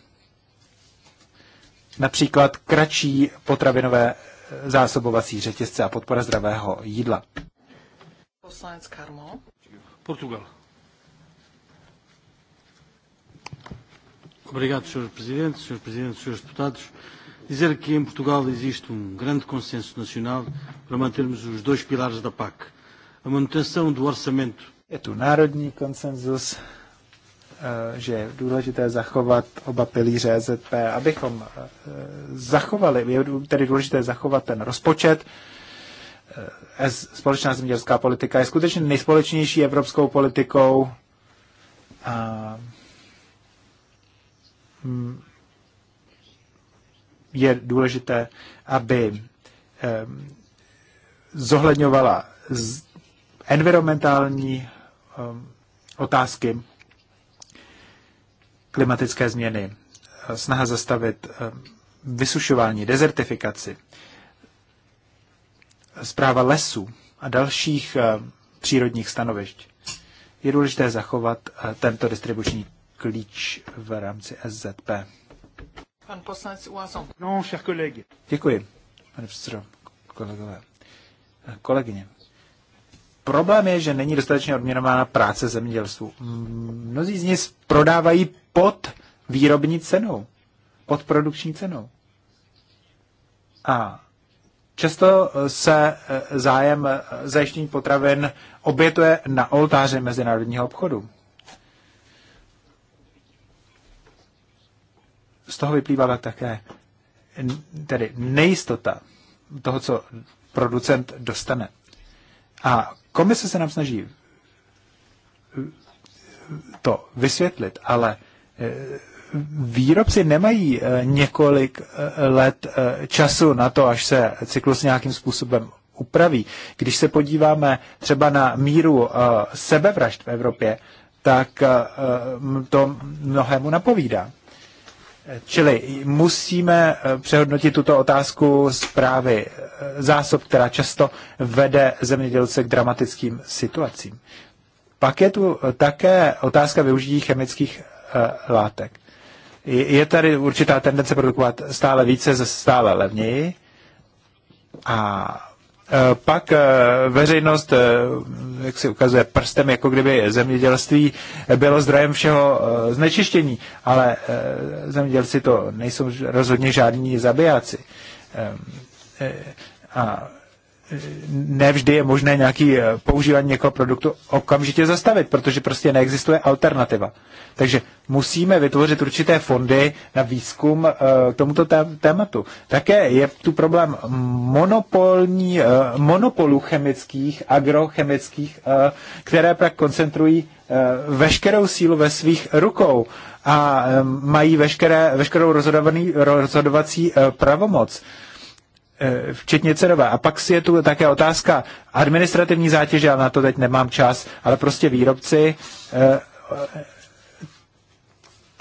Například kratší potravinové eh, zásobovací řetězce a podpora zdravého jídla. Poslanec Karmo. Portugal. Obrigado, Sr. Presidente, Sr. Presidente, Srs. Deputados. Dizer que em Portugal existe um grande consenso nacional para mantermos os dois pilares da PAC. A manutenção do orçamento. Je tu národní konsenzus, eh, že je důležité zachovat oba pilíře e ZP, abychom eh, zachovali, je tedy důležité zachovat ten rozpočet, Eh, společná zemědělská politika je skutečně nejspolečnější evropskou politikou. A mm, je důležité, aby eh, zohledňovala environmentální eh, otázky, klimatické změny, snaha zastavit vysušování, dezertifikaci zpráva lesů a dalších eh, přírodních stanovišť. Je důležité zachovat eh, tento distribuční klíč v rámci SZP. Pan poslanec Uazon. No, všech kolegy. Děkuji, pane předsedo, kolegové, eh, kolegyně. Problém je, že není dostatečně odměnována práce zemědělců. Mnozí z nich prodávají pod výrobní cenou, pod produkční cenou. A Často eh, se eh, zájem eh, zajištění potravin obětuje na oltáři mezinárodního obchodu. Z toho vyplývá také tedy nejistota toho, co producent dostane. A komise se nám snaží to vysvětlit, ale výrobci nemají eh, několik eh, let eh, času na to, až se cyklus nějakým způsobem upraví. Když se podíváme třeba na míru sebevražd v Evropě, tak to mnohému napovídá. Čili musíme přehodnotit tuto otázku zprávy zásob, která často vede zemědělce k dramatickým situacím. Pak je tu také otázka využití chemických látek je tady určitá tendence produkovat stále více ze stále levněji a e, pak e, veřejnost, e, jak si ukazuje prstem, jako kdyby zemědělství bylo zdrojem všeho znečištění, ale zemědělci to nejsou rozhodně žádní zabijáci. Ehm, a nevždy je možné nějaký eh, používání nějakého produktu okamžitě zastavit, protože prostě neexistuje alternativa. Takže musíme vytvořit určité fondy na výzkum eh, k tomuto tématu. Také je tu problém monopolní, eh, monopolů chemických, agrochemických, které pak koncentrují veškerou sílu ve svých rukou a mají veškeré, veškerou rozhodovací pravomoc. Eh, včetně cenové. A pak si je tu také otázka administrativní zátěže, ale na to teď nemám čas, ale prostě výrobci eh,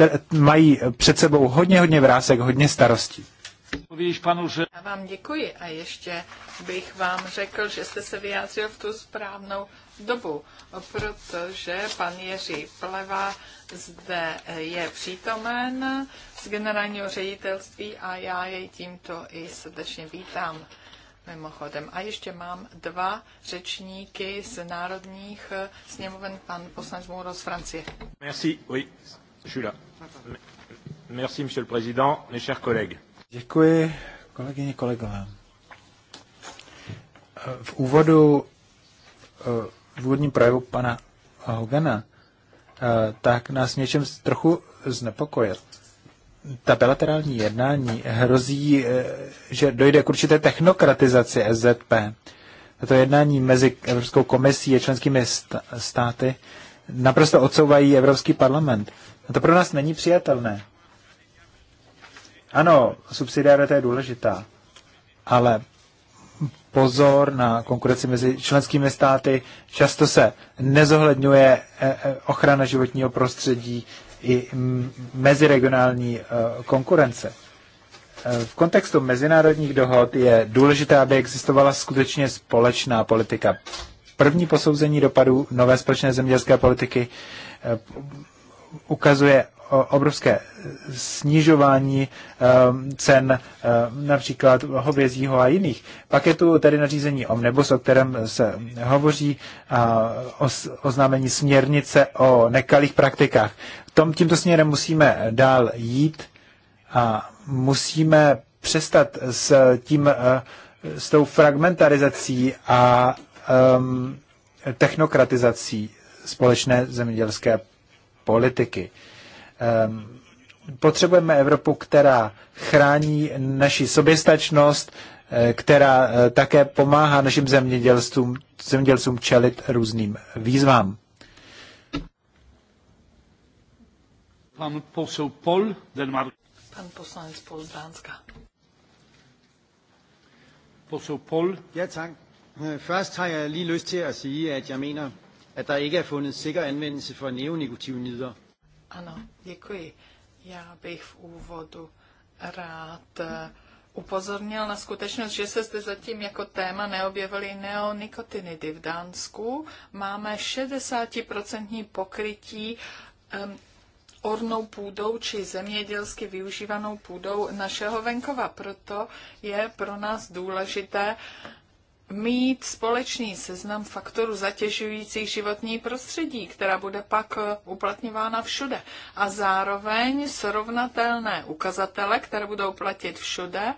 eh, mají před sebou hodně, hodně vrásek, hodně starostí. Panu, že... Já vám děkuji a ještě bych vám řekl, že jste se vyjádřil v tu správnou dobu, protože pan Jiří Pleva zde je přítomen z generálního ředitelství a já jej tímto i srdečně vítám. Mimochodem. A ještě mám dva řečníky z národních sněmoven, pan poslanec Mouro z Francie. Merci, oui, je là. Merci, monsieur le président, mes chers collègues. Děkuji, kolegyně, kolegové. V úvodu, eh, v úvodním projevu pana Hogana, eh, tak nás něčem trochu znepokojil ta bilaterální jednání hrozí, eh, že dojde k určité technokratizaci SZP. Tato jednání mezi Evropskou komisí a členskými státy naprosto odsouvají Evropský parlament. A to pro nás není přijatelné. Ano, subsidiarita je důležitá, ale pozor na konkurenci mezi členskými státy. Často se nezohledňuje eh, eh, ochrana životního prostředí, i meziregionální eh, konkurence. Eh, v kontextu mezinárodních dohod je důležité, aby existovala skutečně společná politika. První posouzení dopadů nové společné zemědělské politiky eh, ukazuje obrovské snižování eh, cen eh, například hovězího a jiných. Pak je tu tedy nařízení Omnibus, o kterém se hovoří o oznámení směrnice o nekalých praktikách. Tom, tímto směrem musíme dál jít a musíme přestat s tím, eh, s tou fragmentarizací a um, technokratizací společné zemědělské politiky. Uh, Ehm, potřebujeme Evropu, která chrání naši soběstačnost, eh, která eh, také pomáhá našim zemědělcům, zemědělcům čelit různým výzvám. Pan posel Pol, Denmark. Pan poslanec Pol z Dánska. Posel Pol. Ja, tak. Først har jeg lige lyst til at sige, at jeg mener, at der ikke er fundet sikker anvendelse for neonikotinoider ano, děkuji. Já bych v úvodu rád eh, upozornil na skutečnost, že se zde zatím jako téma neobjevily neonikotinidy. V Dánsku máme 60% pokrytí um, ornou půdou či zemědělsky využívanou půdou našeho venkova. Proto je pro nás důležité uh, mít společný seznam faktorů zatěžujících životní prostředí, která bude pak eh, uplatňována všude. A zároveň srovnatelné ukazatele, které budou platit všude,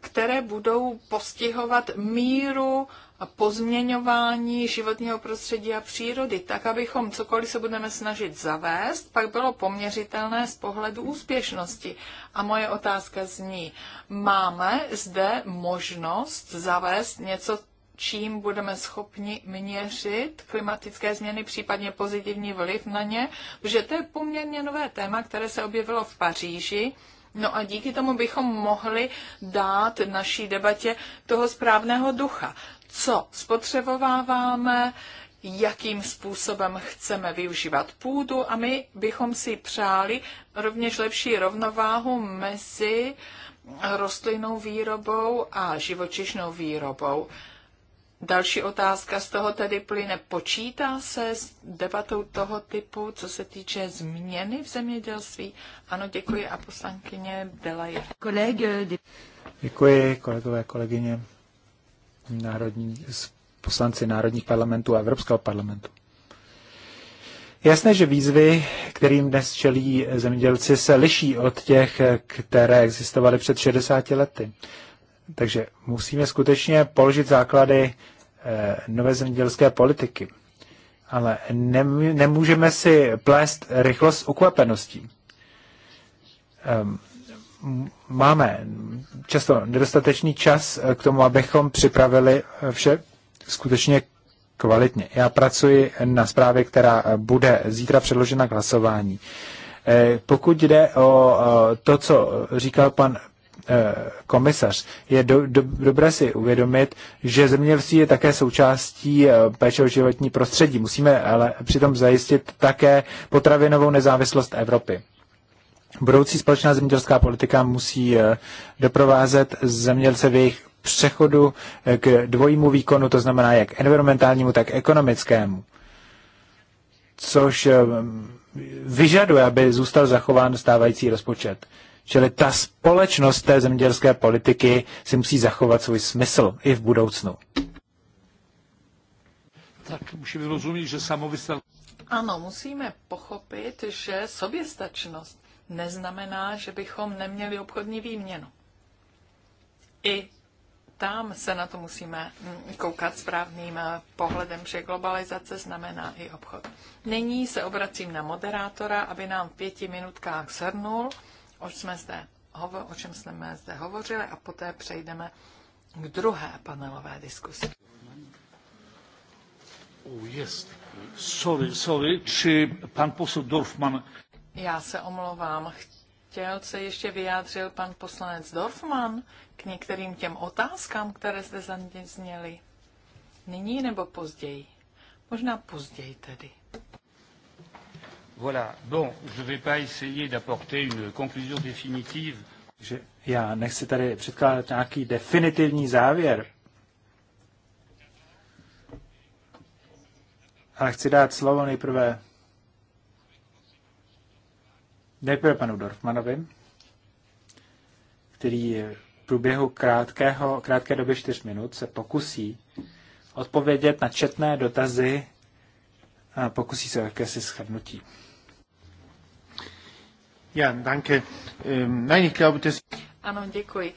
které budou postihovat míru a pozměňování životního prostředí a přírody, tak abychom cokoliv se budeme snažit zavést, pak bylo poměřitelné z pohledu úspěšnosti. A moje otázka zní, máme zde možnost zavést něco, čím budeme schopni měřit klimatické změny, případně pozitivní vliv na ně, protože to je poměrně nové téma, které se objevilo v Paříži No a díky tomu bychom mohli dát naší debatě toho správného ducha. Co spotřebováváme, jakým způsobem chceme využívat půdu a my bychom si přáli rovněž lepší rovnováhu mezi rostlinnou výrobou a živočišnou výrobou. Další otázka z toho tedy plyne. Počítá se s debatou toho typu, co se týče změny v zemědělství? Ano, děkuji a poslankyně je. Děkuji, kolegové, kolegyně, národní, poslanci národních parlamentů a Evropského parlamentu. Jasné, že výzvy, kterým dnes čelí zemědělci, se liší od těch, které existovaly před 60 lety. Takže musíme skutečně položit základy eh, nové zemědělské politiky. Ale nemůžeme si plést rychlost s ukvapeností. Ehm, máme často nedostatečný čas eh, k tomu, abychom připravili eh, vše skutečně kvalitně. Já pracuji na zprávě, která bude zítra předložena k hlasování. Pokud jde o to, co říkal pan Eh, komisař, je do, do, dobré si uvědomit, že zemědělství je také součástí eh, péče o životní prostředí. Musíme ale přitom zajistit také potravinovou nezávislost Evropy. Budoucí společná zemědělská politika musí eh, doprovázet zemědělce v jejich přechodu k dvojímu výkonu, to znamená jak environmentálnímu, tak ekonomickému. Což vyžaduje, aby zůstal zachován stávající rozpočet. Čili ta společnost té zemědělské politiky si musí zachovat svůj smysl i v budoucnu. Tak musíme rozumět, že samovysel... Ano, musíme pochopit, že soběstačnost neznamená, že bychom neměli obchodní výměnu. I tam se na to musíme mm, koukat správným eh, pohledem, že globalizace znamená i obchod. Nyní se obracím na moderátora, aby nám v pěti minutkách shrnul o čem jsme zde, hovo- o čem jsme zde hovořili a poté přejdeme k druhé panelové diskusi. Oh, jest. Sorry, sorry. Či pan posl. Dorfman... Já se omlouvám. Chtěl se ještě vyjádřil pan poslanec Dorfman k některým těm otázkám, které zde zazněly. Nyní nebo později? Možná později tedy. Voilà. Bon, je vais pas essayer d'apporter une conclusion définitive. Že já nechci tady předkládat nějaký definitivní závěr, ale chci dát slovo nejprve nejprve panu Dorfmanovi, který v průběhu krátkého, krátké doby 4 minut se pokusí odpovědět na četné dotazy a pokusí se o jakési shrnutí. Ja, danke. Ehm, nein, ich glaube, das... Ano, děkuji.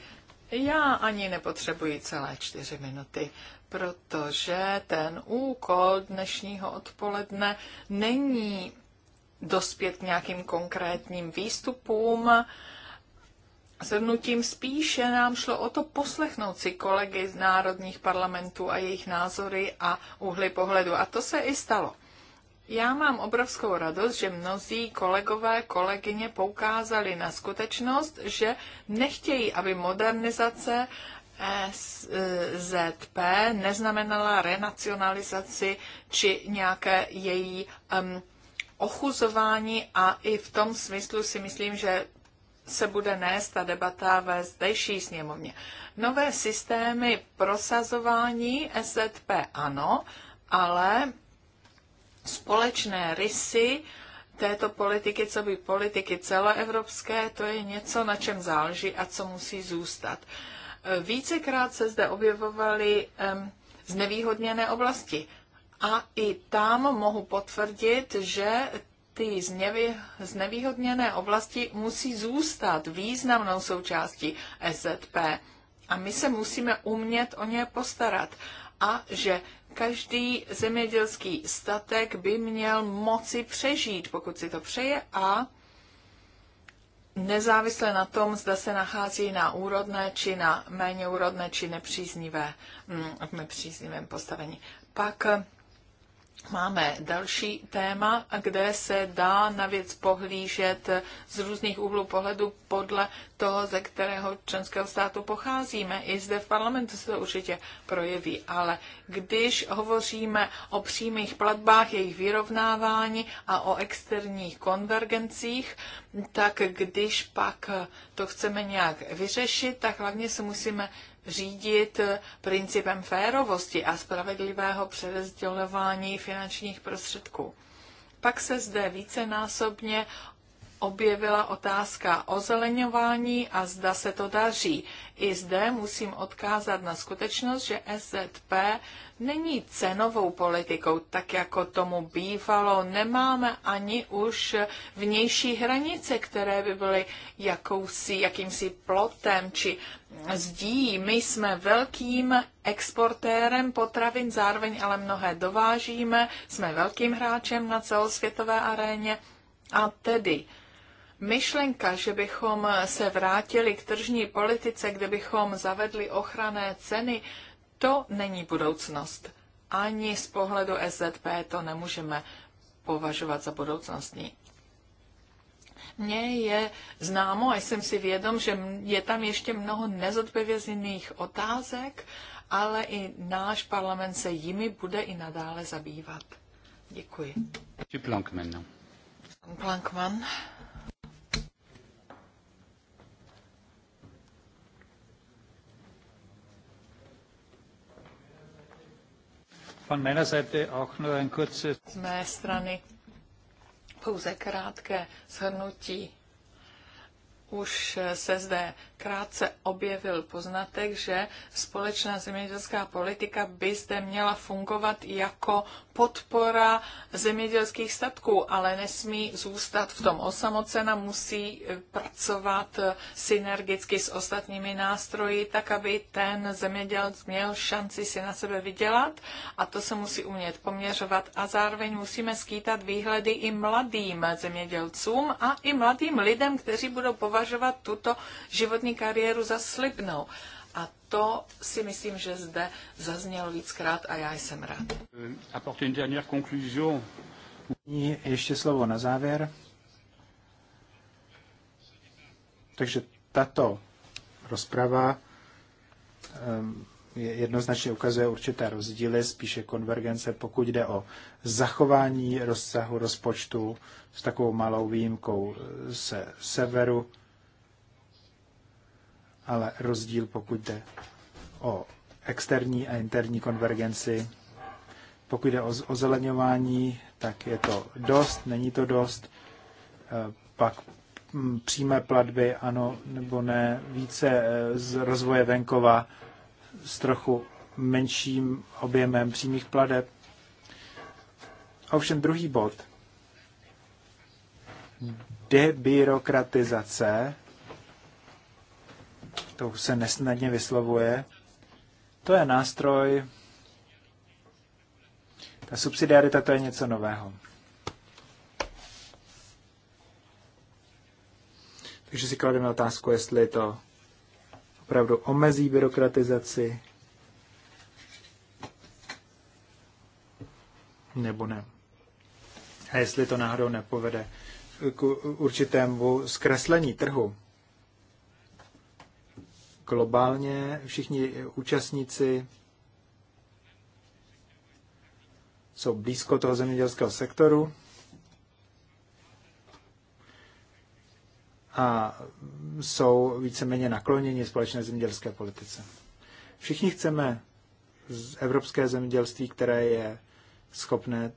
Já ani nepotřebuji celé čtyři minuty, protože ten úkol dnešního odpoledne není dospět k nějakým konkrétním výstupům, Zhrnutím spíše nám šlo o to poslechnout si kolegy z národních parlamentů a jejich názory a úhly pohledu. A to se i stalo. Já mám obrovskou radost, že mnozí kolegové, kolegyně poukázali na skutečnost, že nechtějí, aby modernizace SZP neznamenala renacionalizaci či nějaké její um, ochuzování a i v tom smyslu si myslím, že se bude nést ta debata ve zdejší sněmovně. Nové systémy prosazování SZP ano, ale společné rysy této politiky, co by politiky celoevropské, to je něco, na čem záleží a co musí zůstat. Vícekrát se zde objevovaly um, znevýhodněné oblasti. A i tam mohu potvrdit, že ty znevýhodněné oblasti musí zůstat významnou součástí SZP. A my se musíme umět o ně postarat. A že každý zemědělský statek by měl moci přežít, pokud si to přeje, a nezávisle na tom, zda se nachází na úrodné či na méně úrodné či nepříznivé, v mm, nepříznivém postavení. Pak Máme další téma, kde se dá na věc pohlížet z různých úhlů pohledu podle toho, ze kterého členského státu pocházíme. I zde v parlamentu se to určitě projeví, ale když hovoříme o přímých platbách, jejich vyrovnávání a o externích konvergencích, tak když pak to chceme nějak vyřešit, tak hlavně se musíme řídit principem férovosti a spravedlivého přerozdělování finančních prostředků. Pak se zde vícenásobně objevila otázka o zeleňování a zda se to daří. I zde musím odkázat na skutečnost, že SZP není cenovou politikou, tak jako tomu bývalo. Nemáme ani už vnější hranice, které by byly jakousi, jakýmsi plotem či zdí. My jsme velkým exportérem potravin, zároveň ale mnohé dovážíme, jsme velkým hráčem na celosvětové aréně a tedy Myšlenka, že bychom se vrátili k tržní politice, kde bychom zavedli ochranné ceny, to není budoucnost. Ani z pohledu SZP to nemůžeme považovat za budoucnostní. Mně je známo a jsem si vědom, že je tam ještě mnoho nezodpovězených otázek, ale i náš parlament se jimi bude i nadále zabývat. Děkuji. Plankman. Plankman. Z mé strany pouze krátké shrnutí. Už se zde krátce objevil poznatek, že společná zemědělská politika by zde měla fungovat jako podpora zemědělských statků, ale nesmí zůstat v tom osamocena, musí eh, pracovat eh, synergicky s ostatními nástroji, tak aby ten zemědělc měl šanci si na sebe vydělat a to se musí umět poměřovat a zároveň musíme skýtat výhledy i mladým zemědělcům a i mladým lidem, kteří budou považovat tuto životní profesní kariéru za slibnou. A to si myslím, že zde zaznělo víckrát a já jsem rád. Euh, ještě slovo na závěr. Takže tato rozprava ehm, jednoznačně ukazuje určité rozdíly, spíše konvergence, pokud jde o zachování rozsahu rozpočtu s takovou malou výjimkou eh, se severu ale rozdíl, pokud jde o externí a interní konvergenci. Pokud jde o ozeleňování, tak je to dost, není to dost. E, pak mm, přímé platby, ano nebo ne, více e, z rozvoje venkova s trochu menším objemem přímých pladeb. Ovšem druhý bod. Debirokratizace to se nesnadně vyslovuje. To je nástroj, ta subsidiarita to je něco nového. Takže si klademe otázku, jestli to opravdu omezí byrokratizaci nebo ne. A jestli to náhodou nepovede k určitému zkreslení trhu globálně. Všichni účastníci jsou blízko toho zemědělského sektoru. a jsou víceméně nakloněni společné zemědělské politice. Všichni chceme z evropské zemědělství, které je schopné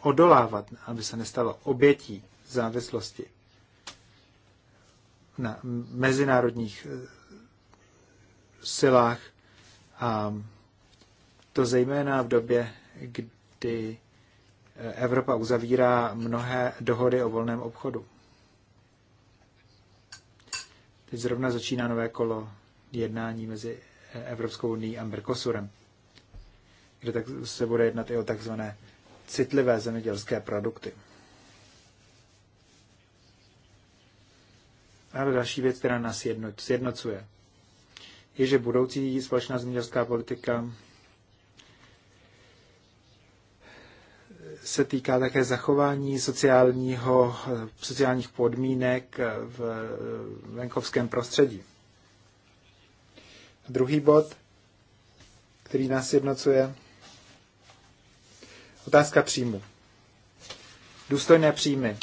odolávat, aby se nestalo obětí závislosti na mezinárodních silách. A to zejména v době, kdy eh, Evropa uzavírá mnohé dohody o volném obchodu. Teď zrovna začíná nové kolo jednání mezi eh, Evropskou uní a Mercosurem, kde tak se bude jednat i o takzvané citlivé zemědělské produkty. Ale další věc, která nás sjednocuje je, že budoucí společná zemědělská politika se týká také zachování sociálního, sociálních podmínek v venkovském prostředí. Druhý bod, který nás jednocuje, otázka příjmu. Důstojné příjmy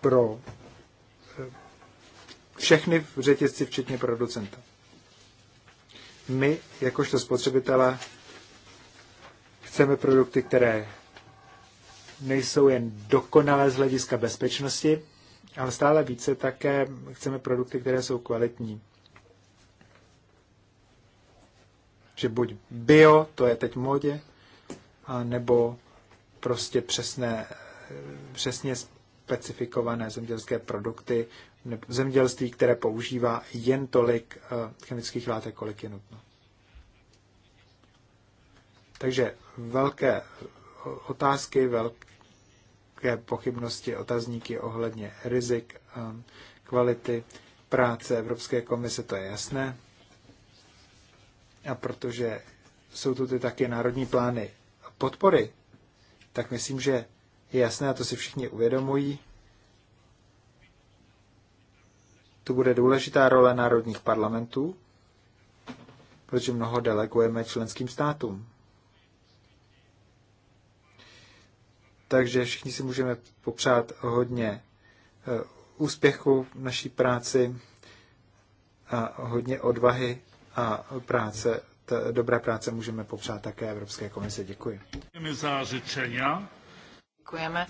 pro všechny v řetězci, včetně producenta. My, jakožto spotřebitelé chceme produkty, které nejsou jen dokonalé z hlediska bezpečnosti, ale stále více také chceme produkty, které jsou kvalitní. Že buď bio, to je teď v modě, a nebo prostě přesné, přesně specifikované zemědělské produkty zemědělství, které používá jen tolik eh, chemických látek, kolik je nutno. Takže velké eh, otázky, velké pochybnosti, otazníky ohledně rizik, eh, kvality práce Evropské komise, to je jasné. A protože jsou tu ty taky národní plány podpory, tak myslím, že je jasné, a to si všichni uvědomují, tu bude důležitá role národních parlamentů, protože mnoho delegujeme členským státům. Takže všichni si můžeme popřát hodně eh, úspěchu v naší práci a hodně odvahy a práce, ta dobrá práce můžeme popřát také Evropské komise. Děkuji. Děkujeme za řečenia. Děkujeme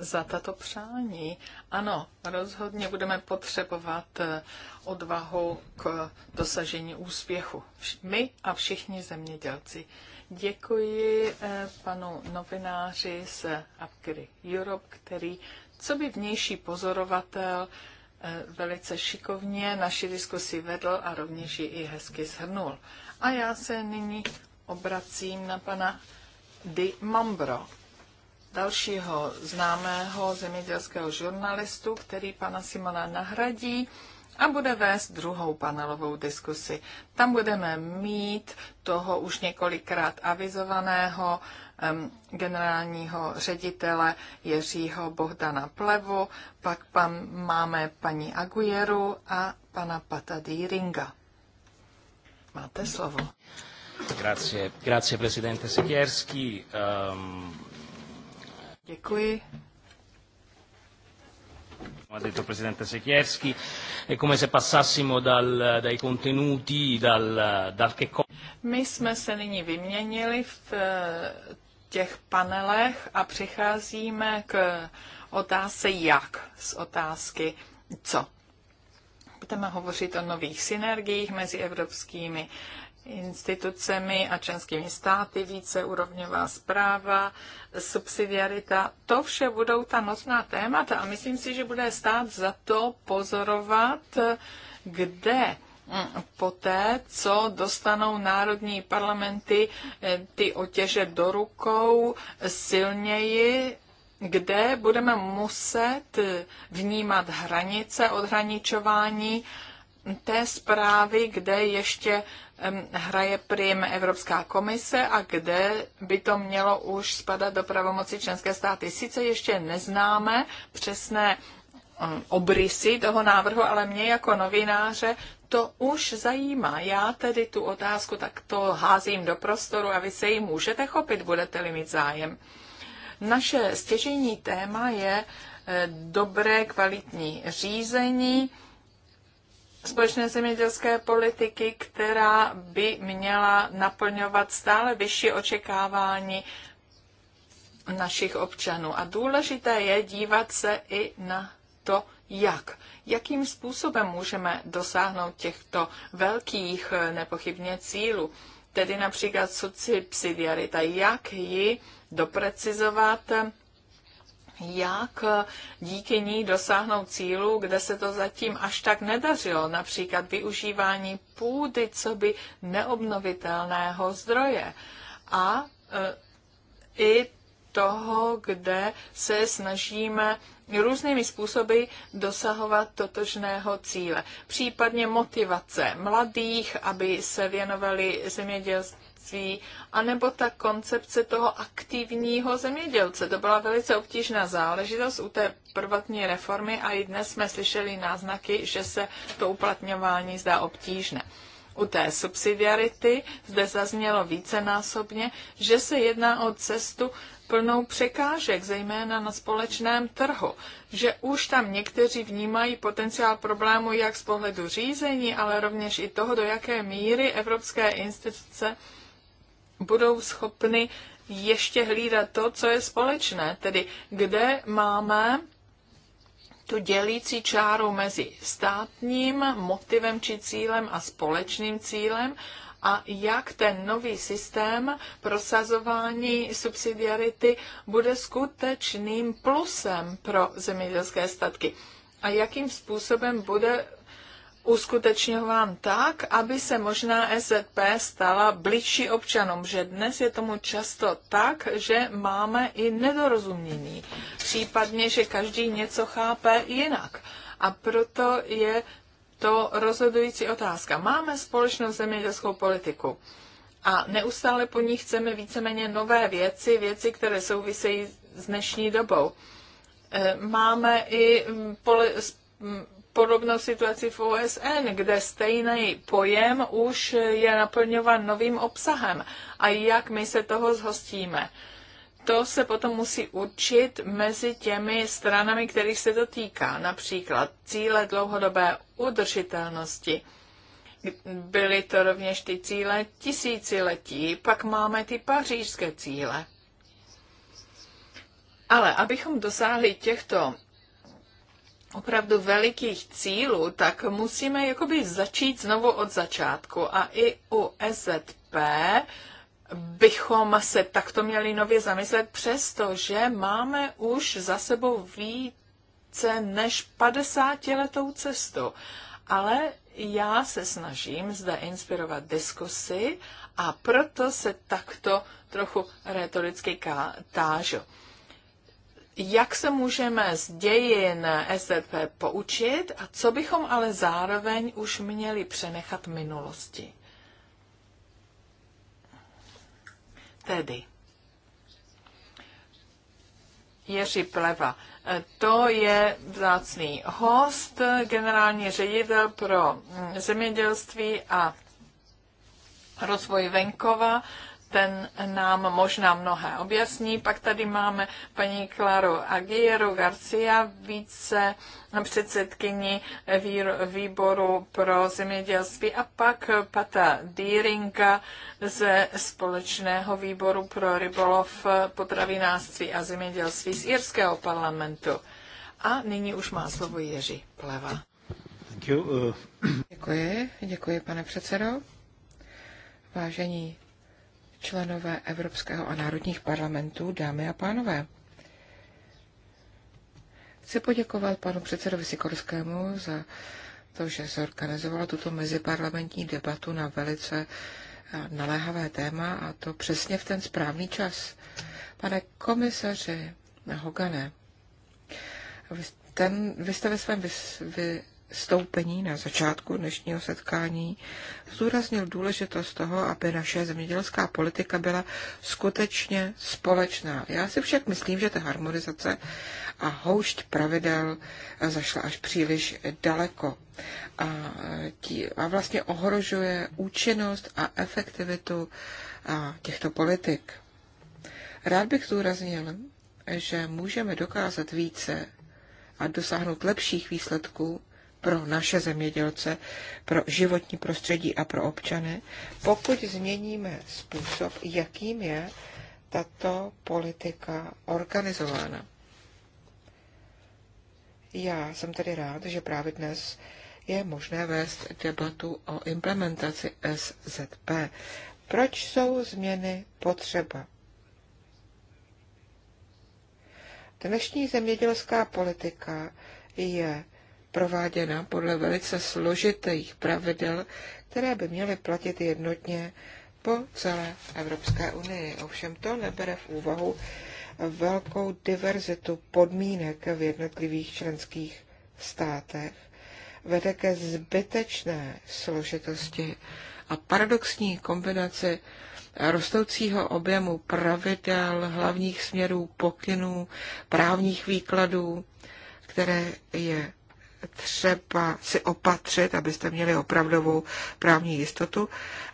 za tato přání. Ano, rozhodně budeme potřebovat eh, odvahu k dosažení úspěchu. My a všichni zemědělci. Děkuji eh, panu novináři z Upgrade Europe, který, co by vnější pozorovatel, eh, velice šikovně naši diskusi vedl a rovněž ji i hezky shrnul. A já se nyní obracím na pana Di Mambro dalšího známého zemědělského žurnalistu, který pana Simona nahradí a bude vést druhou panelovou diskusi. Tam budeme mít toho už několikrát avizovaného um, generálního ředitele Jiřího Bohdana Plevu, pak pan, máme paní Aguieru a pana Pata Dýringa. Máte slovo. Grazie, grazie presidente Sikierski. Um... Děkuji. Ha detto il Presidente è come se passassimo dal, dai contenuti, dal, dal che cosa... My jsme se nyní vyměnili v eh, těch panelech a přicházíme k otázce jak z otázky co. Budeme hovořit o nových synergiích mezi evropskými institucemi a členskými státy, více úrovňová zpráva, subsidiarita. To vše budou ta nocná témata a myslím si, že bude stát za to pozorovat, kde hm, poté, co dostanou národní parlamenty eh, ty otěže do rukou silněji, kde budeme muset eh, vnímat hranice odhraničování, té zprávy, kde ještě hraje prim Evropská komise a kde by to mělo už spadat do pravomoci členské státy. Sice ještě neznáme přesné obrysy toho návrhu, ale mě jako novináře to už zajímá. Já tedy tu otázku takto házím do prostoru a vy se jí můžete chopit, budete-li mít zájem. Naše stěžení téma je eh, dobré kvalitní řízení, společné zemědělské politiky, která by měla naplňovat stále vyšší očekávání našich občanů. A důležité je dívat se i na to, jak. Jakým způsobem můžeme dosáhnout těchto velkých nepochybně cílů, tedy například subsidiarita, jak ji doprecizovat jak eh, díky ní dosáhnout cílu, kde se to zatím až tak nedařilo, například využívání půdy co by neobnovitelného zdroje a eh, i toho, kde se snažíme různými způsoby dosahovat totožného cíle. Případně motivace mladých, aby se věnovali zemědělství zemědělství, anebo ta koncepce toho aktivního zemědělce. To byla velice obtížná záležitost u té prvotní reformy a i dnes jsme slyšeli náznaky, že se to uplatňování zdá obtížné. U té subsidiarity zde zaznělo vícenásobně, že se jedná o cestu plnou překážek, zejména na společném trhu, že už tam někteří vnímají potenciál problému jak z pohledu řízení, ale rovněž i toho, do jaké míry evropské instituce budou schopny ještě hlídat to, co je společné, tedy kde máme tu dělící čáru mezi státním motivem či cílem a společným cílem a jak ten nový systém prosazování subsidiarity bude skutečným plusem pro zemědělské statky a jakým způsobem bude uskutečňován tak, aby se možná SZP stala blížší občanům, že dnes je tomu často tak, že máme i nedorozumění, případně, že každý něco chápe jinak. A proto je to rozhodující otázka. Máme společnou zemědělskou politiku a neustále po ní chceme víceméně nové věci, věci, které souvisejí s dnešní dobou. E, máme i podobnou situaci v OSN, kde stejný pojem už je naplňován novým obsahem. A jak my se toho zhostíme? To se potom musí určit mezi těmi stranami, kterých se to týká. Například cíle dlouhodobé udržitelnosti. Byly to rovněž ty cíle tisíciletí, pak máme ty pařížské cíle. Ale abychom dosáhli těchto opravdu velikých cílů, tak musíme jakoby začít znovu od začátku. A i u SZP bychom se takto měli nově zamyslet, přestože máme už za sebou více než 50 letou cestu. Ale já se snažím zde inspirovat diskusy a proto se takto trochu retoricky tážu jak se můžeme z dějin SDP poučit a co bychom ale zároveň už měli přenechat minulosti. Tedy, Jiří Pleva, to je vzácný host, generální ředitel pro mm, zemědělství a rozvoj venkova ten nám možná mnohé objasní. Pak tady máme paní Klaru Aguirre Garcia, více předsedkyni výboru pro zemědělství a pak Pata Dýrinka ze společného výboru pro rybolov, potravinářství a zemědělství z Irského parlamentu. A nyní už má slovo Jiří Pleva. Uh, děkuji, děkuji pane předsedo. Vážení členové Evropského a národních parlamentů, dámy a pánové. Chci poděkovat panu předsedovi Sikorskému za to, že se organizovala tuto meziparlamentní debatu na velice eh, naléhavé téma a to přesně v ten správný čas. Pane komisaři Hogane, ten, vy jste ve svém vys, vy, vystoupení na začátku dnešního setkání zdůraznil důležitost toho, aby naše zemědělská politika byla skutečně společná. Já si však myslím, že ta harmonizace a houšť pravidel zašla až příliš daleko a, tí, a vlastně ohrožuje účinnost a efektivitu a těchto politik. Rád bych zdůraznil, že můžeme dokázat více a dosáhnout lepších výsledků, pro naše zemědělce, pro životní prostředí a pro občany, pokud změníme způsob, jakým je tato politika organizována. Já jsem tedy rád, že právě dnes je možné vést debatu o implementaci SZP. Proč jsou změny potřeba? Dnešní zemědělská politika je prováděna podle velice složitých pravidel, které by měly platit jednotně po celé Evropské unii. Ovšem to nebere v úvahu velkou diverzitu podmínek v jednotlivých členských státech, vede ke zbytečné složitosti a paradoxní kombinaci rostoucího objemu pravidel, hlavních směrů, pokynů, právních výkladů, které je třeba si opatřit, abyste měli opravdovou právní jistotu.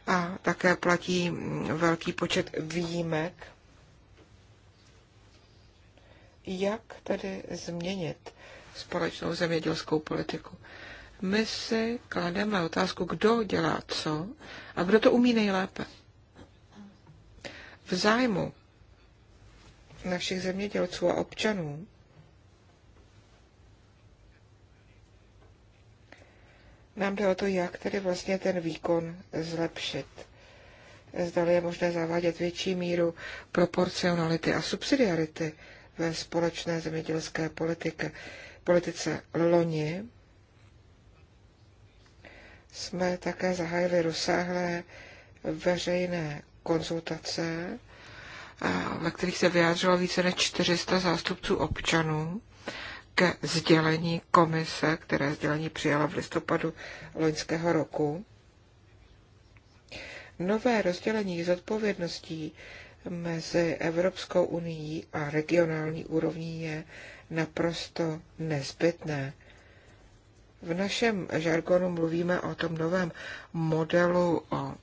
A také platí velký počet výjimek. Jak tedy změnit společnou zemědělskou politiku? My si klademe otázku, kdo dělá co a kdo to umí nejlépe. V zájmu našich zemědělců a občanů nám jde o to, jak tedy vlastně ten výkon zlepšit. Zdali je možné zavádět větší míru proporcionality a subsidiarity ve společné zemědělské politike. politice loni jsme také zahájili rozsáhlé veřejné konzultace, ve kterých se vyjádřilo více než 400 zástupců občanů ke sdělení komise, které sdělení přijala v listopadu loňského roku. Nové rozdělení zodpovědností mezi Evropskou unii a regionální úrovní je naprosto nezbytné. V našem žargonu mluvíme o tom novém modelu o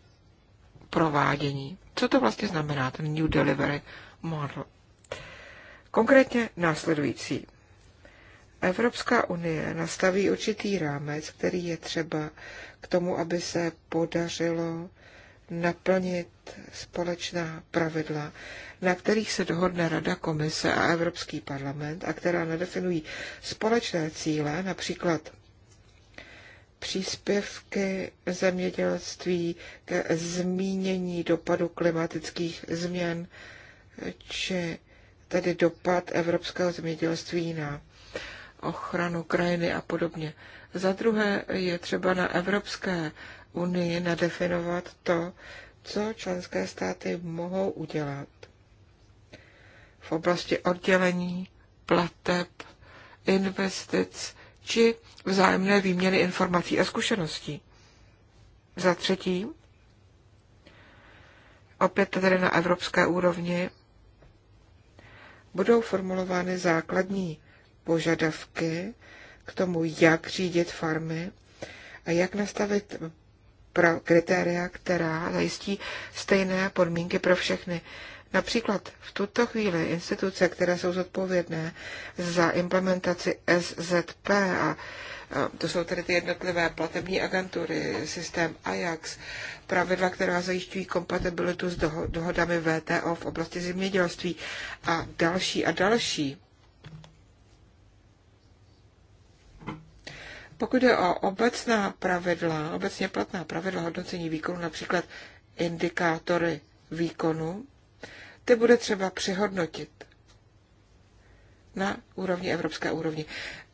provádění. Co to vlastně znamená, ten New Delivery Model? Konkrétně následující. Evropská unie nastaví určitý rámec, který je třeba k tomu, aby se podařilo naplnit společná pravidla, na kterých se dohodne Rada, Komise a Evropský parlament a která nadefinují společné cíle, například příspěvky zemědělství ke zmínění dopadu klimatických změn, či tedy dopad evropského zemědělství na ochranu krajiny a podobně. Za druhé je třeba na Evropské unii nadefinovat to, co členské státy mohou udělat v oblasti oddělení, plateb, investic či vzájemné výměny informací a zkušeností. Za třetí, opět tedy na evropské úrovni, budou formulovány základní požadavky k tomu, jak řídit farmy a jak nastavit kritéria, která zajistí stejné podmínky pro všechny. Například v tuto chvíli instituce, které jsou zodpovědné za implementaci SZP, a to jsou tedy ty jednotlivé platební agentury, systém AJAX, pravidla, která zajišťují kompatibilitu s dohodami VTO v oblasti zemědělství a další a další. Pokud je o obecná pravidla, obecně platná pravidla hodnocení výkonu, například indikátory výkonu, ty bude třeba přehodnotit na úrovni Evropské úrovni.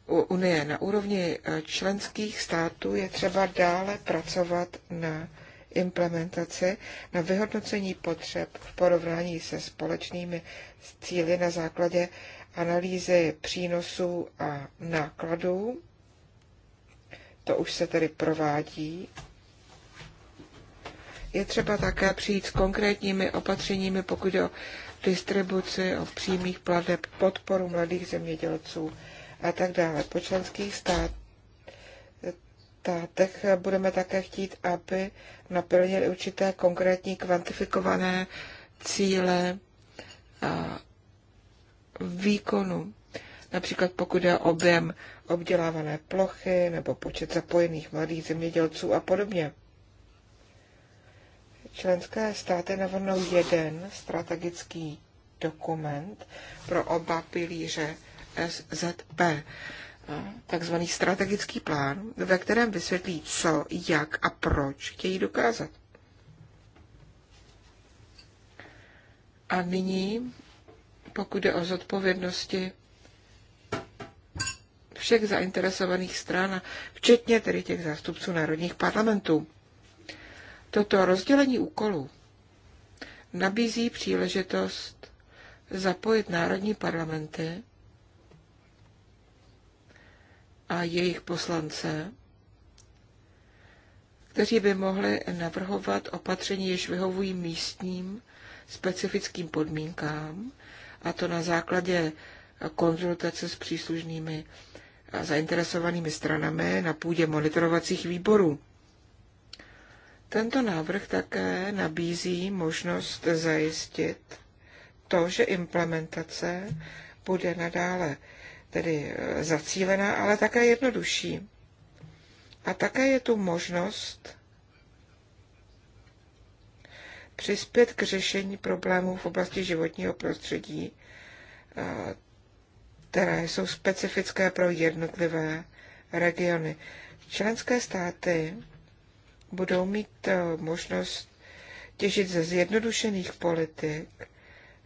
Unie na úrovni e, členských států je třeba dále pracovat na implementaci, na vyhodnocení potřeb v porovnání se společnými cíly na základě analýzy přínosů a nákladů to už se tedy provádí. Je třeba také přijít s konkrétními opatřeními, pokud o distribuci, o přímých pladeb, podporu mladých zemědělců a tak dále. Po členských stát, státech budeme také chtít, aby naplnili určité konkrétní kvantifikované cíle a výkonu. Například pokud je objem obdělávané plochy nebo počet zapojených mladých zemědělců a podobně. Členské státy navrhnou jeden strategický dokument pro oba pilíře SZP, takzvaný strategický plán, ve kterém vysvětlí, co, jak a proč chtějí dokázat. A nyní, pokud jde o zodpovědnosti všech zainteresovaných stran, včetně tedy těch zástupců národních parlamentů. Toto rozdělení úkolů nabízí příležitost zapojit národní parlamenty a jejich poslance, kteří by mohli navrhovat opatření, jež vyhovují místním specifickým podmínkám, a to na základě konzultace s příslušnými zainteresovanými stranami na půdě monitorovacích výborů. Tento návrh také nabízí možnost zajistit to, že implementace bude nadále tedy eh, zacílená, ale také jednodušší. A také je tu možnost přispět k řešení problémů v oblasti životního prostředí eh, které jsou specifické pro jednotlivé regiony. Členské státy budou mít eh, možnost těžit ze zjednodušených politik,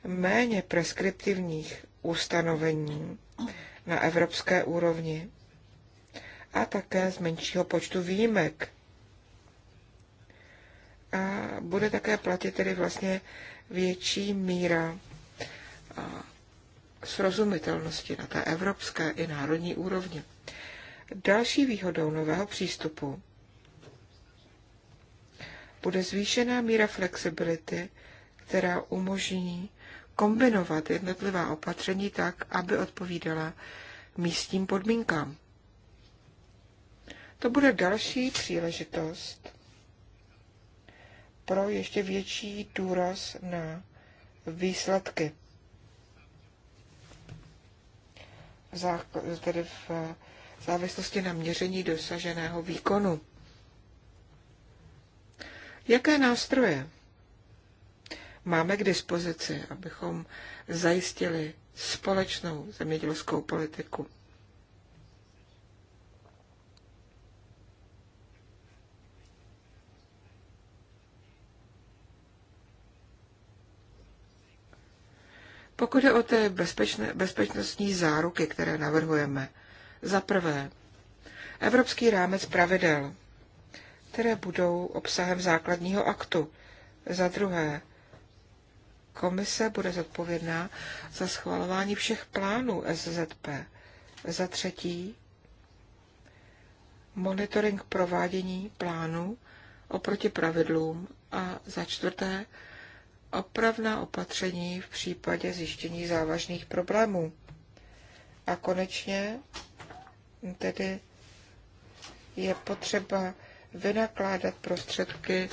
méně preskriptivních ustanovení na evropské úrovni a také z menšího počtu výjimek. A bude také platit tedy vlastně větší míra srozumitelnosti na té evropské i národní úrovni. Další výhodou nového přístupu bude zvýšená míra flexibility, která umožní kombinovat jednotlivá opatření tak, aby odpovídala místním podmínkám. To bude další příležitost pro ještě větší důraz na výsledky. tedy eh, v závislosti na měření dosaženého výkonu. Jaké nástroje máme k dispozici, abychom zajistili společnou zemědělskou politiku? Pokud je o ty bezpečné, bezpečnostní záruky, které navrhujeme, za prvé, evropský rámec pravidel, které budou obsahem základního aktu. Za druhé, komise bude zodpovědná za schvalování všech plánů SZP. Za třetí, monitoring provádění plánů oproti pravidlům. A za čtvrté, opravná opatření v případě zjištění závažných problémů. A konečně tedy je potřeba vynakládat prostředky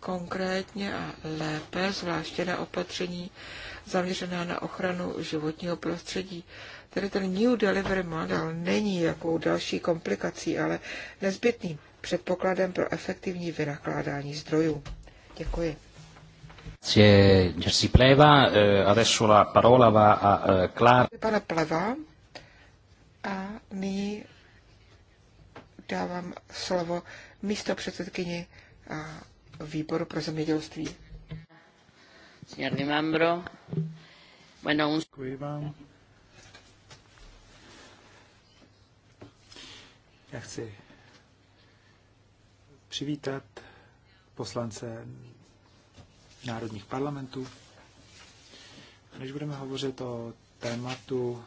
konkrétně a lépe, zvláště na opatření zaměřená na ochranu životního prostředí. Tedy ten New Delivery Model není jakou další komplikací, ale nezbytným předpokladem pro efektivní vynakládání zdrojů. Děkuji. Eh, eh, Pana Pleva a nyní dávám slovo místo předsedkyni eh, výboru pro zemědělství. Děkuji vám. Já chci přivítat poslance národních parlamentů. A když budeme hovořit o tématu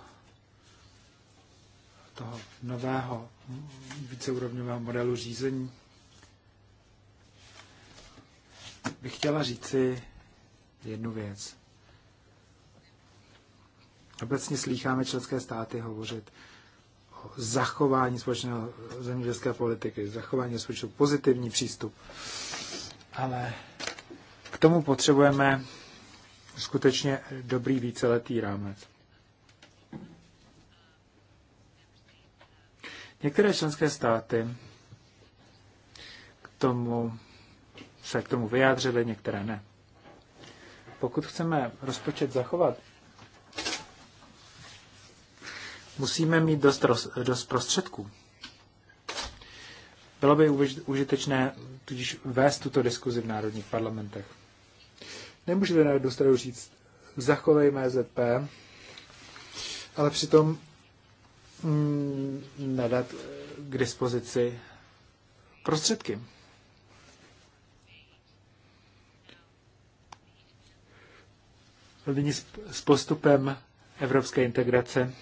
toho nového víceúrovňového modelu řízení, bych chtěla říci jednu věc. Obecně slýcháme členské státy hovořit o zachování společného zemědělské politiky, zachování společného pozitivní přístup. Ale k tomu potřebujeme skutečně dobrý víceletý rámec. Některé členské státy k tomu se k tomu vyjádřily, některé ne. Pokud chceme rozpočet zachovat, musíme mít dost, roz, dost prostředků. Bylo by užitečné tudíž vést tuto diskuzi v národních parlamentech. Nemůžete na jednu stranu říct, zachovejme e ZP, ale přitom mm, nedat eh, k dispozici prostředky. Nyní s postupem evropské integrace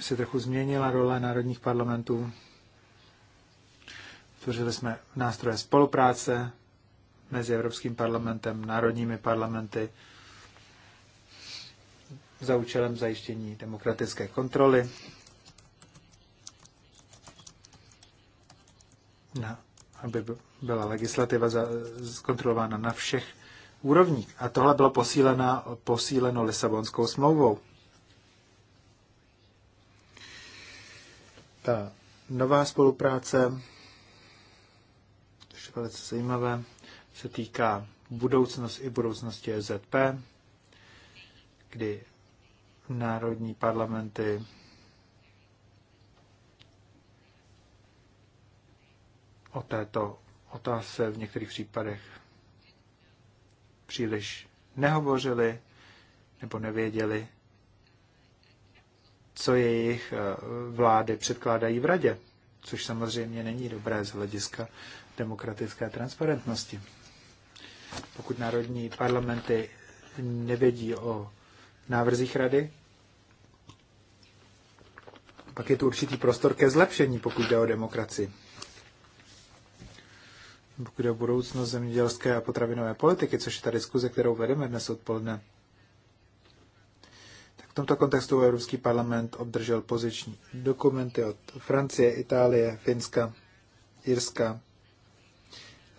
se trochu změnila role národních parlamentů. Tvořili jsme nástroje spolupráce, mezi Evropským parlamentem, národními parlamenty za účelem zajištění demokratické kontroly na, aby byla legislativa za, zkontrolována na všech úrovních. A tohle bylo posílena, posíleno Lisabonskou smlouvou. Ta nová spolupráce, To je velice zajímavé, se týká budoucnost i budoucnosti EZP, kdy národní parlamenty o této otázce v některých případech příliš nehovořili nebo nevěděli, co jejich eh, vlády předkládají v radě, což samozřejmě není dobré z hlediska demokratické transparentnosti pokud národní parlamenty nevědí o návrzích rady, pak je tu určitý prostor ke zlepšení, pokud jde o demokracii. Pokud jde o budoucnost zemědělské a potravinové politiky, což je ta diskuze, kterou vedeme dnes odpoledne, tak v tomto kontextu Evropský parlament obdržel poziční dokumenty od Francie, Itálie, Finska, Irska,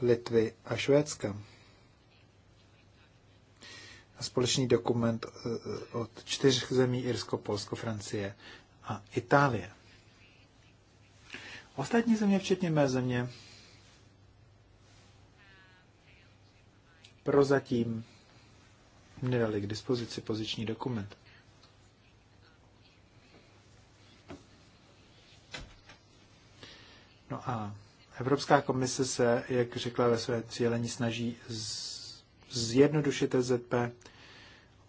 Litvy a Švédska společný dokument eh, eh, od čtyř zemí Irsko, Polsko, Francie a Itálie. Ostatní země, včetně mé země, prozatím nedali k dispozici poziční dokument. No a Evropská komise se, jak řekla ve své cílení, snaží z zjednodušit ZP.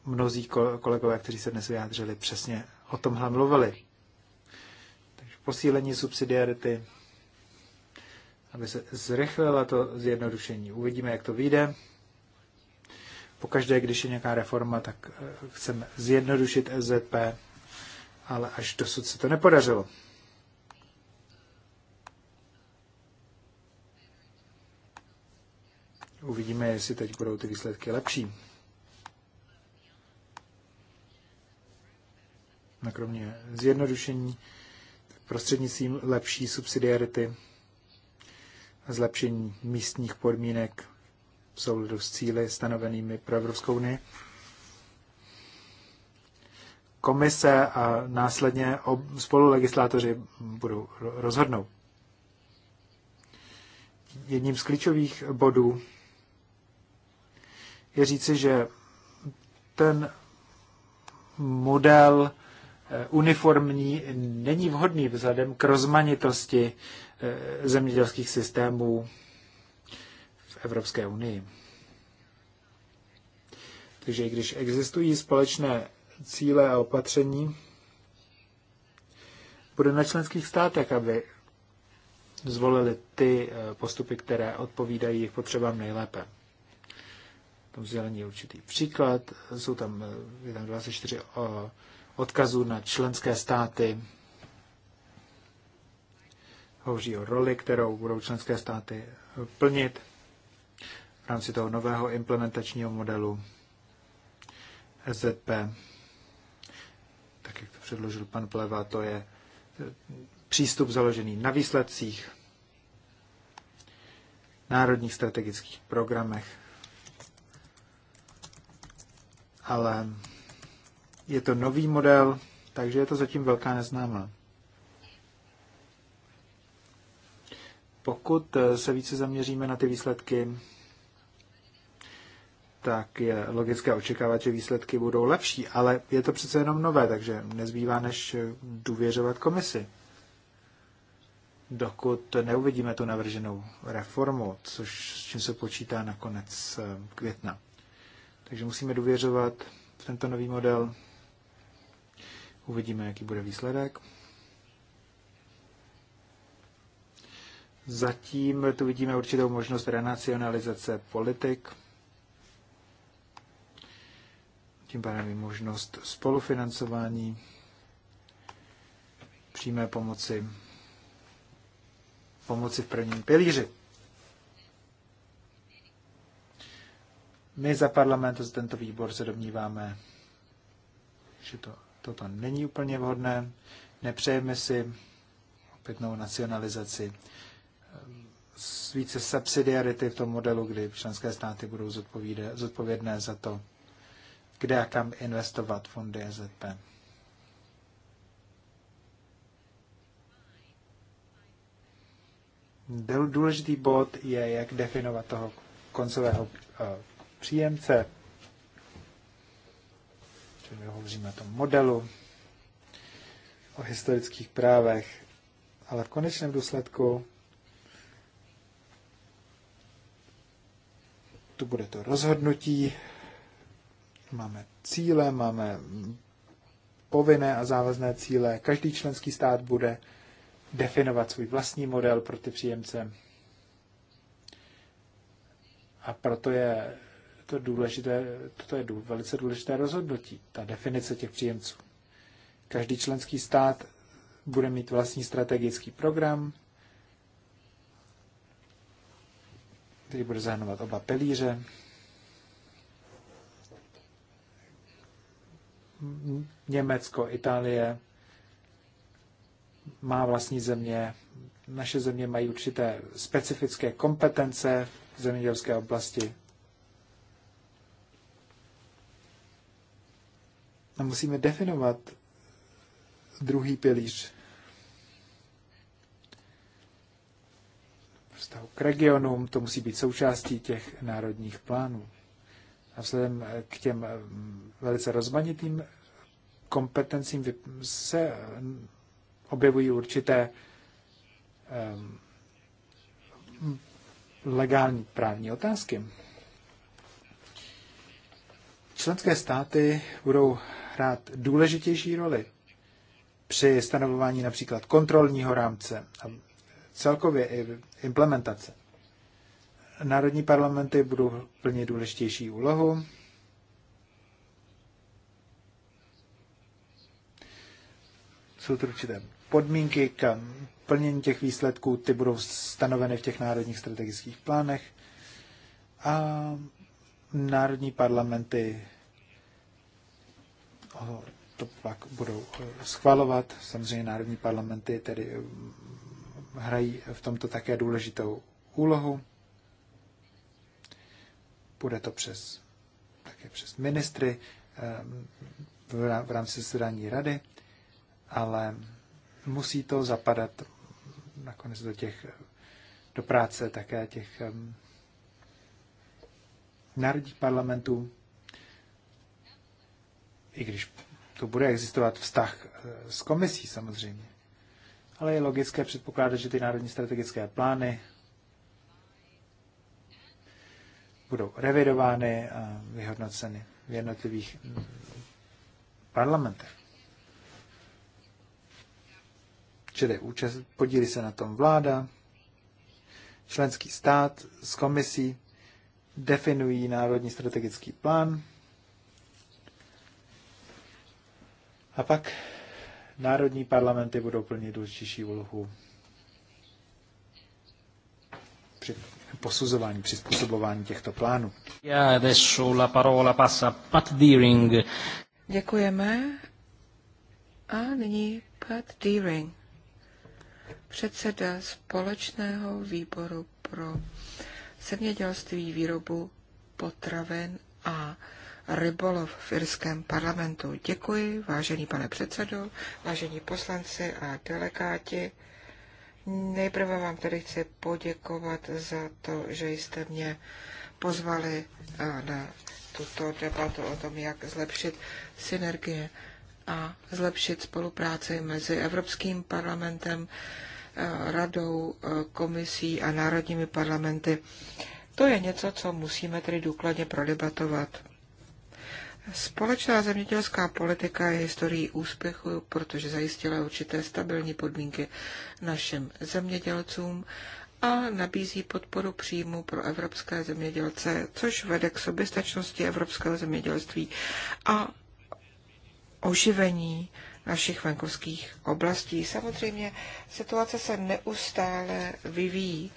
Mnozí kolegové, kteří se dnes vyjádřili, přesně o tomhle mluvili. Takže posílení subsidiarity, aby se zrychlila to zjednodušení. Uvidíme, jak to vyjde. Pokaždé, když je nějaká reforma, tak eh, chceme zjednodušit EZP, ale až dosud se to nepodařilo. uvidíme, jestli teď budou ty výsledky lepší. Na no, kromě zjednodušení, prostřednictvím lepší subsidiarity, zlepšení místních podmínek v souladu s cíly stanovenými pro Evropskou unii. Komise a následně spolulegislátoři budou rozhodnout. Jedním z klíčových bodů je říci, že ten model eh, uniformní není vhodný vzhledem k rozmanitosti eh, zemědělských systémů v Evropské unii. Takže i když existují společné cíle a opatření, bude na členských státech, aby zvolili ty eh, postupy, které odpovídají jejich potřebám nejlépe tom vzdělení je určitý příklad. Jsou tam, je tam 24 eh, odkazů na členské státy. Hovoří o roli, kterou budou členské státy plnit v rámci toho nového implementačního modelu SZP. Tak, jak to předložil pan Pleva, to je přístup založený na výsledcích, národních strategických programech ale je to nový model, takže je to zatím velká neznámá. Pokud se více zaměříme na ty výsledky, tak je logické očekávat, že výsledky budou lepší, ale je to přece jenom nové, takže nezbývá než důvěřovat komisi. Dokud neuvidíme tu navrženou reformu, což s čím se počítá na konec eh, května. Takže musíme důvěřovat v tento nový model. Uvidíme, jaký bude výsledek. Zatím tu vidíme určitou možnost renacionalizace politik. Tím pádem i možnost spolufinancování, přímé pomoci, pomoci v prvním pilíři. My za parlament, za tento výbor se domníváme, že to, toto není úplně vhodné. Nepřejeme si opětnou nacionalizaci více subsidiarity v tom modelu, kdy členské státy budou zodpovědné za to, kde a kam investovat fondy EZP. Důležitý bod je, jak definovat toho koncového eh, příjemce. Čili hovoříme o tom modelu, o historických právech, ale v konečném důsledku tu bude to rozhodnutí, máme cíle, máme povinné a závazné cíle. Každý členský stát bude definovat svůj vlastní model pro ty příjemce. A proto je to důležité, toto je velice důležité rozhodnutí, ta definice těch příjemců. Každý členský stát bude mít vlastní strategický program, který bude zahrnovat oba pilíře. Německo, Itálie má vlastní země, naše země mají určité specifické kompetence v zemědělské oblasti, a musíme definovat druhý pilíř vztahu k regionům, to musí být součástí těch národních plánů. A vzhledem eh, k těm eh, velice rozmanitým kompetencím se eh, objevují určité um, legální právní otázky. Členské státy budou hrát důležitější roli při stanovování například kontrolního rámce a celkově i implementace. Národní parlamenty budou plnit důležitější úlohu. Jsou to určité podmínky k plnění těch výsledků, ty budou stanoveny v těch národních strategických plánech. A národní parlamenty to pak budou eh, schvalovat. Samozřejmě národní parlamenty tedy eh, hrají v tomto také důležitou úlohu. Bude to přes, také přes ministry eh, v rámci zasedání rady, ale musí to zapadat nakonec do těch do práce také těch národních parlamentů, i když tu bude existovat vztah eh, s komisí samozřejmě. Ale je logické předpokládat, že ty národní strategické plány budou revidovány a vyhodnoceny v jednotlivých mm, parlamentech. Čili účast, podílí se na tom vláda, členský stát s komisí definují národní strategický plán. A pak národní parlamenty budou plnit důležitější úlohu při posuzování, přizpůsobování těchto plánů. Děkujeme. A nyní Pat Deering, předseda společného výboru pro zemědělství, výrobu potravin a rybolov v irském parlamentu. Děkuji, vážený pane předsedo, vážení poslanci a delegáti. Nejprve vám tedy chci poděkovat za to, že jste mě pozvali eh, na tuto debatu o tom, jak zlepšit synergie a zlepšit spolupráci mezi Evropským parlamentem, radou, eh, komisí a národními parlamenty. To je něco, co musíme tedy důkladně prodebatovat. Společná zemědělská politika je historií úspěchu, protože zajistila určité stabilní podmínky našim zemědělcům a nabízí podporu příjmu pro evropské zemědělce, což vede k soběstačnosti evropského zemědělství a oživení našich venkovských oblastí. Samozřejmě situace se neustále vyvíjí.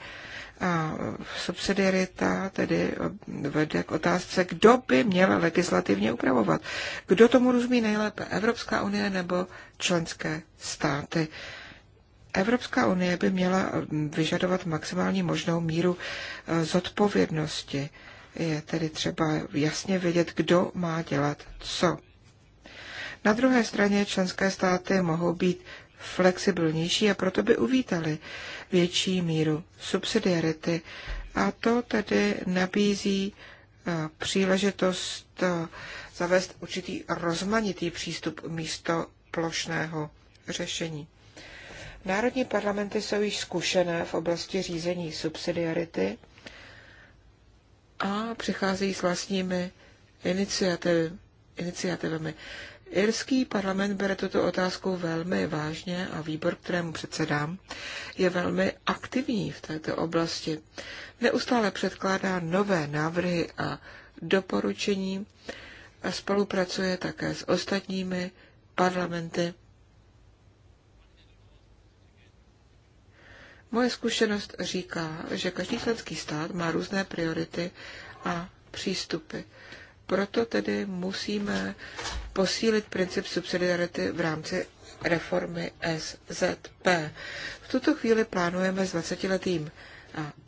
A subsidiarita tedy vede k otázce, kdo by měl legislativně upravovat. Kdo tomu rozumí nejlépe, Evropská unie nebo členské státy? Evropská unie by měla vyžadovat maximální možnou míru eh, zodpovědnosti. Je tedy třeba jasně vědět, kdo má dělat co. Na druhé straně členské státy mohou být flexibilnější a proto by uvítali větší míru subsidiarity. A to tedy nabízí eh, příležitost eh, zavést určitý rozmanitý přístup místo plošného řešení. Národní parlamenty jsou již zkušené v oblasti řízení subsidiarity a přicházejí s vlastními iniciativy, iniciativami. Irský parlament bere tuto otázku velmi vážně a výbor, kterému předsedám, je velmi aktivní v této oblasti. Neustále předkládá nové návrhy a doporučení a spolupracuje také s ostatními parlamenty. Moje zkušenost říká, že každý členský stát má různé priority a přístupy. Proto tedy musíme posílit princip subsidiarity v rámci reformy SZP. V tuto chvíli plánujeme s 20-letým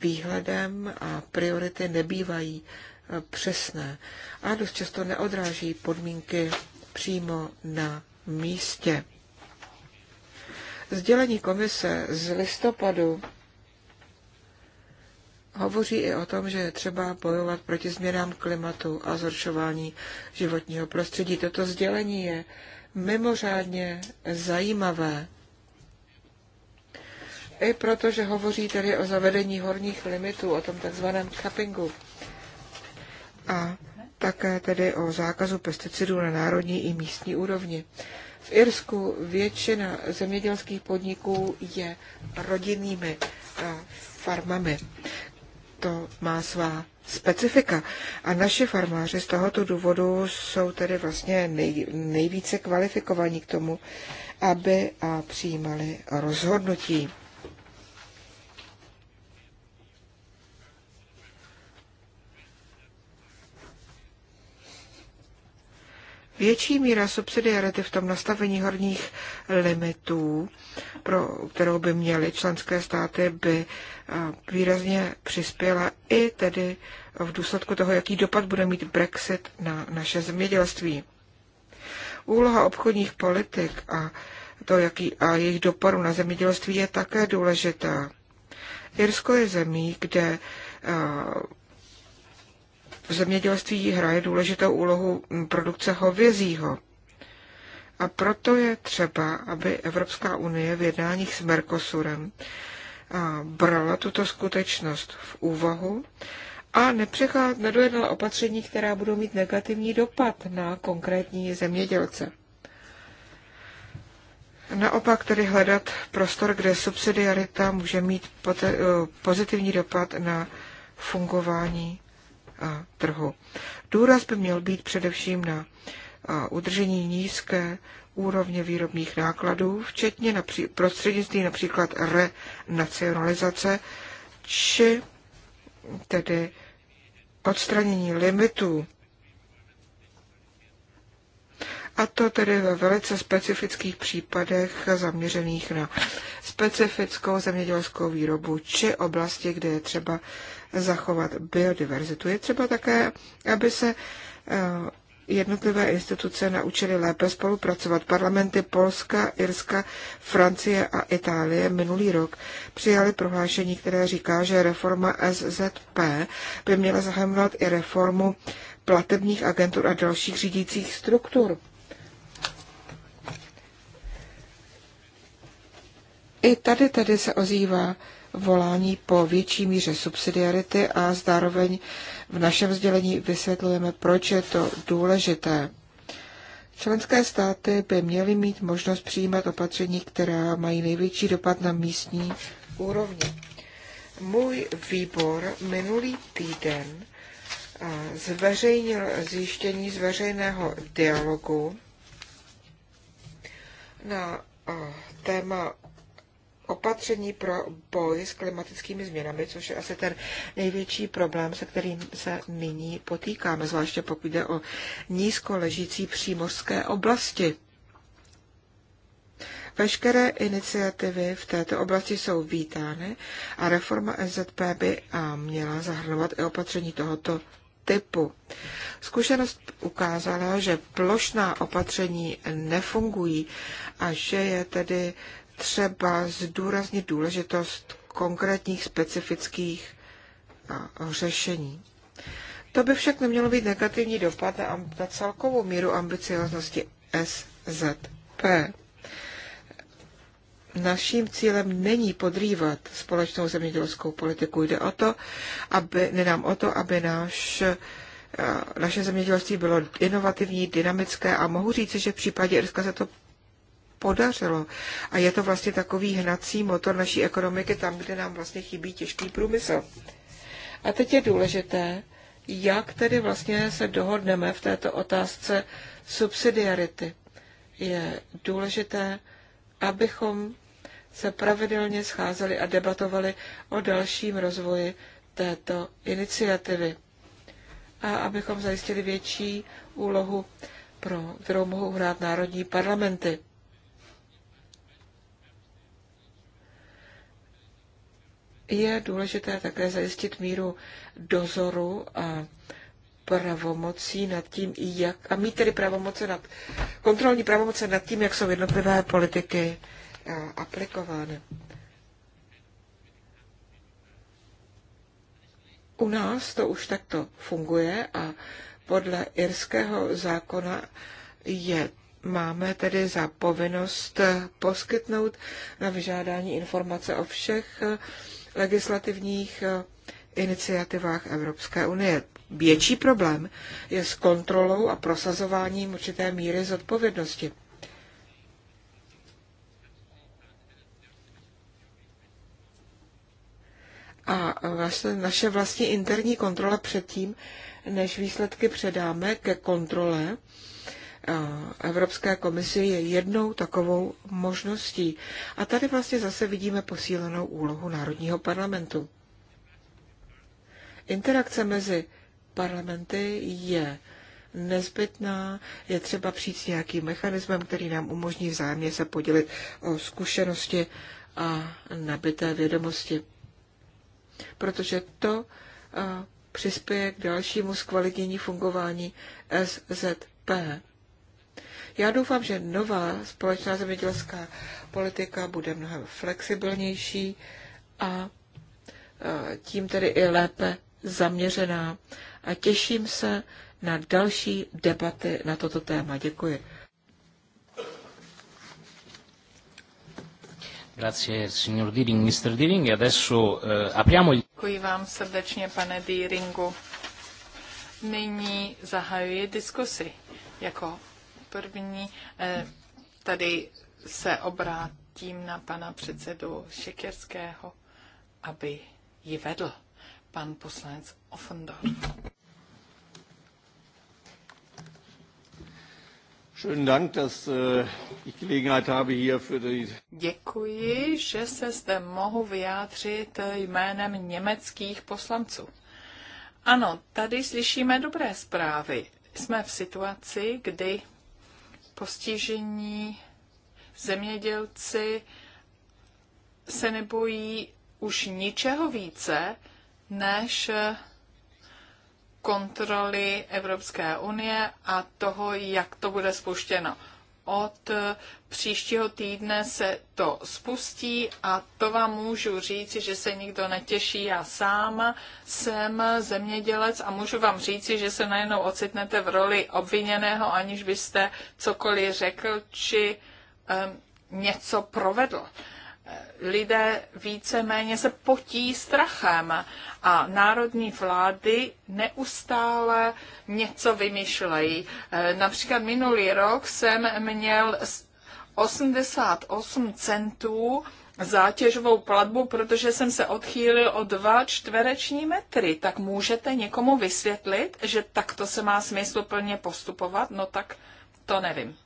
výhledem a priority nebývají e, přesné a dost často neodráží podmínky přímo na místě. Sdělení komise z listopadu hovoří i o tom, že je třeba bojovat proti změnám klimatu a zhoršování životního prostředí. Toto sdělení je mimořádně zajímavé. I protože hovoří tedy o zavedení horních limitů, o tom takzvaném cappingu. A také tedy o zákazu pesticidů na národní i místní úrovni. V Irsku většina zemědělských podniků je rodinnými eh, farmami to má svá specifika. A naši farmáři z tohoto důvodu jsou tedy vlastně nej, nejvíce kvalifikovaní k tomu, aby a přijímali rozhodnutí. Větší míra subsidiarity v tom nastavení horních limitů, pro kterou by měly členské státy, by eh, výrazně přispěla i tedy v důsledku toho, jaký dopad bude mít Brexit na naše zemědělství. Úloha obchodních politik a to, jaký a jejich dopadu na zemědělství je také důležitá. Irsko je zemí, kde eh, v zemědělství hraje důležitou úlohu produkce hovězího. A proto je třeba, aby Evropská unie v jednáních s Mercosurem brala tuto skutečnost v úvahu a nepřechád nedojednala opatření, která budou mít negativní dopad na konkrétní zemědělce. Naopak tedy hledat prostor, kde subsidiarita může mít pozitivní dopad na fungování trhu. Důraz by měl být především na udržení nízké úrovně výrobních nákladů, včetně napří, prostřednictví například renacionalizace, či tedy odstranění limitů. A to tedy ve velice specifických případech zaměřených na specifickou zemědělskou výrobu či oblasti, kde je třeba zachovat biodiverzitu. Je třeba také, aby se eh, jednotlivé instituce naučily lépe spolupracovat. Parlamenty Polska, Irska, Francie a Itálie minulý rok přijali prohlášení, které říká, že reforma SZP by měla zahrnovat i reformu platebních agentur a dalších řídících struktur. I tady tedy se ozývá volání po větší míře subsidiarity a zároveň v našem sdělení vysvětlujeme, proč je to důležité. Členské státy by měly mít možnost přijímat opatření, která mají největší dopad na místní úrovni. Můj výbor minulý týden zveřejnil zjištění z veřejného dialogu na téma opatření pro boj s klimatickými změnami, což je asi ten největší problém, se kterým se nyní potýkáme, zvláště pokud jde o nízko ležící přímořské oblasti. Veškeré iniciativy v této oblasti jsou vítány a reforma SZP by měla zahrnovat i opatření tohoto typu. Zkušenost ukázala, že plošná opatření nefungují a že je tedy třeba zdůraznit důležitost konkrétních specifických řešení. To by však nemělo být negativní dopad na, na celkovou míru ambicioznosti SZP. Naším cílem není podrývat společnou zemědělskou politiku. Jde o to, aby, nám o to, aby náš naše zemědělství bylo inovativní, dynamické a mohu říct, že v případě Irska se to podařilo. A je to vlastně takový hnací motor naší ekonomiky tam, kde nám vlastně chybí těžký průmysl. A teď je důležité, jak tedy vlastně se dohodneme v této otázce subsidiarity. Je důležité, abychom se pravidelně scházeli a debatovali o dalším rozvoji této iniciativy a abychom zajistili větší úlohu, pro kterou mohou hrát národní parlamenty. Je důležité také zajistit míru dozoru a pravomocí nad tím, jak, a mít tedy pravomoce nad, kontrolní pravomoce nad tím, jak jsou jednotlivé politiky eh, aplikovány. U nás to už takto funguje a podle irského zákona je máme tedy za povinnost poskytnout na vyžádání informace o všech eh, legislativních eh, iniciativách Evropské unie. Větší problém je s kontrolou a prosazováním určité míry zodpovědnosti. A naše, naše vlastní interní kontrola předtím, než výsledky předáme ke kontrole, Evropské komise je jednou takovou možností. A tady vlastně zase vidíme posílenou úlohu Národního parlamentu. Interakce mezi parlamenty je nezbytná, je třeba přijít s nějakým mechanismem, který nám umožní vzájemně se podělit o zkušenosti a nabité vědomosti. Protože to eh, přispěje k dalšímu zkvalitnění fungování SZP. Já doufám, že nová společná zemědělská politika bude mnohem flexibilnější a e, tím tedy i lépe zaměřená. A těším se na další debaty na toto téma. Děkuji. Grazie signor Diring, Mr. Diring. Adesso eh, apriamo il... Děkuji vám srdečně, pane Diringu. Nyní zahajuji diskusi. Jako první eh, tady se obrátím na pana předsedu Šekerského, aby ji vedl pan poslanec Offendorf. Äh, Děkuji, že se zde mohu vyjádřit jménem německých poslanců. Ano, tady slyšíme dobré zprávy. Jsme v situaci, kdy postižení zemědělci se nebojí už ničeho více než kontroly Evropské unie a toho, jak to bude spuštěno od příštího týdne se to spustí a to vám můžu říci, že se nikdo netěší. Já sám jsem zemědělec a můžu vám říci, že se najednou ocitnete v roli obviněného, aniž byste cokoliv řekl či um, něco provedl lidé víceméně se potí strachem a národní vlády neustále něco vymýšlejí. E, například minulý rok jsem měl 88 centů zátěžovou platbu, protože jsem se odchýlil o dva čtvereční metry. Tak můžete někomu vysvětlit, že takto se má smysluplně postupovat? No tak to nevím.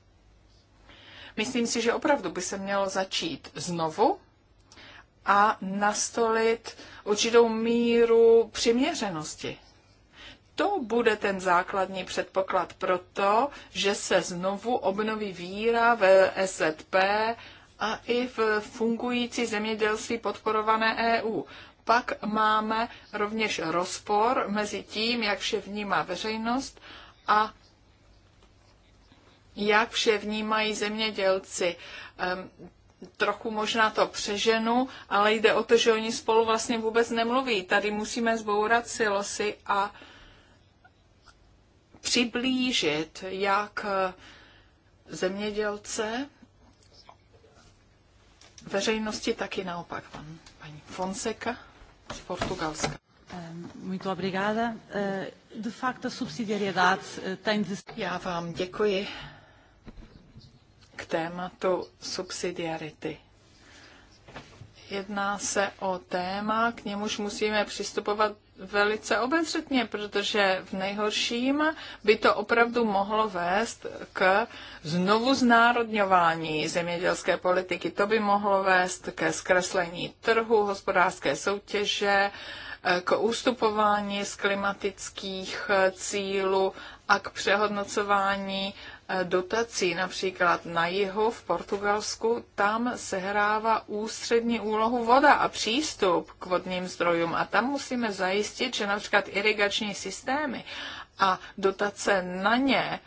Myslím si, že opravdu by se mělo začít znovu a nastolit určitou míru přiměřenosti. To bude ten základní předpoklad pro to, že se znovu obnoví víra ve SZP a i v fungující zemědělství podporované EU. Pak máme rovněž rozpor mezi tím, jak vše vnímá veřejnost a jak vše vnímají zemědělci. Ehm, trochu možná to přeženu, ale jde o to, že oni spolu vlastně vůbec nemluví. Tady musíme zbourat silosy a přiblížit jak eh, zemědělce veřejnosti, tak i naopak. Pan, paní Fonseca z Portugalska. Ehm, muito obrigada. Eh, de facto, a subsidiariedade eh, tem de... Já vám děkuji k tématu subsidiarity. Jedná se o téma, k němuž musíme přistupovat velice obezřetně, protože v nejhorším by to opravdu mohlo vést k znovu znárodňování zemědělské politiky. To by mohlo vést ke zkreslení trhu, hospodářské soutěže, k ústupování z klimatických cílů a k přehodnocování Eh, dotací, například na jihu v Portugalsku, tam sehrává ústřední úlohu voda a přístup k vodním zdrojům. A tam musíme zajistit, že například irigační systémy a dotace na ně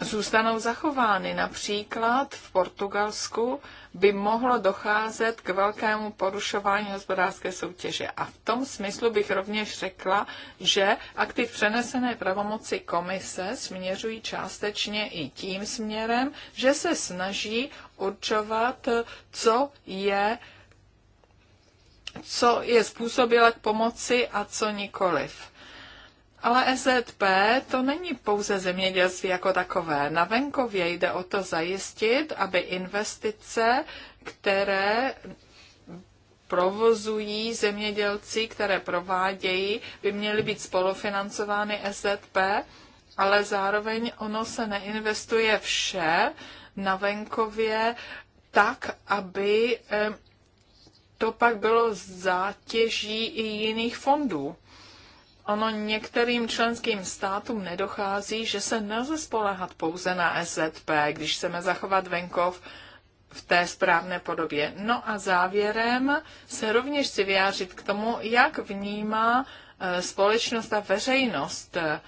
zůstanou zachovány. Například v Portugalsku by mohlo docházet k velkému porušování hospodářské soutěže. A v tom smyslu bych rovněž řekla, že aktiv přenesené pravomoci komise směřují částečně i tím směrem, že se snaží určovat, co je co je způsobilé k pomoci a co nikoliv. Ale SZP to není pouze zemědělství jako takové. Na venkově jde o to zajistit, aby investice, které provozují zemědělci, které provádějí, by měly být spolufinancovány SZP, ale zároveň ono se neinvestuje vše na venkově tak, aby to pak bylo zátěží i jiných fondů. Ono některým členským státům nedochází, že se nelze spolehat pouze na SZP, když chceme zachovat venkov v té správné podobě. No a závěrem se rovněž chci vyjářit k tomu, jak vnímá eh, společnost a veřejnost eh,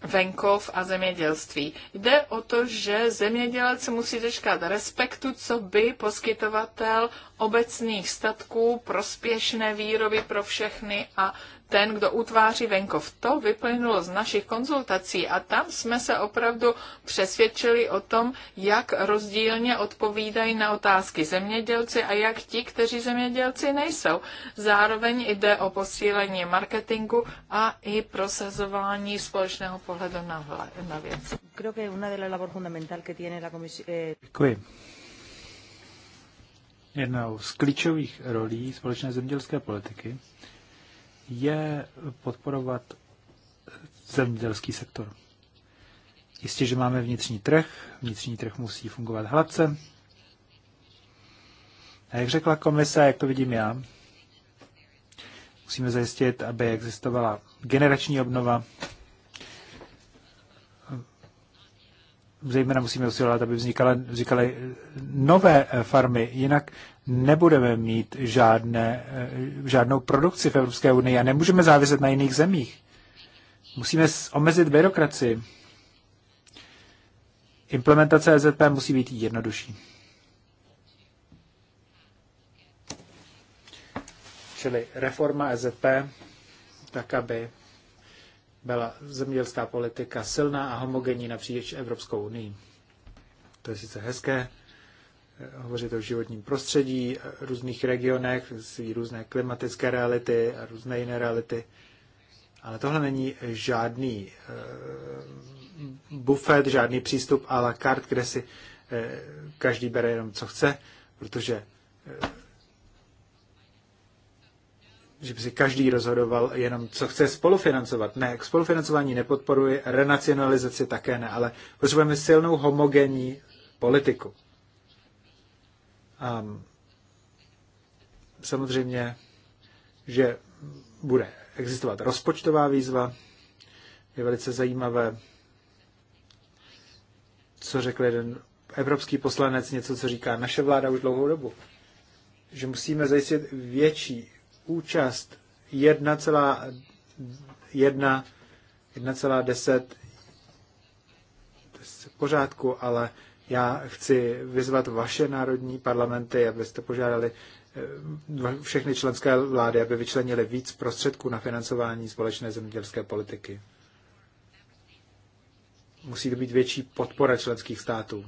venkov a zemědělství. Jde o to, že zemědělec musí dočkat respektu, co by poskytovatel obecných statků, prospěšné výroby pro všechny a ten, kdo utváří venkov. To vyplynulo z našich konzultací a tam jsme se opravdu přesvědčili o tom, jak rozdílně odpovídají na otázky zemědělci a jak ti, kteří zemědělci nejsou. Zároveň jde o posílení marketingu a i prosazování společného pohledu na, na věc. Eh, Děkuji. Jednou z klíčových rolí společné zemědělské politiky je podporovat zemědělský sektor. Jistě, že máme vnitřní trh, vnitřní trh musí fungovat hladce. A jak řekla komise, jak to vidím já, musíme zajistit, aby existovala generační obnova. Zejména musíme usilovat, aby vznikaly, vznikaly nové farmy, jinak nebudeme mít žádné, eh, žádnou produkci v Evropské unii a nemůžeme záviset na jiných zemích. Musíme omezit byrokracii. Implementace EZP musí být jednodušší. Čili reforma EZP, tak aby byla zemědělská politika silná a homogenní napříč Evropskou unii. To je sice hezké, hovořit o životním prostředí, různých regionech, svý různé klimatické reality a různé jiné reality. Ale tohle není žádný eh, bufet, žádný přístup à la carte, kde si eh, každý bere jenom co chce, protože eh, že by si každý rozhodoval jenom, co chce spolufinancovat. Ne, k spolufinancování nepodporuje, renacionalizaci také ne, ale potřebujeme silnou homogenní politiku samozřejmě, že bude existovat rozpočtová výzva. Je velice zajímavé, co řekl jeden evropský poslanec, něco, co říká naše vláda už dlouhou dobu. Že musíme zajistit větší účast 1,1, 1,10 pořádku, ale já chci vyzvat vaše národní parlamenty, abyste požádali eh, všechny členské vlády, aby vyčlenili víc prostředků na financování společné zemědělské politiky. Musí to být větší podpora členských států.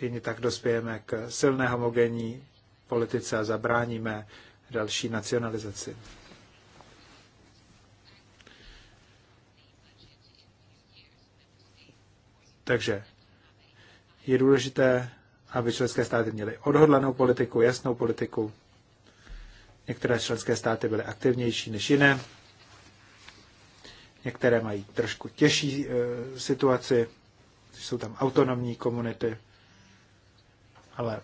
Jedině tak dospějeme k silné homogenní politice a zabráníme další nacionalizaci. Takže je důležité, aby členské státy měly odhodlanou politiku, jasnou politiku. Některé členské státy byly aktivnější než jiné. Některé mají trošku těžší e, situaci, jsou tam autonomní komunity, ale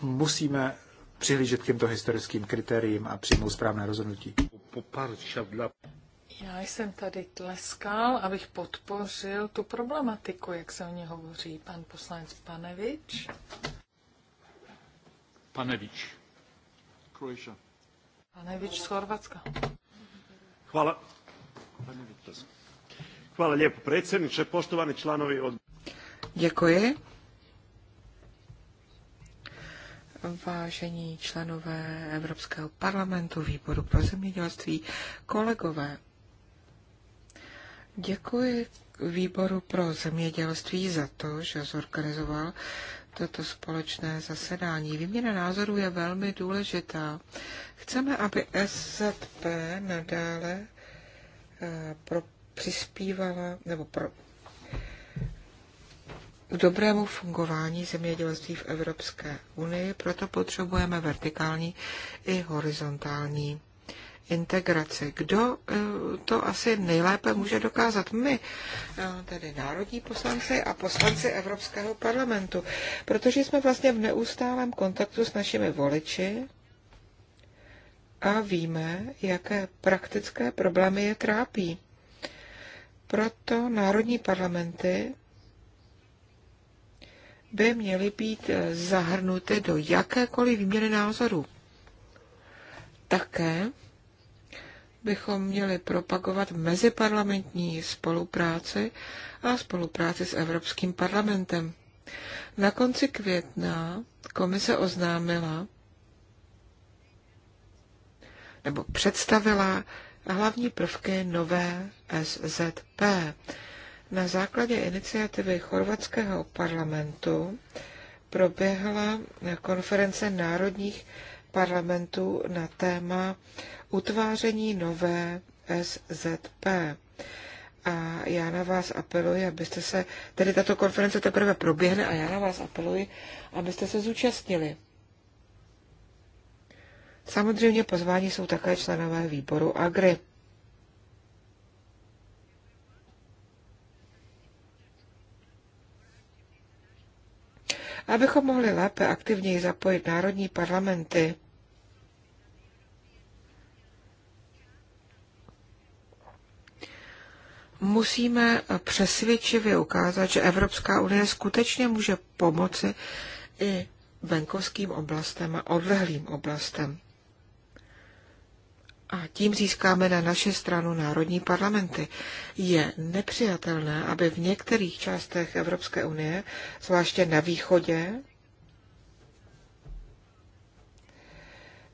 musíme přihlížet k těmto historickým kritériím a přijmout správné rozhodnutí. Já jsem tady tleskal, abych podpořil tu problematiku, jak se o ní hovoří pan poslanec Panevič. Panevič. Croatia. Panevič z Chorvatska. Hvala. Panevič. Hvala lijepo predsjedniče, poštovani članovi od... Děkuji. Vážení členové Evropského parlamentu, výboru pro zemědělství, kolegové, Děkuji výboru pro zemědělství za to, že zorganizoval toto společné zasedání. Výměna názorů je velmi důležitá. Chceme, aby SZP nadále eh, pro, přispívala nebo pro, k dobrému fungování zemědělství v Evropské unii, proto potřebujeme vertikální i horizontální integraci. Kdo eh, to asi nejlépe může dokázat? My, eh, tedy národní poslanci a poslanci Evropského parlamentu, protože jsme vlastně v neustálém kontaktu s našimi voliči a víme, jaké praktické problémy je trápí. Proto národní parlamenty by měly být eh, zahrnuty do jakékoliv výměny názorů. Také bychom měli propagovat meziparlamentní spolupráci a spolupráci s Evropským parlamentem. Na konci května komise oznámila nebo představila hlavní prvky nové SZP. Na základě iniciativy chorvatského parlamentu proběhla konference národních parlamentů na téma utváření nové SZP. A já na vás apeluji, abyste se, tedy tato konference teprve proběhne a já na vás apeluji, abyste se zúčastnili. Samozřejmě pozvání jsou také členové výboru AGRI. Abychom mohli lépe aktivněji zapojit národní parlamenty, musíme přesvědčivě ukázat, že Evropská unie skutečně může pomoci i venkovským oblastem a odlehlým oblastem. A tím získáme na naše stranu národní parlamenty. Je nepřijatelné, aby v některých částech Evropské unie, zvláště na východě,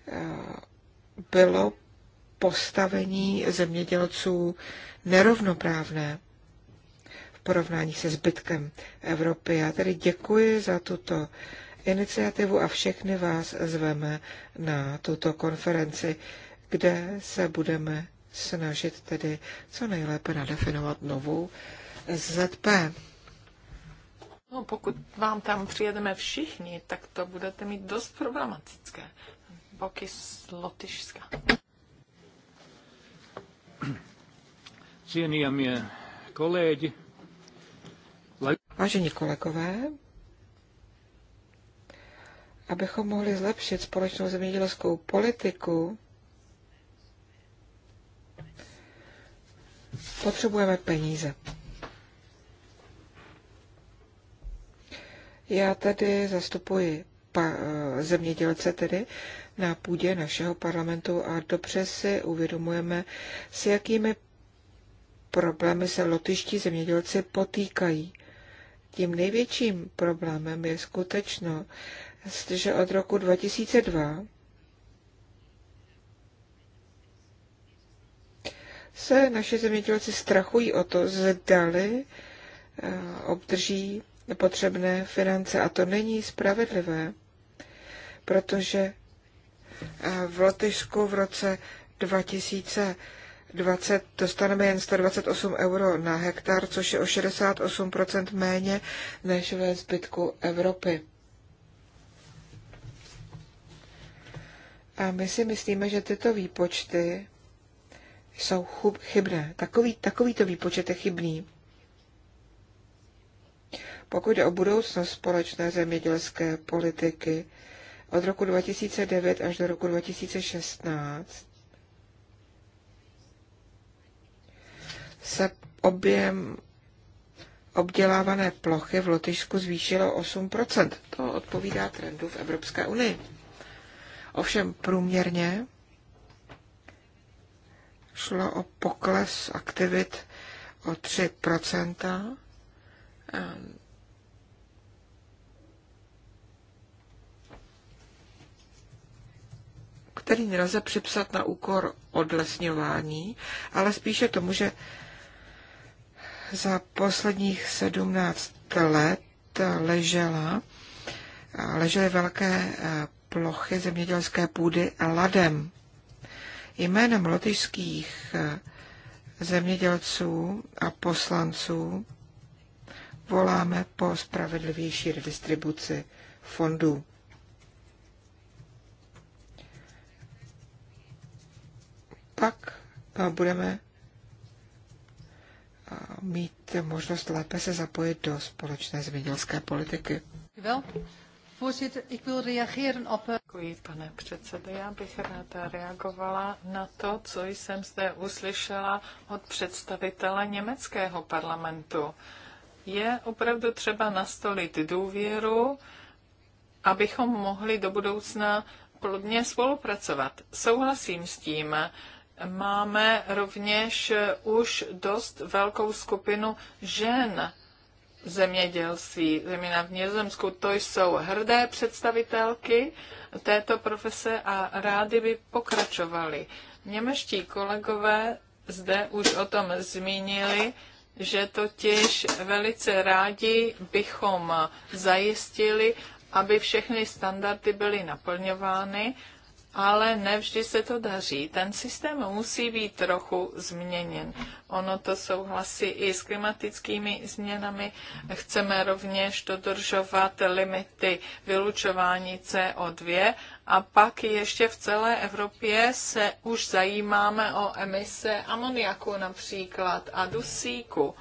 eh, bylo postavení zemědělců nerovnoprávné v porovnání se zbytkem Evropy. Já tedy děkuji za tuto iniciativu a všechny vás zveme na tuto konferenci, kde se budeme snažit tedy co nejlépe nadefinovat novou ZP. No, pokud vám tam přijedeme všichni, tak to budete mít dost problematické. Boky z Lotyšska. Vážení kolegové, abychom mohli zlepšit společnou zemědělskou politiku, potřebujeme peníze. Já tedy zastupuji eh, zemědělce tedy na půdě našeho parlamentu a dobře si uvědomujeme, s jakými problémy se lotyští zemědělci potýkají. Tím největším problémem je skutečno, že od roku 2002 se naše zemědělci strachují o to, zdali eh, obdrží potřebné finance. A to není spravedlivé, protože eh, v Lotyšsku v roce 2000 20, dostaneme jen 128 euro na hektar, což je o 68 méně než ve zbytku Evropy. A my si myslíme, že tyto výpočty jsou chub, chybné. Takový, takovýto výpočet je chybný. Pokud je o budoucnost společné zemědělské politiky od roku 2009 až do roku 2016, se objem obdělávané plochy v Lotyšsku zvýšilo 8%. To odpovídá trendu v Evropské unii. Ovšem průměrně šlo o pokles aktivit o 3%. který nelze připsat na úkor odlesňování, ale spíše tomu, že za posledních sedmnáct let ležela, ležely velké eh, plochy zemědělské půdy ladem. Jménem lotyšských eh, zemědělců a poslanců voláme po spravedlivější redistribuci fondů. Pak eh, budeme mít možnost lépe se zapojit do společné zemědělské politiky. Eh, Děkuji, pane předsedo. Já bych ráda reagovala na to, co jsem zde uslyšela od představitele německého parlamentu. Je opravdu třeba nastolit důvěru, abychom mohli do budoucna plodně spolupracovat. Souhlasím s tím, máme rovněž eh, už dost velkou skupinu žen v zemědělství, zejména v Nizozemsku. To jsou hrdé představitelky této profese a rádi by pokračovali. Němeští kolegové zde už o tom zmínili, že totiž velice rádi bychom zajistili, aby všechny standardy byly naplňovány ale nevždy se to daří. Ten systém musí být trochu změněn. Ono to souhlasí i s klimatickými změnami. Chceme rovněž dodržovat limity vylučování CO2 a pak ještě v celé Evropě se už zajímáme o emise amoniaku například a dusíku.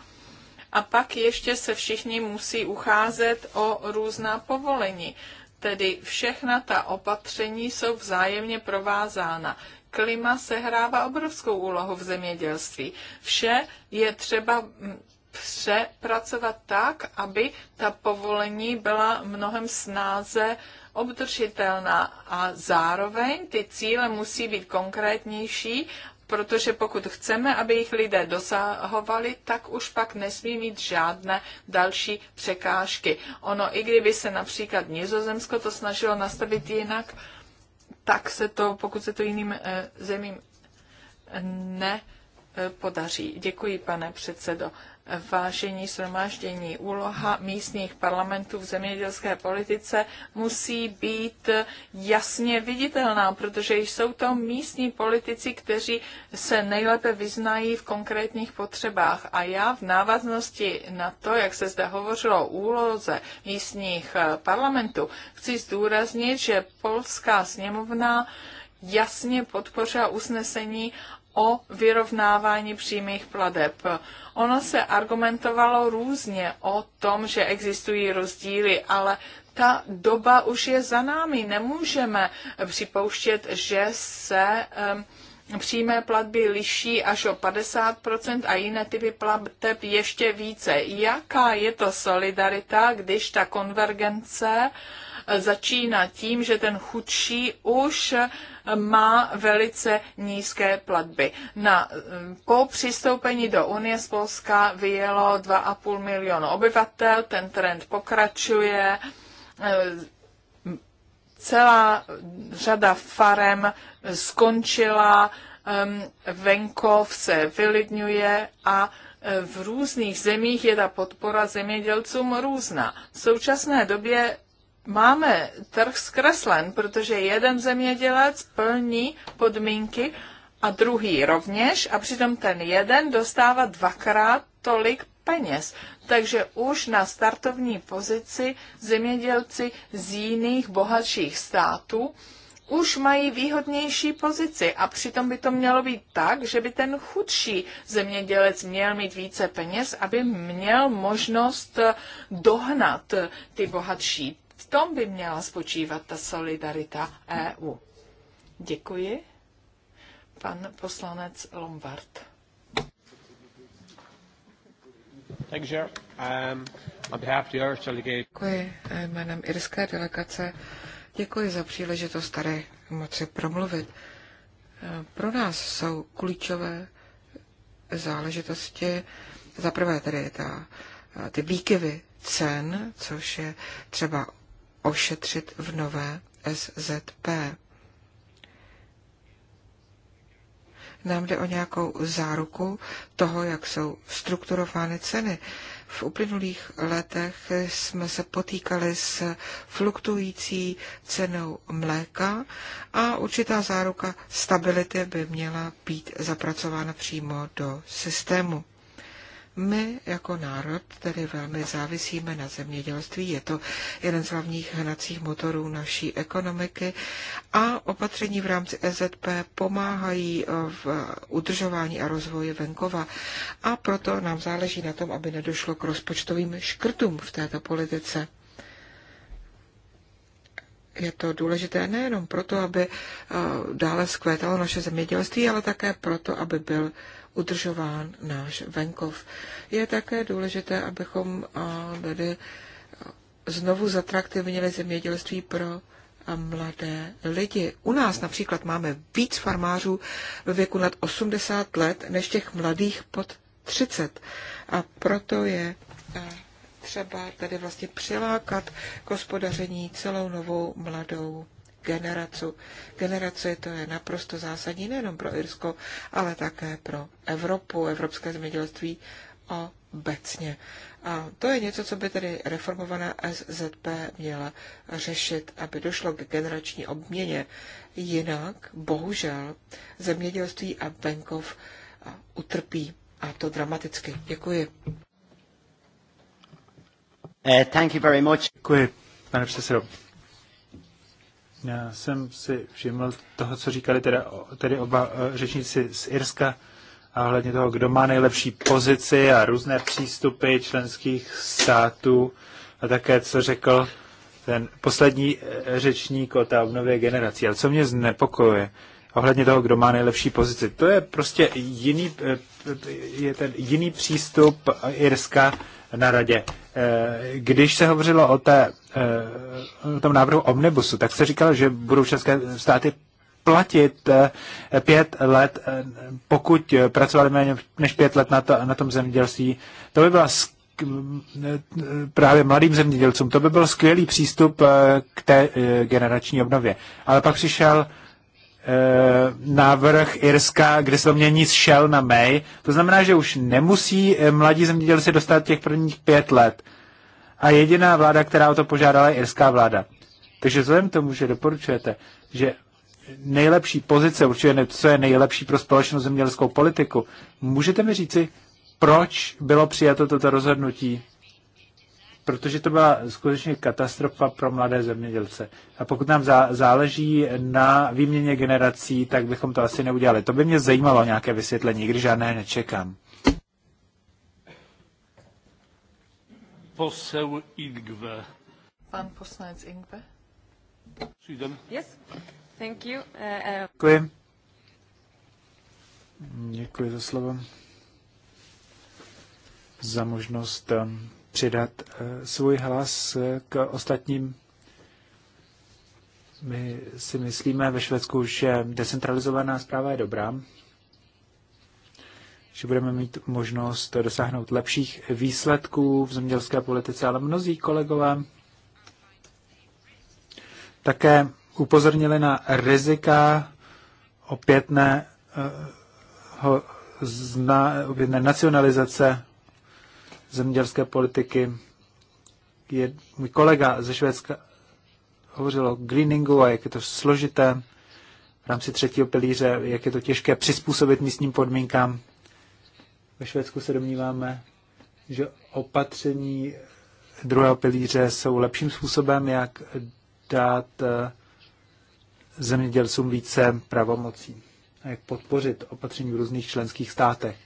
A pak ještě se všichni musí ucházet o různá povolení. Tedy všechna ta opatření jsou vzájemně provázána. Klima sehrává obrovskou úlohu v zemědělství. Vše je třeba mm, přepracovat tak, aby ta povolení byla mnohem snáze obdržitelná a zároveň ty cíle musí být konkrétnější protože pokud chceme, aby jich lidé dosahovali, tak už pak nesmí mít žádné další překážky. Ono, i kdyby se například Nizozemsko to snažilo nastavit jinak, tak se to, pokud se to jiným eh, zemím nepodaří. Eh, Děkuji, pane předsedo vážení shromáždění. Úloha místních parlamentů v zemědělské politice musí být jasně viditelná, protože jsou to místní politici, kteří se nejlépe vyznají v konkrétních potřebách. A já v návaznosti na to, jak se zde hovořilo o úloze místních eh, parlamentů, chci zdůraznit, že polská sněmovna jasně podpořila usnesení o vyrovnávání přímých pladeb. Ono se argumentovalo různě o tom, že existují rozdíly, ale ta doba už je za námi. Nemůžeme připouštět, že se um, přímé platby liší až o 50% a jiné typy plateb ještě více. Jaká je to solidarita, když ta konvergence uh, začíná tím, že ten chudší už má velice nízké platby. Na, eh, po přistoupení do Unie z Polska vyjelo 2,5 milionu obyvatel, ten trend pokračuje eh, celá řada farem skončila, venkov se vylidňuje a eh, v různých zemích je ta podpora zemědělcům různá. V současné době máme trh zkreslen, protože jeden zemědělec plní podmínky a druhý rovněž a přitom ten jeden dostává dvakrát tolik peněz. Takže už na startovní pozici zemědělci z jiných bohatších států už mají výhodnější pozici a přitom by to mělo být tak, že by ten chudší zemědělec měl mít více peněz, aby měl možnost dohnat ty bohatší tom by měla spočívat ta solidarita EU. Děkuji. Pan poslanec Lombard. Um, Děkuji eh, jménem irské delegace. Děkuji za příležitost tady moci promluvit. Eh, pro nás jsou klíčové záležitosti. Za prvé tedy ta, eh, ty výkyvy cen, což je třeba ošetřit v nové SZP. Nám jde o nějakou záruku toho, jak jsou strukturovány ceny. V uplynulých letech jsme se potýkali s fluktující cenou mléka a určitá záruka stability by měla být zapracována přímo do systému. My jako národ tedy velmi závisíme na zemědělství, je to jeden z hlavních hnacích motorů naší ekonomiky a opatření v rámci EZP pomáhají eh, v udržování a rozvoji venkova a proto nám záleží na tom, aby nedošlo k rozpočtovým škrtům v této politice. Je to důležité nejenom proto, aby eh, dále zkvétalo naše zemědělství, ale také proto, aby byl udržován náš venkov. Je také důležité, abychom tedy znovu zatraktivnili zemědělství pro a mladé lidi. U nás například máme víc farmářů ve věku nad 80 let než těch mladých pod 30. A proto je třeba tady vlastně přilákat k hospodaření celou novou mladou Generaci, Generace to je naprosto zásadní nejenom pro Irsko, ale také pro Evropu, evropské zemědělství obecně. A to je něco, co by tedy reformovaná SZP měla řešit, aby došlo k generační obměně. Jinak, bohužel, zemědělství a venkov utrpí. A to dramaticky. Děkuji. Uh, thank you very much. Děkuji, pane předsedo. Já jsem si všiml toho, co říkali teda, tedy oba eh, řečníci z Irska a hledně toho, kdo má nejlepší pozici a různé přístupy členských států a také, co řekl ten poslední eh, řečník o té obnově generací. Ale co mě znepokojuje ohledně toho, kdo má nejlepší pozici, to je prostě jiný, eh, je ten jiný přístup Irska na radě. Eh, když se hovořilo o, té, eh, o tom návrhu omnibusu, tak se říkalo, že budou české státy platit eh, pět let, pokud pracovali méně než pět let na, to, na tom zemědělství. To by byla právě mladým zemědělcům, to by byl skvělý přístup k té generační obnově. Ale pak přišel Eh, návrh Irska, kde se to mění z Shell na May. To znamená, že už nemusí eh, mladí zemědělci dostat těch prvních pět let. A jediná vláda, která o to požádala, je irská vláda. Takže vzhledem tomu, že doporučujete, že nejlepší pozice, určitě co je nejlepší pro společnou zemědělskou politiku, můžete mi říci, proč bylo přijato toto rozhodnutí protože to byla skutečně katastrofa pro mladé zemědělce. A pokud nám zá, záleží na výměně generací, tak bychom to asi neudělali. To by mě zajímalo nějaké vysvětlení, když žádné nečekám. Posel Ingve. Pan poslanec Ingve. Přijdem. Yes. Thank you. Uh, uh... Děkuji. Děkuji za slovo. Za možnost ehm, přidat eh, svůj hlas k ostatním. My si myslíme ve Švédsku, že decentralizovaná zpráva je dobrá, že budeme mít možnost dosáhnout lepších výsledků v zemědělské politice, ale mnozí kolegové také upozornili na rizika opětné, uh, eh, ho, zna, opětné nacionalizace zemědělské politiky. Je, můj kolega ze Švédska hovořil o greeningu a jak je to složité v rámci třetího pilíře, jak je to těžké přizpůsobit místním podmínkám. Ve Švédsku se domníváme, že opatření druhého pilíře jsou lepším způsobem, jak dát eh, zemědělcům více pravomocí a jak podpořit opatření v různých členských státech.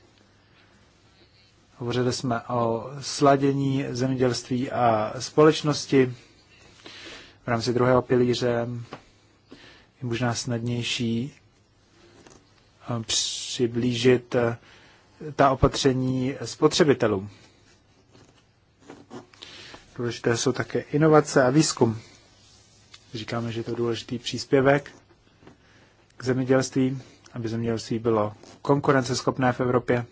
Hovořili jsme o sladění zemědělství a společnosti v rámci druhého pilíře. Je možná snadnější eh, přiblížit eh, ta opatření spotřebitelům. Důležité jsou také inovace a výzkum. Říkáme, že je to důležitý příspěvek k zemědělství, aby zemědělství bylo konkurenceschopné v Evropě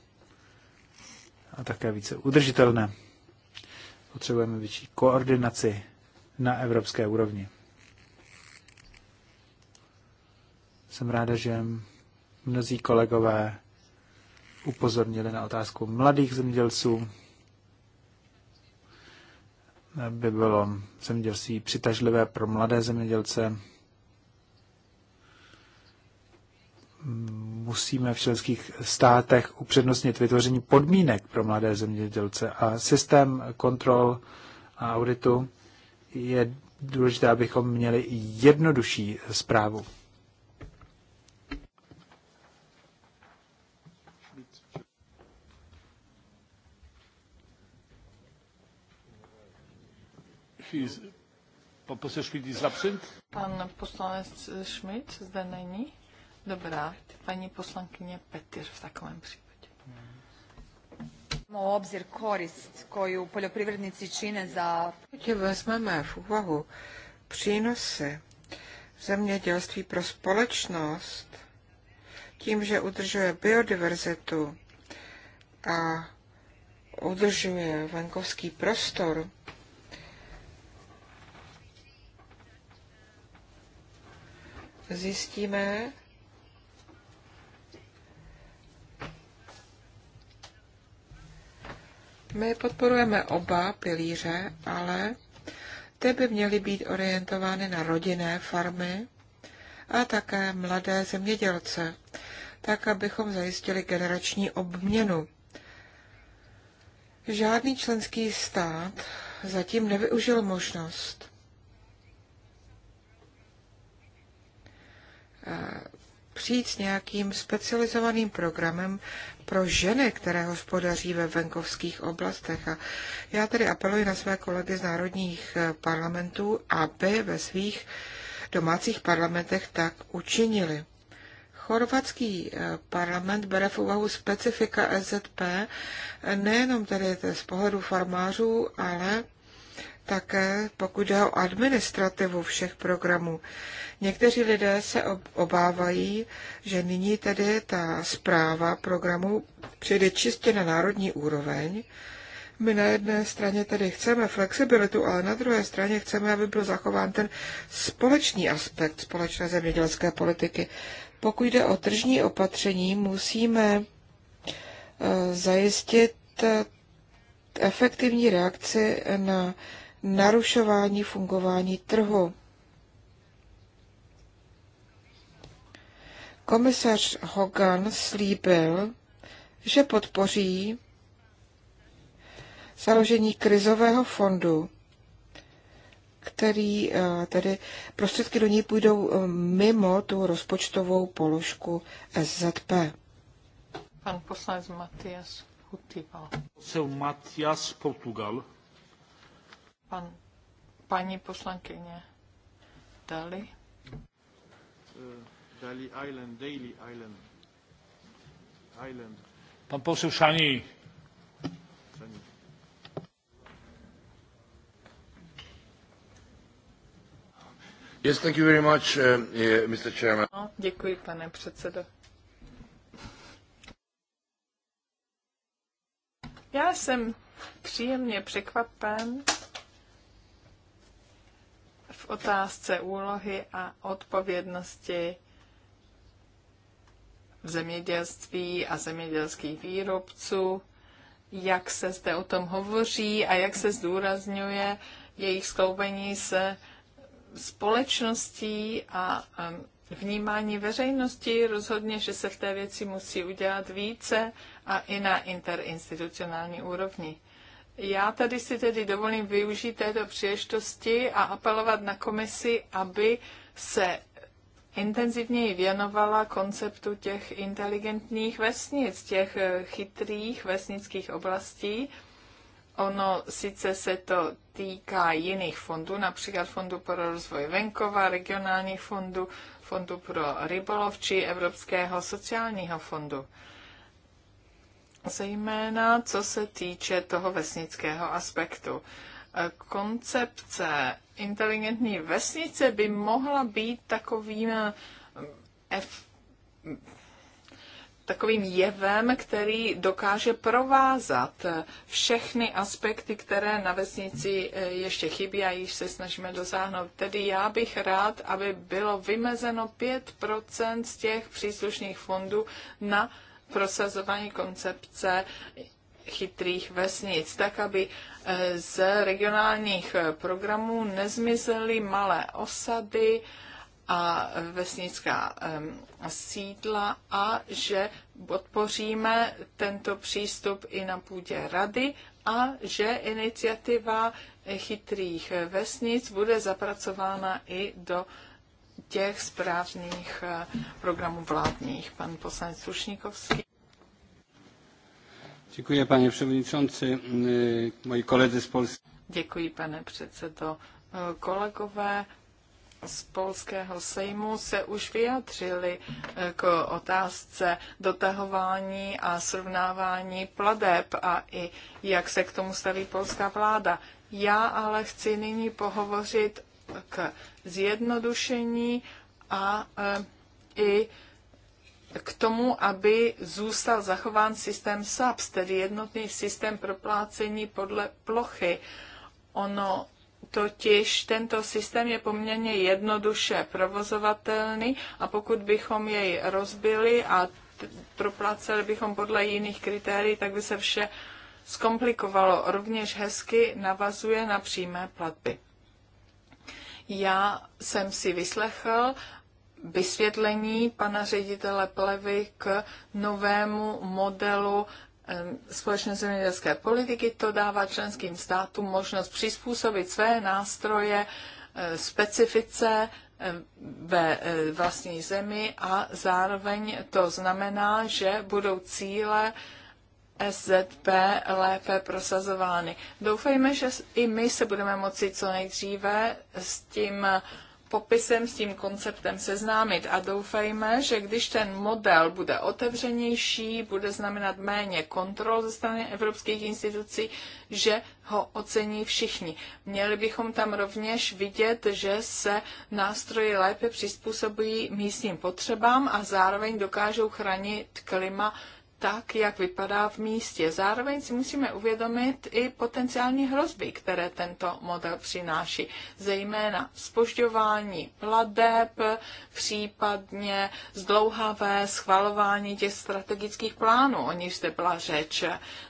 a také více udržitelné. Potřebujeme větší koordinaci na evropské úrovni. Jsem ráda, že mnozí kolegové upozornili na otázku mladých zemědělců, by bylo zemědělství přitažlivé pro mladé zemědělce. musíme v členských státech upřednostnit vytvoření podmínek pro mladé zemědělce a systém kontrol a auditu je důležité, abychom měli jednodušší zprávu. Pan poslanec Schmidt zde není. Dobrá, paní poslankyně Petir v takovém případě. U obzir korist koju poljoprivrednici čine za... Když vezmeme v úvahu přínosy zemědělství pro společnost, tím, že udržuje biodiverzitu a udržuje venkovský prostor, zjistíme, My podporujeme oba pilíře, ale ty by měly být orientovány na rodinné farmy a také mladé zemědělce, tak abychom zajistili generační obměnu. Žádný členský stát zatím nevyužil možnost eh, přijít s nějakým specializovaným programem pro ženy, které hospodaří ve venkovských oblastech. A já tedy apeluji na své kolegy z národních eh, parlamentů, aby ve svých domácích parlamentech tak učinili. Chorvatský eh, parlament bere v úvahu specifika SZP, e eh, nejenom tedy z pohledu farmářů, ale také, pokud jde o administrativu všech programů. Někteří lidé se obávají, že nyní tedy ta zpráva programu přijde čistě na národní úroveň. My na jedné straně tedy chceme flexibilitu, ale na druhé straně chceme, aby byl zachován ten společný aspekt společné zemědělské politiky. Pokud jde o tržní opatření, musíme eh, zajistit eh, efektivní reakci na narušování fungování trhu. Komisař Hogan slíbil, že podpoří založení krizového fondu, který eh, tedy prostředky do něj půjdou eh, mimo tu rozpočtovou položku SZP. Pan poslanec Matias Hutival. Matias Portugal. Pan, paní poslankyně Dali. Eh, Dali Island, Daily Island. Island. Pan poseł Szani. Yes, thank you very much, uh, eh, eh, Mr. Chairman. No, děkuji, pane předsedo. Já jsem příjemně překvapen v otázce úlohy a odpovědnosti v zemědělství a zemědělských výrobců, jak se zde o tom hovoří a jak se zdůrazňuje jejich skloubení se společností a um, vnímání veřejnosti. Rozhodně, že se v té věci musí udělat více a i na interinstitucionální úrovni. Já tady si tedy dovolím využít této příležitosti a apelovat na komisi, aby se intenzivněji věnovala konceptu těch inteligentních vesnic, těch eh, chytrých vesnických oblastí. Ono sice se to týká jiných fondů, například Fondu pro rozvoj venkova, regionálních fondů, Fondu pro rybolov či Evropského sociálního fondu zejména co se týče toho vesnického aspektu. Koncepce inteligentní vesnice by mohla být takovým F, eh, eh, takovým jevem, který dokáže provázat všechny aspekty, které na vesnici eh, ještě chybí a již se snažíme dosáhnout. Tedy já bych rád, aby bylo vymezeno 5% z těch příslušných fondů na prosazování koncepce chytrých vesnic, tak aby eh, z regionálních eh, programů nezmizely malé osady a vesnická eh, sídla a že podpoříme tento přístup i na půdě rady a že iniciativa chytrých vesnic bude zapracována i do těch správných eh, programů vládních. Pan poslanec Slušníkovský. Děkuji, pane předsedající. Eh, moji kolegy z Polska. Děkuji, pane předsedo. Eh, kolegové z polského sejmu se už vyjadřili k otázce dotahování a srovnávání pladeb a i jak se k tomu staví polská vláda. Já ale chci nyní pohovořit k zjednodušení a eh, i k tomu, aby zůstal zachován systém SAPS, tedy jednotný systém proplácení podle plochy. Ono Totiž tento systém je poměrně jednoduše provozovatelný a pokud bychom jej rozbili a propláceli bychom podle jiných kritérií, tak by se vše zkomplikovalo. Rovněž hezky navazuje na přímé platby. Já jsem si vyslechl vysvětlení pana ředitele Plevy k novému modelu společné zemědělské politiky. To dává členským státům možnost přizpůsobit své nástroje eh, specifice ve eh, vlastní zemi a zároveň to znamená, že budou cíle SZP lépe prosazovány. Doufejme, že i my se budeme moci co nejdříve s tím popisem, s tím konceptem seznámit a doufejme, že když ten model bude otevřenější, bude znamenat méně kontrol ze strany evropských institucí, že ho ocení všichni. Měli bychom tam rovněž vidět, že se nástroje lépe přizpůsobují místním potřebám a zároveň dokážou chránit klima tak, jak vypadá v místě. Zároveň si musíme uvědomit i potenciální hrozby, které tento model přináší, zejména spožďování pladeb, případně zdlouhavé schvalování těch strategických plánů, o nich zde byla řeč.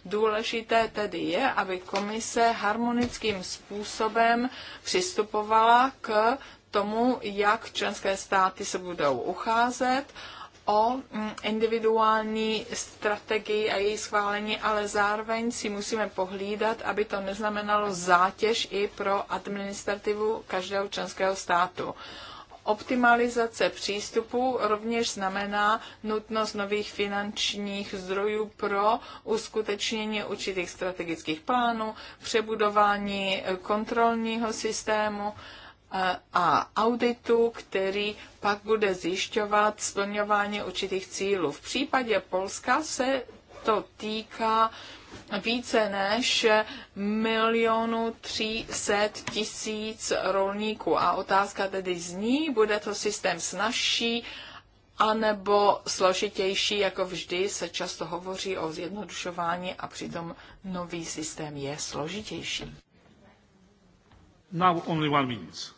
Důležité tedy je, aby komise harmonickým způsobem přistupovala k tomu, jak členské státy se budou ucházet o mm, individuální strategii a její schválení, ale zároveň si musíme pohlídat, aby to neznamenalo zátěž i pro administrativu každého členského státu. Optimalizace přístupu rovněž znamená nutnost nových finančních zdrojů pro uskutečnění určitých strategických plánů, přebudování kontrolního systému, a auditu, který pak bude zjišťovat splňování určitých cílů. V případě Polska se to týká více než milionu tříset tisíc rolníků. A otázka tedy zní, bude to systém snažší anebo složitější, jako vždy se často hovoří o zjednodušování a přitom nový systém je složitější. Now only one minute.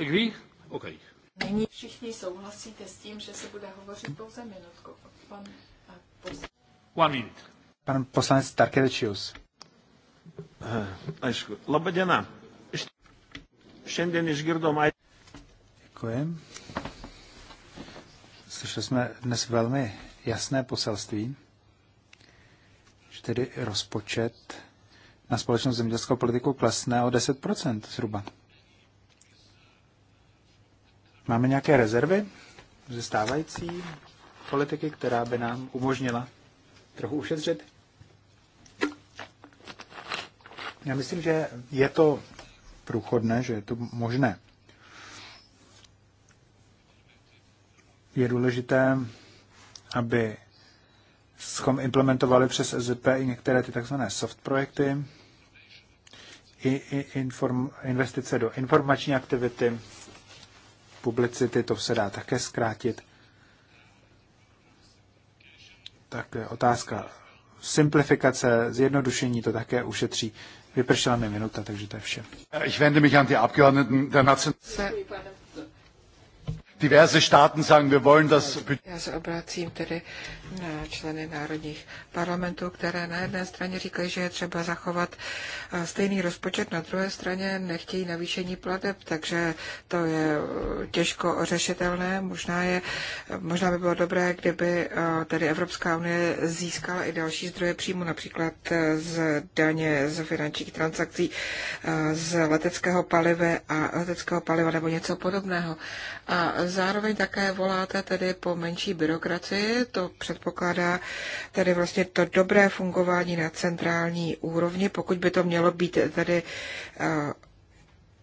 Agree? OK. Nyní všichni souhlasíte s tím, že se bude hovořit pouze minutku. Pan poslanec. One minute. Pan poslanec Tarkevičius. Eh, Aišku. Labą dieną. Šiandien išgirdom... Děkuji. Slyšeli jsme dnes velmi jasné poselství, že tedy rozpočet na společnou zemědělskou politiku klesne o 10% zhruba. Máme nějaké rezervy ze stávající politiky, která by nám umožnila trochu ušetřit? Já myslím, že je to průchodné, že je to možné. Je důležité, aby schom implementovali přes SZP i některé ty takzvané soft projekty, i, i inform, investice do informační aktivity, publicity, to se dá také zkrátit. Tak otázka simplifikace, zjednodušení to také ušetří. Vypršela mi minuta, takže to je vše. Ich wende mich an die Abgeordneten der Diverse Staaten sagen, wir wollen das... Já se obracím tedy členy národních parlamentů, které na jedné straně říkají, že je třeba zachovat eh, stejný rozpočet, na druhé straně nechtějí navýšení plateb, takže to je eh, těžko ořešitelné. Možná, je, eh, možná by bylo dobré, kdyby tedy Evropská unie získala i další zdroje příjmu, například z daně z finančních transakcí, z leteckého paliva a leteckého paliva nebo něco podobného. A zároveň také voláte tedy po menší byrokracii, to před předpokládá tady vlastně to dobré fungování na centrální úrovni, pokud by to mělo být tady eh,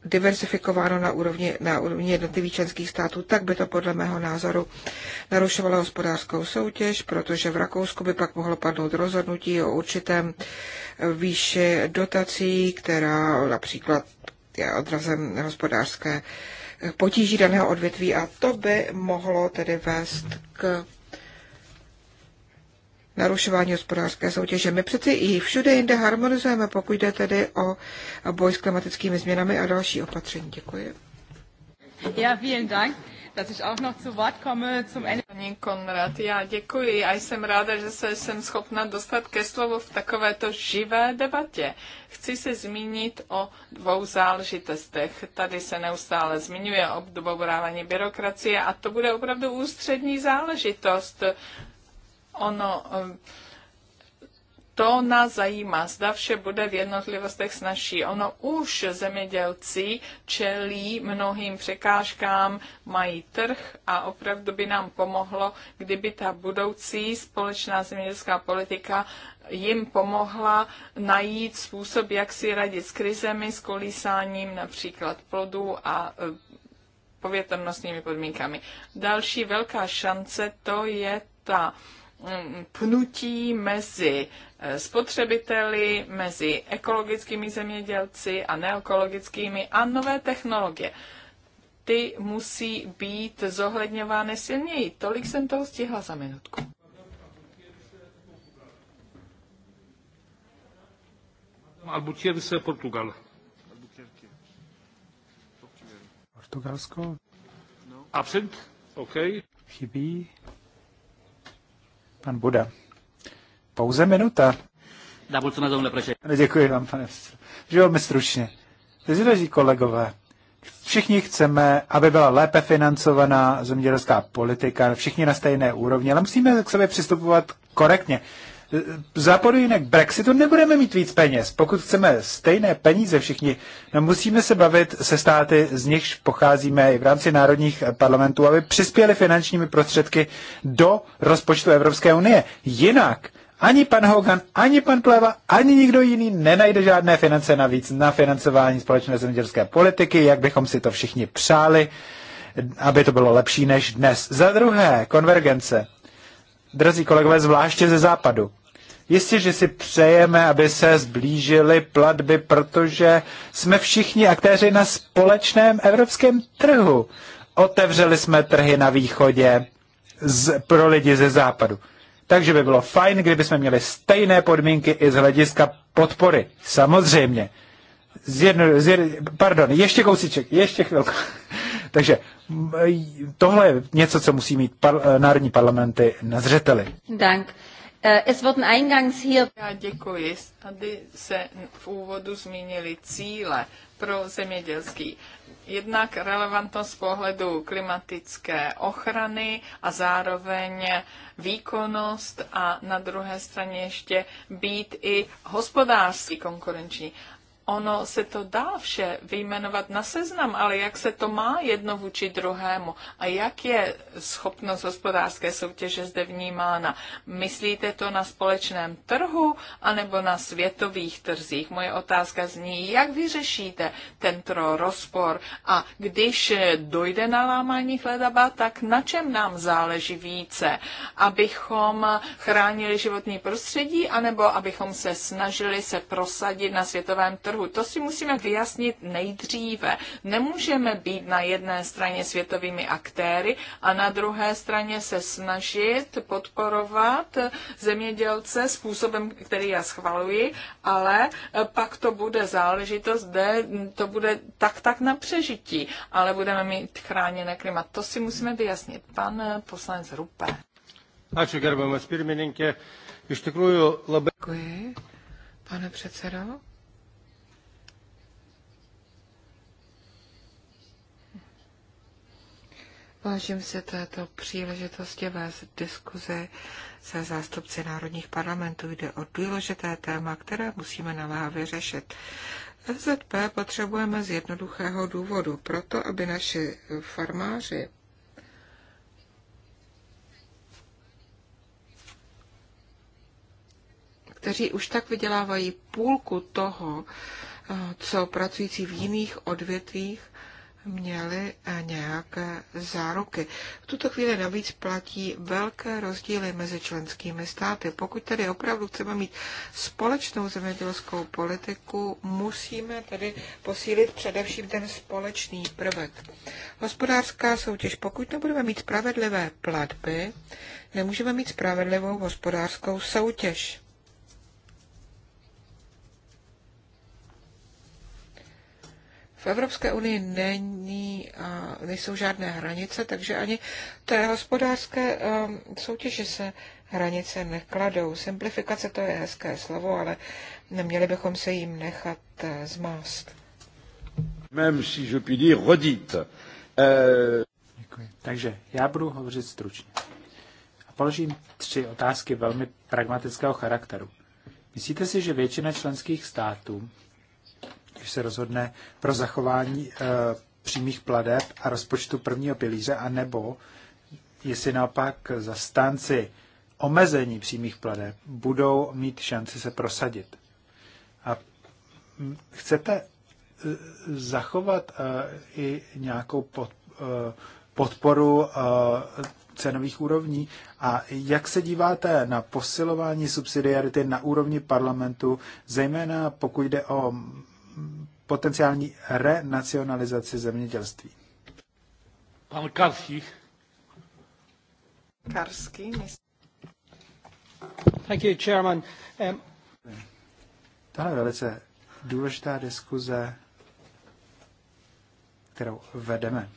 diversifikováno na úrovni, na úrovni jednotlivých členských států, tak by to podle mého názoru narušovalo hospodářskou soutěž, protože v Rakousku by pak mohlo padnout rozhodnutí o určitém eh, výši dotací, která například je odrazem hospodářské eh, potíží daného odvětví a to by mohlo tedy vést k narušování hospodářské soutěže. My přeci i všude jinde harmonizujeme, pokud jde tedy o boj s klimatickými změnami a další opatření. Děkuji. Ja, vielen Dank. Dass ich auch noch zu Wort komme zum Ende. Paní Konrad, já děkuji a jsem ráda, že se jsem schopna dostat ke slovu v takovéto živé debatě. Chci se zmínit o dvou záležitostech. Tady se neustále zmiňuje o byrokracie a to bude opravdu ústřední záležitost ono eh, to nás zajímá, zda vše bude v jednotlivostech snažší. Ono už zemědělci čelí mnohým překážkám, mají trh a opravdu by nám pomohlo, kdyby ta budoucí společná zemědělská politika jim pomohla najít způsob, jak si radit s krizemi, s kolísáním například plodů a eh, povětrnostními podmínkami. Další velká šance to je ta pnutí mezi eh, spotřebiteli, mezi ekologickými zemědělci a neekologickými a nové technologie. Ty musí být zohledňovány silněji. Tolik jsem toho stihla za minutku. Albuquerque, Portugal. Portugalsko. Absent? OK. Chybí. Pan Buda. Pouze minuta. Děkuji vám, pane Že velmi stručně. Zdraží kolegové, všichni chceme, aby byla lépe financovaná zemědělská politika, všichni na stejné úrovni, ale musíme k sobě přistupovat korektně za k Brexitu nebudeme mít víc peněz. Pokud chceme stejné peníze všichni, no musíme se bavit se státy, z nichž pocházíme i v rámci národních parlamentů, aby přispěli finančními prostředky do rozpočtu Evropské unie. Jinak ani pan Hogan, ani pan Pleva, ani nikdo jiný nenajde žádné finance navíc na financování společné zemědělské politiky, jak bychom si to všichni přáli, aby to bylo lepší než dnes. Za druhé, konvergence drazí kolegové, zvláště ze západu. Jistě, že si přejeme, aby se zblížily platby, protože jsme všichni aktéři na společném evropském trhu. Otevřeli jsme trhy na východě z, pro lidi ze západu. Takže by bylo fajn, kdyby jsme měli stejné podmínky i z hlediska podpory. Samozřejmě. Zjedno, zjed, pardon, ještě kousíček, ještě chvilku. Takže tohle je něco, co musí mít par- eh, národní parlamenty na zřeteli. Dank. Eh, es wurden eingangs hier... Já děkuji. Tady se v úvodu zmínili cíle pro zemědělský. Jednak relevantnost pohledu klimatické ochrany a zároveň výkonnost a na druhé straně ještě být i hospodářský konkurenční ono se to dá vše vyjmenovat na seznam, ale jak se to má jedno vůči druhému a jak je schopnost hospodářské soutěže zde vnímána? Myslíte to na společném trhu anebo na světových trzích? Moje otázka zní, jak vyřešíte tento rozpor a když dojde na lámání chledaba, tak na čem nám záleží více? Abychom chránili životní prostředí anebo abychom se snažili se prosadit na světovém trhu? trhu. To si musíme vyjasnit nejdříve. Nemůžeme být na jedné straně světovými aktéry a na druhé straně se snažit podporovat zemědělce způsobem, který já schvaluji, ale pak to bude záležitost, kde to bude tak tak na přežití, ale budeme mít chráněné klima. To si musíme vyjasnit. Pan poslanec Rupe. Ačiū, gerbiamas pirmininkė. Iš tikrųjų labai. Děkuji, pane předsedo. Vážím se této příležitosti vést diskuze se zástupci národních parlamentů. Jde o důležité téma, které musíme naléhavě řešit. FZP potřebujeme z jednoduchého důvodu, proto aby naši farmáři kteří už tak vydělávají půlku toho, eh, co pracující v jiných odvětvích, měli eh, nějaké eh, záruky. V tuto chvíli navíc platí velké rozdíly mezi členskými státy. Pokud tedy opravdu chceme mít společnou zemědělskou politiku, musíme tedy posílit především ten společný prvek. Hospodářská soutěž. Pokud nebudeme mít spravedlivé platby, nemůžeme mít spravedlivou hospodářskou soutěž. Evropské unii není, nejsou žádné hranice, takže ani té hospodářské um, soutěže se hranice nekladou. Simplifikace to je hezké slovo, ale neměli bychom se jim nechat eh, zmást. Même si je puis dire Euh... Děkuji. Takže já budu hovořit stručně. A položím tři otázky velmi pragmatického charakteru. Myslíte si, že většina členských států když se rozhodne pro zachování eh, přímých pladeb a rozpočtu prvního pilíře, anebo jestli naopak zastánci omezení přímých pladeb budou mít šanci se prosadit. A mm, chcete eh, zachovat eh, i nějakou podporu cenových úrovní a jak se díváte na posilování subsidiarity na úrovni parlamentu, zejména pokud jde o mm, potenciální renacionalizaci zemědělství. Pan Karský. Karský. Thank you, Chairman. Um... Tohle je velice důležitá diskuze, kterou vedeme.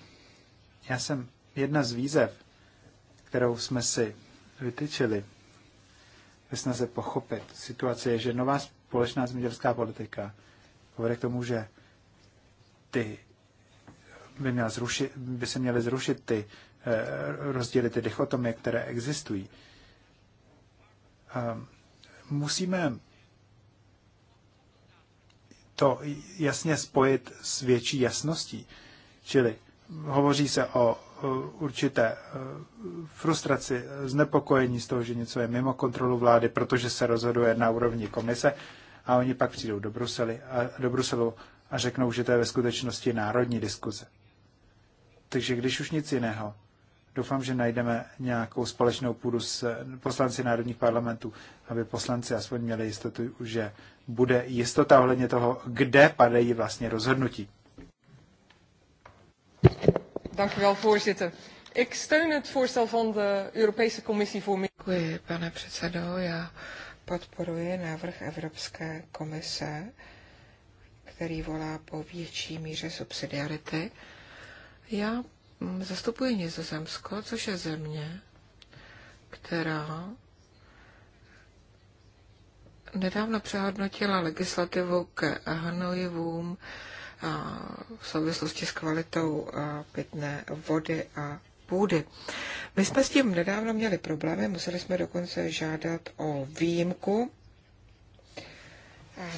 Já jsem jedna z výzev, kterou jsme si vytyčili ve snaze pochopit situaci, je, že nová společná zemědělská politika povede k tomu, že ty by, měla zrušit, by se měly zrušit ty eh, rozdíly, ty dichotomy, které existují. Ehm, musíme to jasně spojit s větší jasností. Čili hovoří se o určité eh, frustraci, znepokojení z toho, že něco je mimo kontrolu vlády, protože se rozhoduje na úrovni komise a oni pak přijdou do, Bruseli a, do Bruselu a řeknou, že to je ve skutečnosti národní diskuze. Takže když už nic jiného, doufám, že najdeme nějakou společnou půdu s eh, poslanci národních parlamentů, aby poslanci aspoň měli jistotu, že bude jistota ohledně toho, kde padají vlastně rozhodnutí. Dank u wel, voorzitter. Ik steun het voorstel van de Europese Commissie voor Děkuji, pane předsedo. Já podporuje návrh Evropské komise, který volá po větší míře subsidiarity. Já mm, zastupuji Nizozemsko, což je země, která nedávno přehodnotila legislativu k hnojivům v souvislosti s kvalitou pitné vody a půdy. My jsme s tím nedávno měli problémy, museli jsme dokonce žádat o výjimku.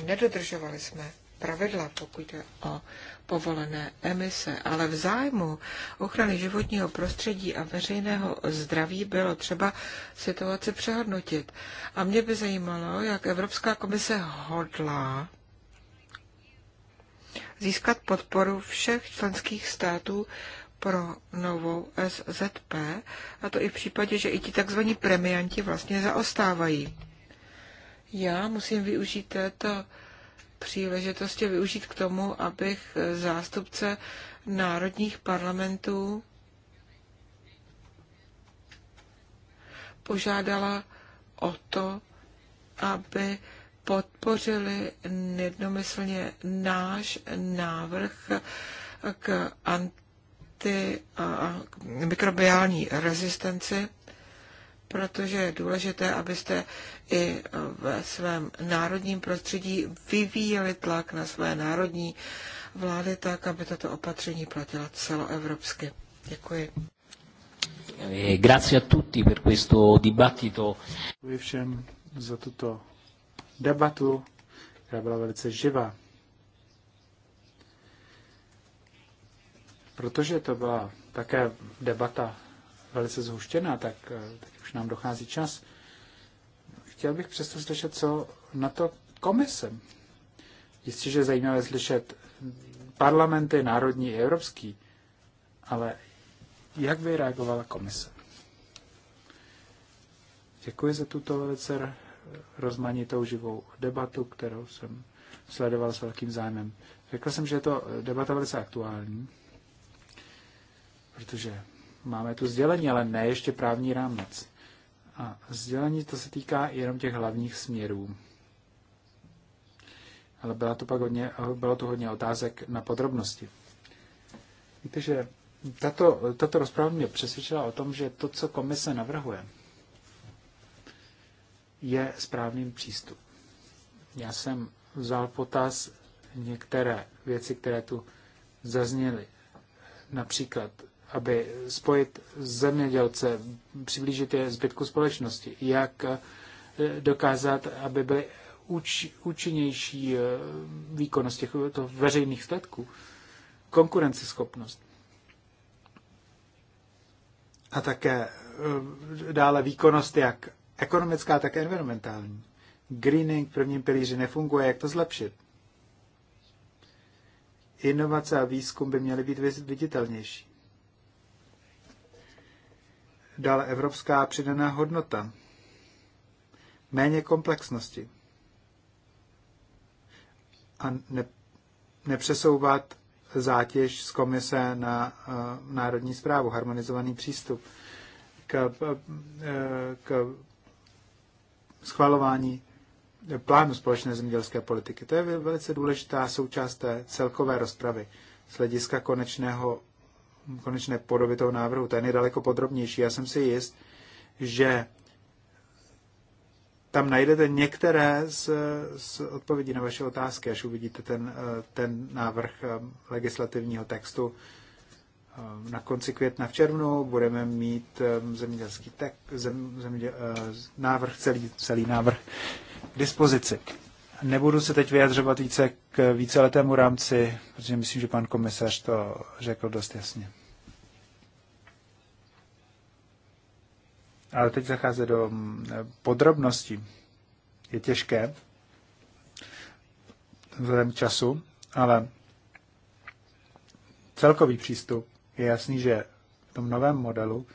Nedodržovali jsme pravidla, pokud jde o povolené emise, ale v zájmu ochrany životního prostředí a veřejného zdraví bylo třeba situaci přehodnotit. A mě by zajímalo, jak Evropská komise hodlá získat podporu všech členských států pro novou SZP, a to i v případě, že i ti tzv. premianti vlastně zaostávají. Já musím využít této příležitosti využít k tomu, abych zástupce národních parlamentů požádala o to, aby podpořili jednomyslně náš návrh k, ty mikrobiální rezistenci, protože je důležité, abyste i ve svém národním prostředí vyvíjeli tlak na své národní vlády tak, aby tato opatření platila celoevropsky. Děkuji. Eh, grazie a tutti per questo dibattito. Děkuji všem za tuto debatu, která byla velice živá. Protože to byla také debata velice zhuštěná, tak eh, teď už nám dochází čas. Chtěl bych přesto slyšet, co na to komise. Jistě, že je zajímavé slyšet parlamenty národní i evropský, ale jak by reagovala komise? Děkuji za tuto velice rozmanitou živou debatu, kterou jsem sledoval s velkým zájmem. Řekl jsem, že je to debata velice aktuální protože máme tu sdělení, ale ne ještě právní rámec. A sdělení to se týká jenom těch hlavních směrů. Ale byla to pak hodně, bylo to hodně otázek na podrobnosti. Víte, že tato, tato rozpráva mě přesvědčila o tom, že to, co komise navrhuje, je správným přístup. Já jsem vzal potaz některé věci, které tu zazněly. Například aby spojit zemědělce, přiblížit je zbytku společnosti, jak eh, dokázat, aby byly účinnější eh, výkonnost těch to veřejných statků, konkurenceschopnost. A také eh, dále výkonnost jak ekonomická, tak environmentální. Greening v prvním pilíři nefunguje, jak to zlepšit? Inovace a výzkum by měly být viditelnější. Dále evropská přidaná hodnota. Méně komplexnosti. A ne, nepřesouvat zátěž z komise na uh, národní zprávu, harmonizovaný přístup k, uh, k schvalování plánu společné zemědělské politiky. To je velice důležitá součást té celkové rozpravy z hlediska konečného konečné podoby toho návrhu. Ten je daleko podrobnější. Já jsem si jist, že tam najdete některé z, z odpovědí na vaše otázky, až uvidíte ten, eh, ten návrh eh, legislativního textu. Eh, na konci května v červnu budeme mít zemědělský tek, zem, zeměděl, návrh, celý, celý návrh k dispozici. Nebudu se teď vyjadřovat více k víceletému rámci, protože myslím, že pan komisař to řekl dost jasně. Ale teď zacházet do mm, podrobností je těžké vzhledem k času, ale celkový přístup je jasný, že v tom novém modelu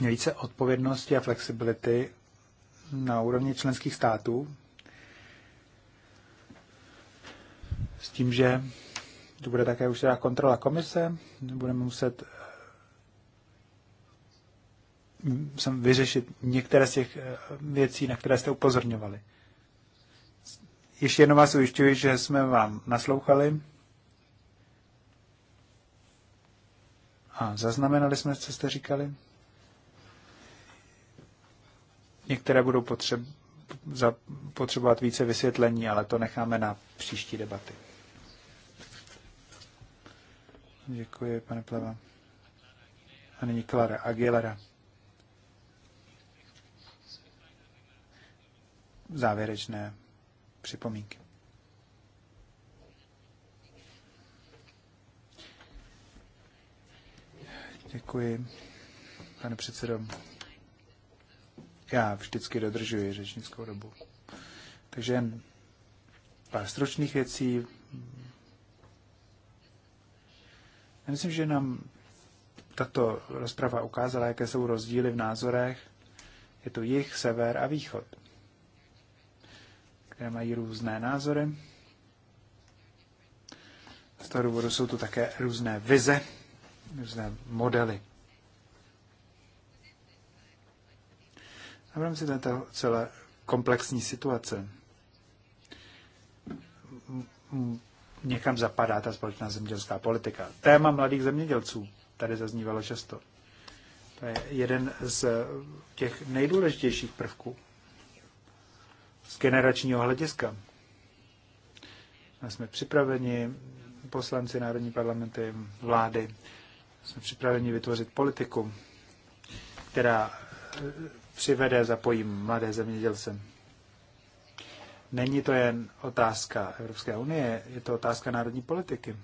je více odpovědnosti a flexibility na úrovni členských států, S tím, že tu bude také už teda kontrola komise, budeme muset eh, vyřešit některé z těch eh, věcí, na které jste upozorňovali. Ještě jednou vás ujišťuji, že jsme vám naslouchali a zaznamenali jsme, co jste říkali. Některé budou potřeb, potřebovat více vysvětlení, ale to necháme na příští debaty. Děkuji, pane Pleva. A nyní Klara Aguilera. Závěrečné připomínky. Děkuji, pane předsedo. Já vždycky dodržuji řečnickou dobu. Takže jen pár stručných věcí. Já myslím, že nám tato rozprava ukázala, jaké jsou rozdíly v názorech. Je to jich, sever a východ, které mají různé názory. Z toho důvodu jsou tu také různé vize, různé modely. A v rámci této celé komplexní situace někam zapadá ta společná zemědělská politika. Téma mladých zemědělců tady zaznívalo často. To je jeden z těch nejdůležitějších prvků z generačního hlediska. My jsme připraveni, poslanci Národní parlamenty, vlády, jsme připraveni vytvořit politiku, která přivede, zapojí mladé zemědělce Není to jen otázka Evropské unie, je to otázka národní politiky.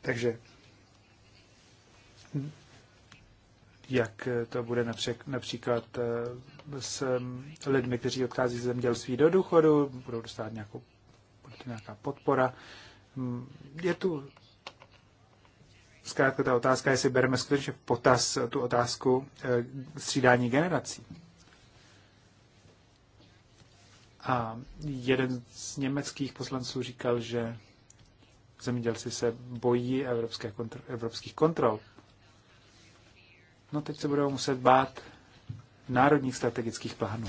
Takže jak to bude například eh, s lidmi, kteří odchází z zemědělství do důchodu, budou dostávat nějakou, nějaká podpora. Je tu zkrátka ta otázka, jestli bereme skutečně v potaz tu otázku eh, střídání generací. A jeden z německých poslanců říkal, že zemědělci se bojí evropské kontro, evropských kontrol. No teď se budou muset bát národních strategických plánů.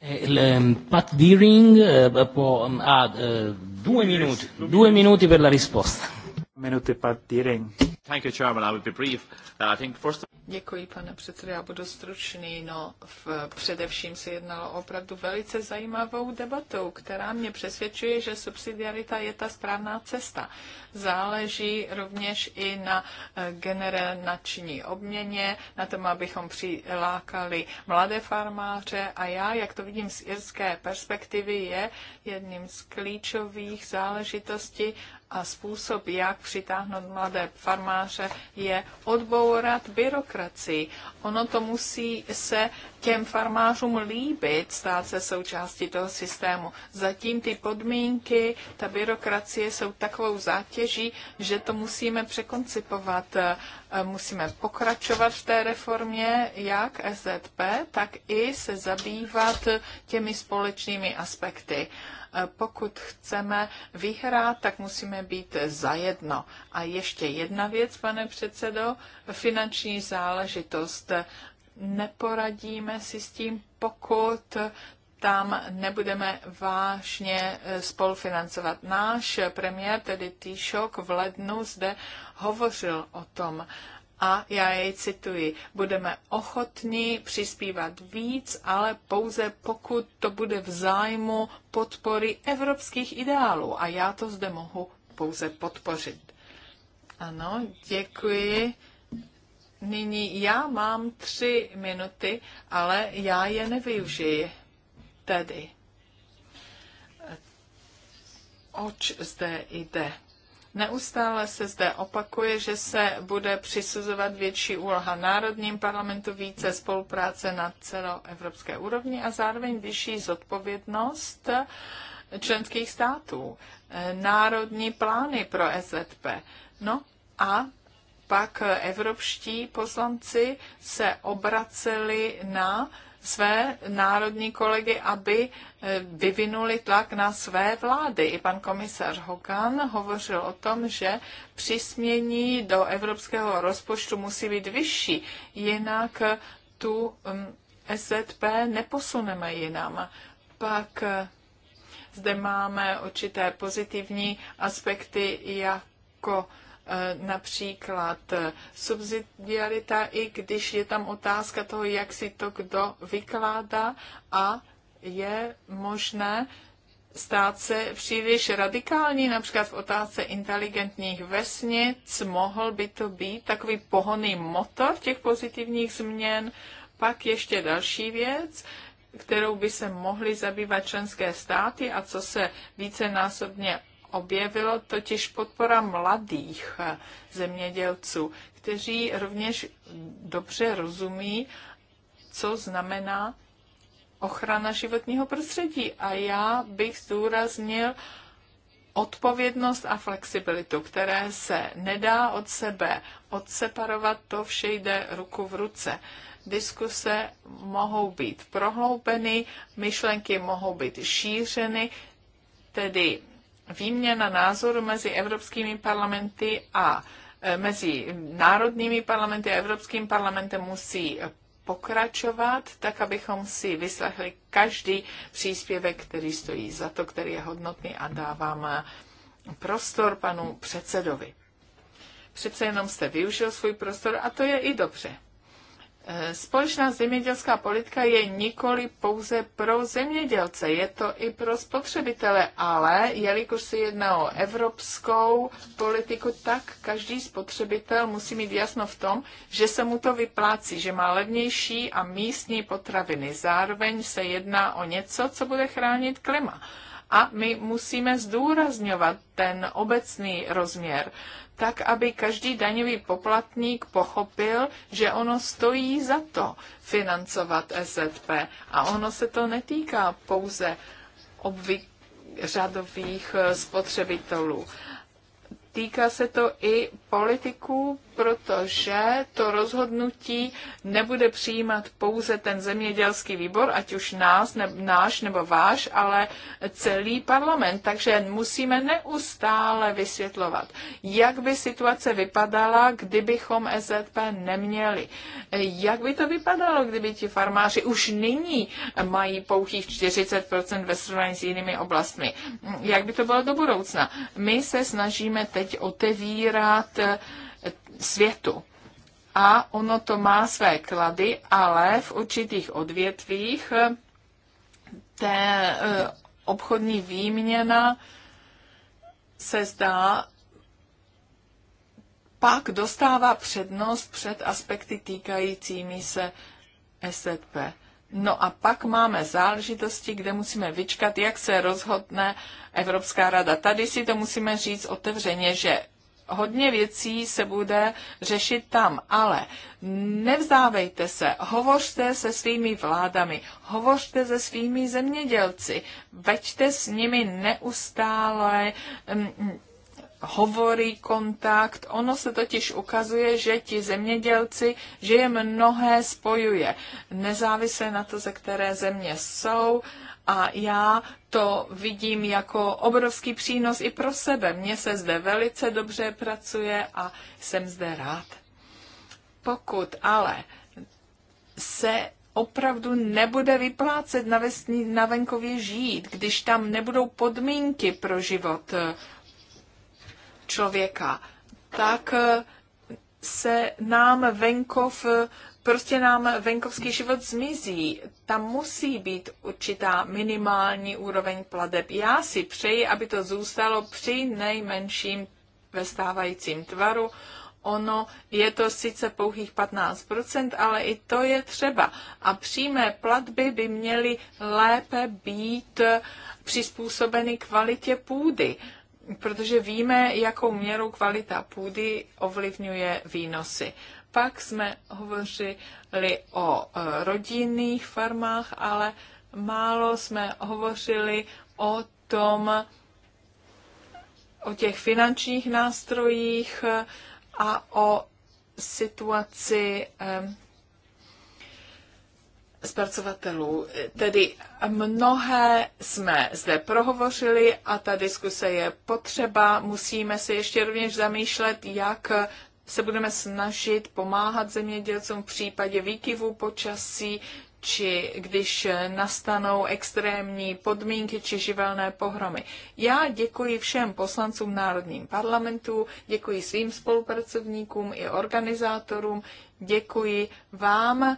Eh, eh, Pat Deering po, mm, a Due minuti, due minuti per la risposta. Minuti per dire. Thank you, Chairman. I be brief. Uh, I think first Děkuji, pane předsedo, já budu stručný. No, v, především se jednalo opravdu velice zajímavou debatou, která mě přesvědčuje, že subsidiarita je ta správná cesta. Záleží rovněž i na eh, generační obměně, na tom, abychom přilákali mladé farmáře a já, jak to vidím z irské perspektivy, je jedním z klíčových záležitostí, a způsob, jak přitáhnout mladé farmáře, je odbourat byrokracii. Ono to musí se těm farmářům líbit, stát se součástí toho systému. Zatím ty podmínky, ta byrokracie jsou takovou zátěží, že to musíme překoncipovat. E, musíme pokračovat v té reformě, jak SZP, tak i se zabývat těmi společnými aspekty. E, pokud chceme vyhrát, tak musíme být zajedno. A ještě jedna věc, pane předsedo, finanční záležitost. Neporadíme si s tím, pokud tam nebudeme vážně e, spolufinancovat. Náš premiér, tedy Týšok, v lednu zde hovořil o tom a já jej cituji, budeme ochotní přispívat víc, ale pouze pokud to bude v zájmu podpory evropských ideálů. A já to zde mohu pouze podpořit. Ano, děkuji. Nyní já mám tři minuty, ale já je nevyužiji tady. Oč zde jde? Neustále se zde opakuje, že se bude přisuzovat větší úloha národním parlamentu, více spolupráce na celoevropské úrovni a zároveň vyšší zodpovědnost členských států, eh, národní plány pro SZP. No a pak evropští poslanci se obraceli na své národní kolegy, aby eh, vyvinuli tlak na své vlády. I pan komisař Hogan hovořil o tom, že přismění do evropského rozpočtu musí být vyšší, jinak tu mm, SZP neposuneme jinam. Pak eh, zde máme určité pozitivní aspekty jako Eh, například eh, subsidiarita, i když je tam otázka toho, jak si to kdo vykládá a je možné stát se příliš radikální, například v otázce inteligentních vesnic, mohl by to být takový pohoný motor těch pozitivních změn. Pak ještě další věc, kterou by se mohly zabývat členské státy a co se vícenásobně objevilo, totiž podpora mladých zemědělců, kteří rovněž dobře rozumí, co znamená ochrana životního prostředí. A já bych zdůraznil odpovědnost a flexibilitu, které se nedá od sebe odseparovat, to vše jde ruku v ruce diskuse mohou být prohloubeny, myšlenky mohou být šířeny, tedy výměna názoru mezi evropskými parlamenty a e, mezi národními parlamenty a Evropským parlamentem musí pokračovat, tak abychom si vyslechli každý příspěvek, který stojí za to, který je hodnotný a dávám e, prostor panu předsedovi. Přece jenom jste využil svůj prostor a to je i dobře. Společná zemědělská politika je nikoli pouze pro zemědělce, je to i pro spotřebitele, ale jelikož se jedná o evropskou politiku, tak každý spotřebitel musí mít jasno v tom, že se mu to vyplácí, že má levnější a místní potraviny. Zároveň se jedná o něco, co bude chránit klima. A my musíme zdůrazňovat ten obecný rozměr, tak aby každý daňový poplatník pochopil, že ono stojí za to financovat SZP. A ono se to netýká pouze obvyklých řadových eh, spotřebitelů. Týká se to i politiků, protože to rozhodnutí nebude přijímat pouze ten zemědělský výbor, ať už nás, ne, náš nebo váš, ale celý parlament. Takže musíme neustále vysvětlovat, jak by situace vypadala, kdybychom SZP neměli. Jak by to vypadalo, kdyby ti farmáři už nyní mají pouhých 40% ve srovnání s jinými oblastmi. Jak by to bylo do budoucna? My se snažíme teď otevírat Eh, světu. A ono to má své klady, ale v určitých odvětvích eh, té eh, obchodní výměna se zdá pak dostává přednost před aspekty týkajícími se SZP. No a pak máme záležitosti, kde musíme vyčkat, jak se rozhodne Evropská rada. Tady si to musíme říct otevřeně, že hodně věcí se bude řešit tam, ale nevzdávejte se, hovořte se svými vládami, hovořte se svými zemědělci, veďte s nimi neustále um, hovory, kontakt. Ono se totiž ukazuje, že ti zemědělci, že je mnohé spojuje, nezávisle na to, ze které země jsou. Uh, a já to vidím jako obrovský přínos i pro sebe. Mně se zde velice dobře pracuje a jsem zde rád. Pokud ale se opravdu nebude vyplácet na, vesni, na venkově žít, když tam nebudou podmínky pro život eh, člověka, tak eh, se nám venkov eh, prostě nám venkovský život zmizí. Tam musí být určitá minimální úroveň pladeb. Já si přeji, aby to zůstalo při nejmenším ve stávajícím tvaru. Ono je to sice pouhých 15%, ale i to je třeba. A přímé platby by měly lépe být přizpůsobeny kvalitě půdy, protože víme, jakou měrou kvalita půdy ovlivňuje výnosy. Pak jsme hovořili o e, rodinných farmách, ale málo jsme hovořili o tom, o těch finančních nástrojích e, a o situaci e, zpracovatelů. Tedy mnohé jsme zde prohovořili a ta diskuse je potřeba. Musíme se ještě rovněž zamýšlet, jak se budeme snažit pomáhat zemědělcům v případě výkyvu počasí, či když nastanou extrémní podmínky či živelné pohromy. Já děkuji všem poslancům Národním parlamentu, děkuji svým spolupracovníkům i organizátorům, děkuji vám,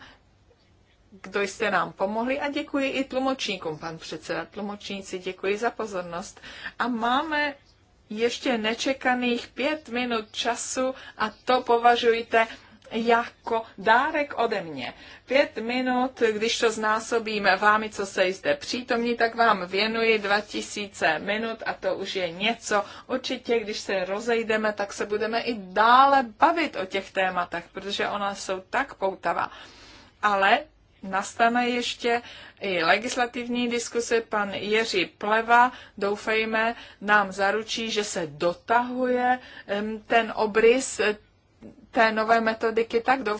kdo jste nám pomohli a děkuji i tlumočníkům, pan předseda tlumočníci, děkuji za pozornost. A máme ještě nečekaných pět minut času a to považujte jako dárek ode mě. Pět minut, když to znásobíme vámi, co se jste přítomní, tak vám věnuji 2000 minut a to už je něco. Určitě, když se rozejdeme, tak se budeme i dále bavit o těch tématech, protože ona jsou tak poutavá. Ale nastane ještě i legislativní diskuse. Pan Jiří Pleva, doufejme, nám zaručí, že se dotahuje ten obrys eh, té nové metodiky, tak doufám,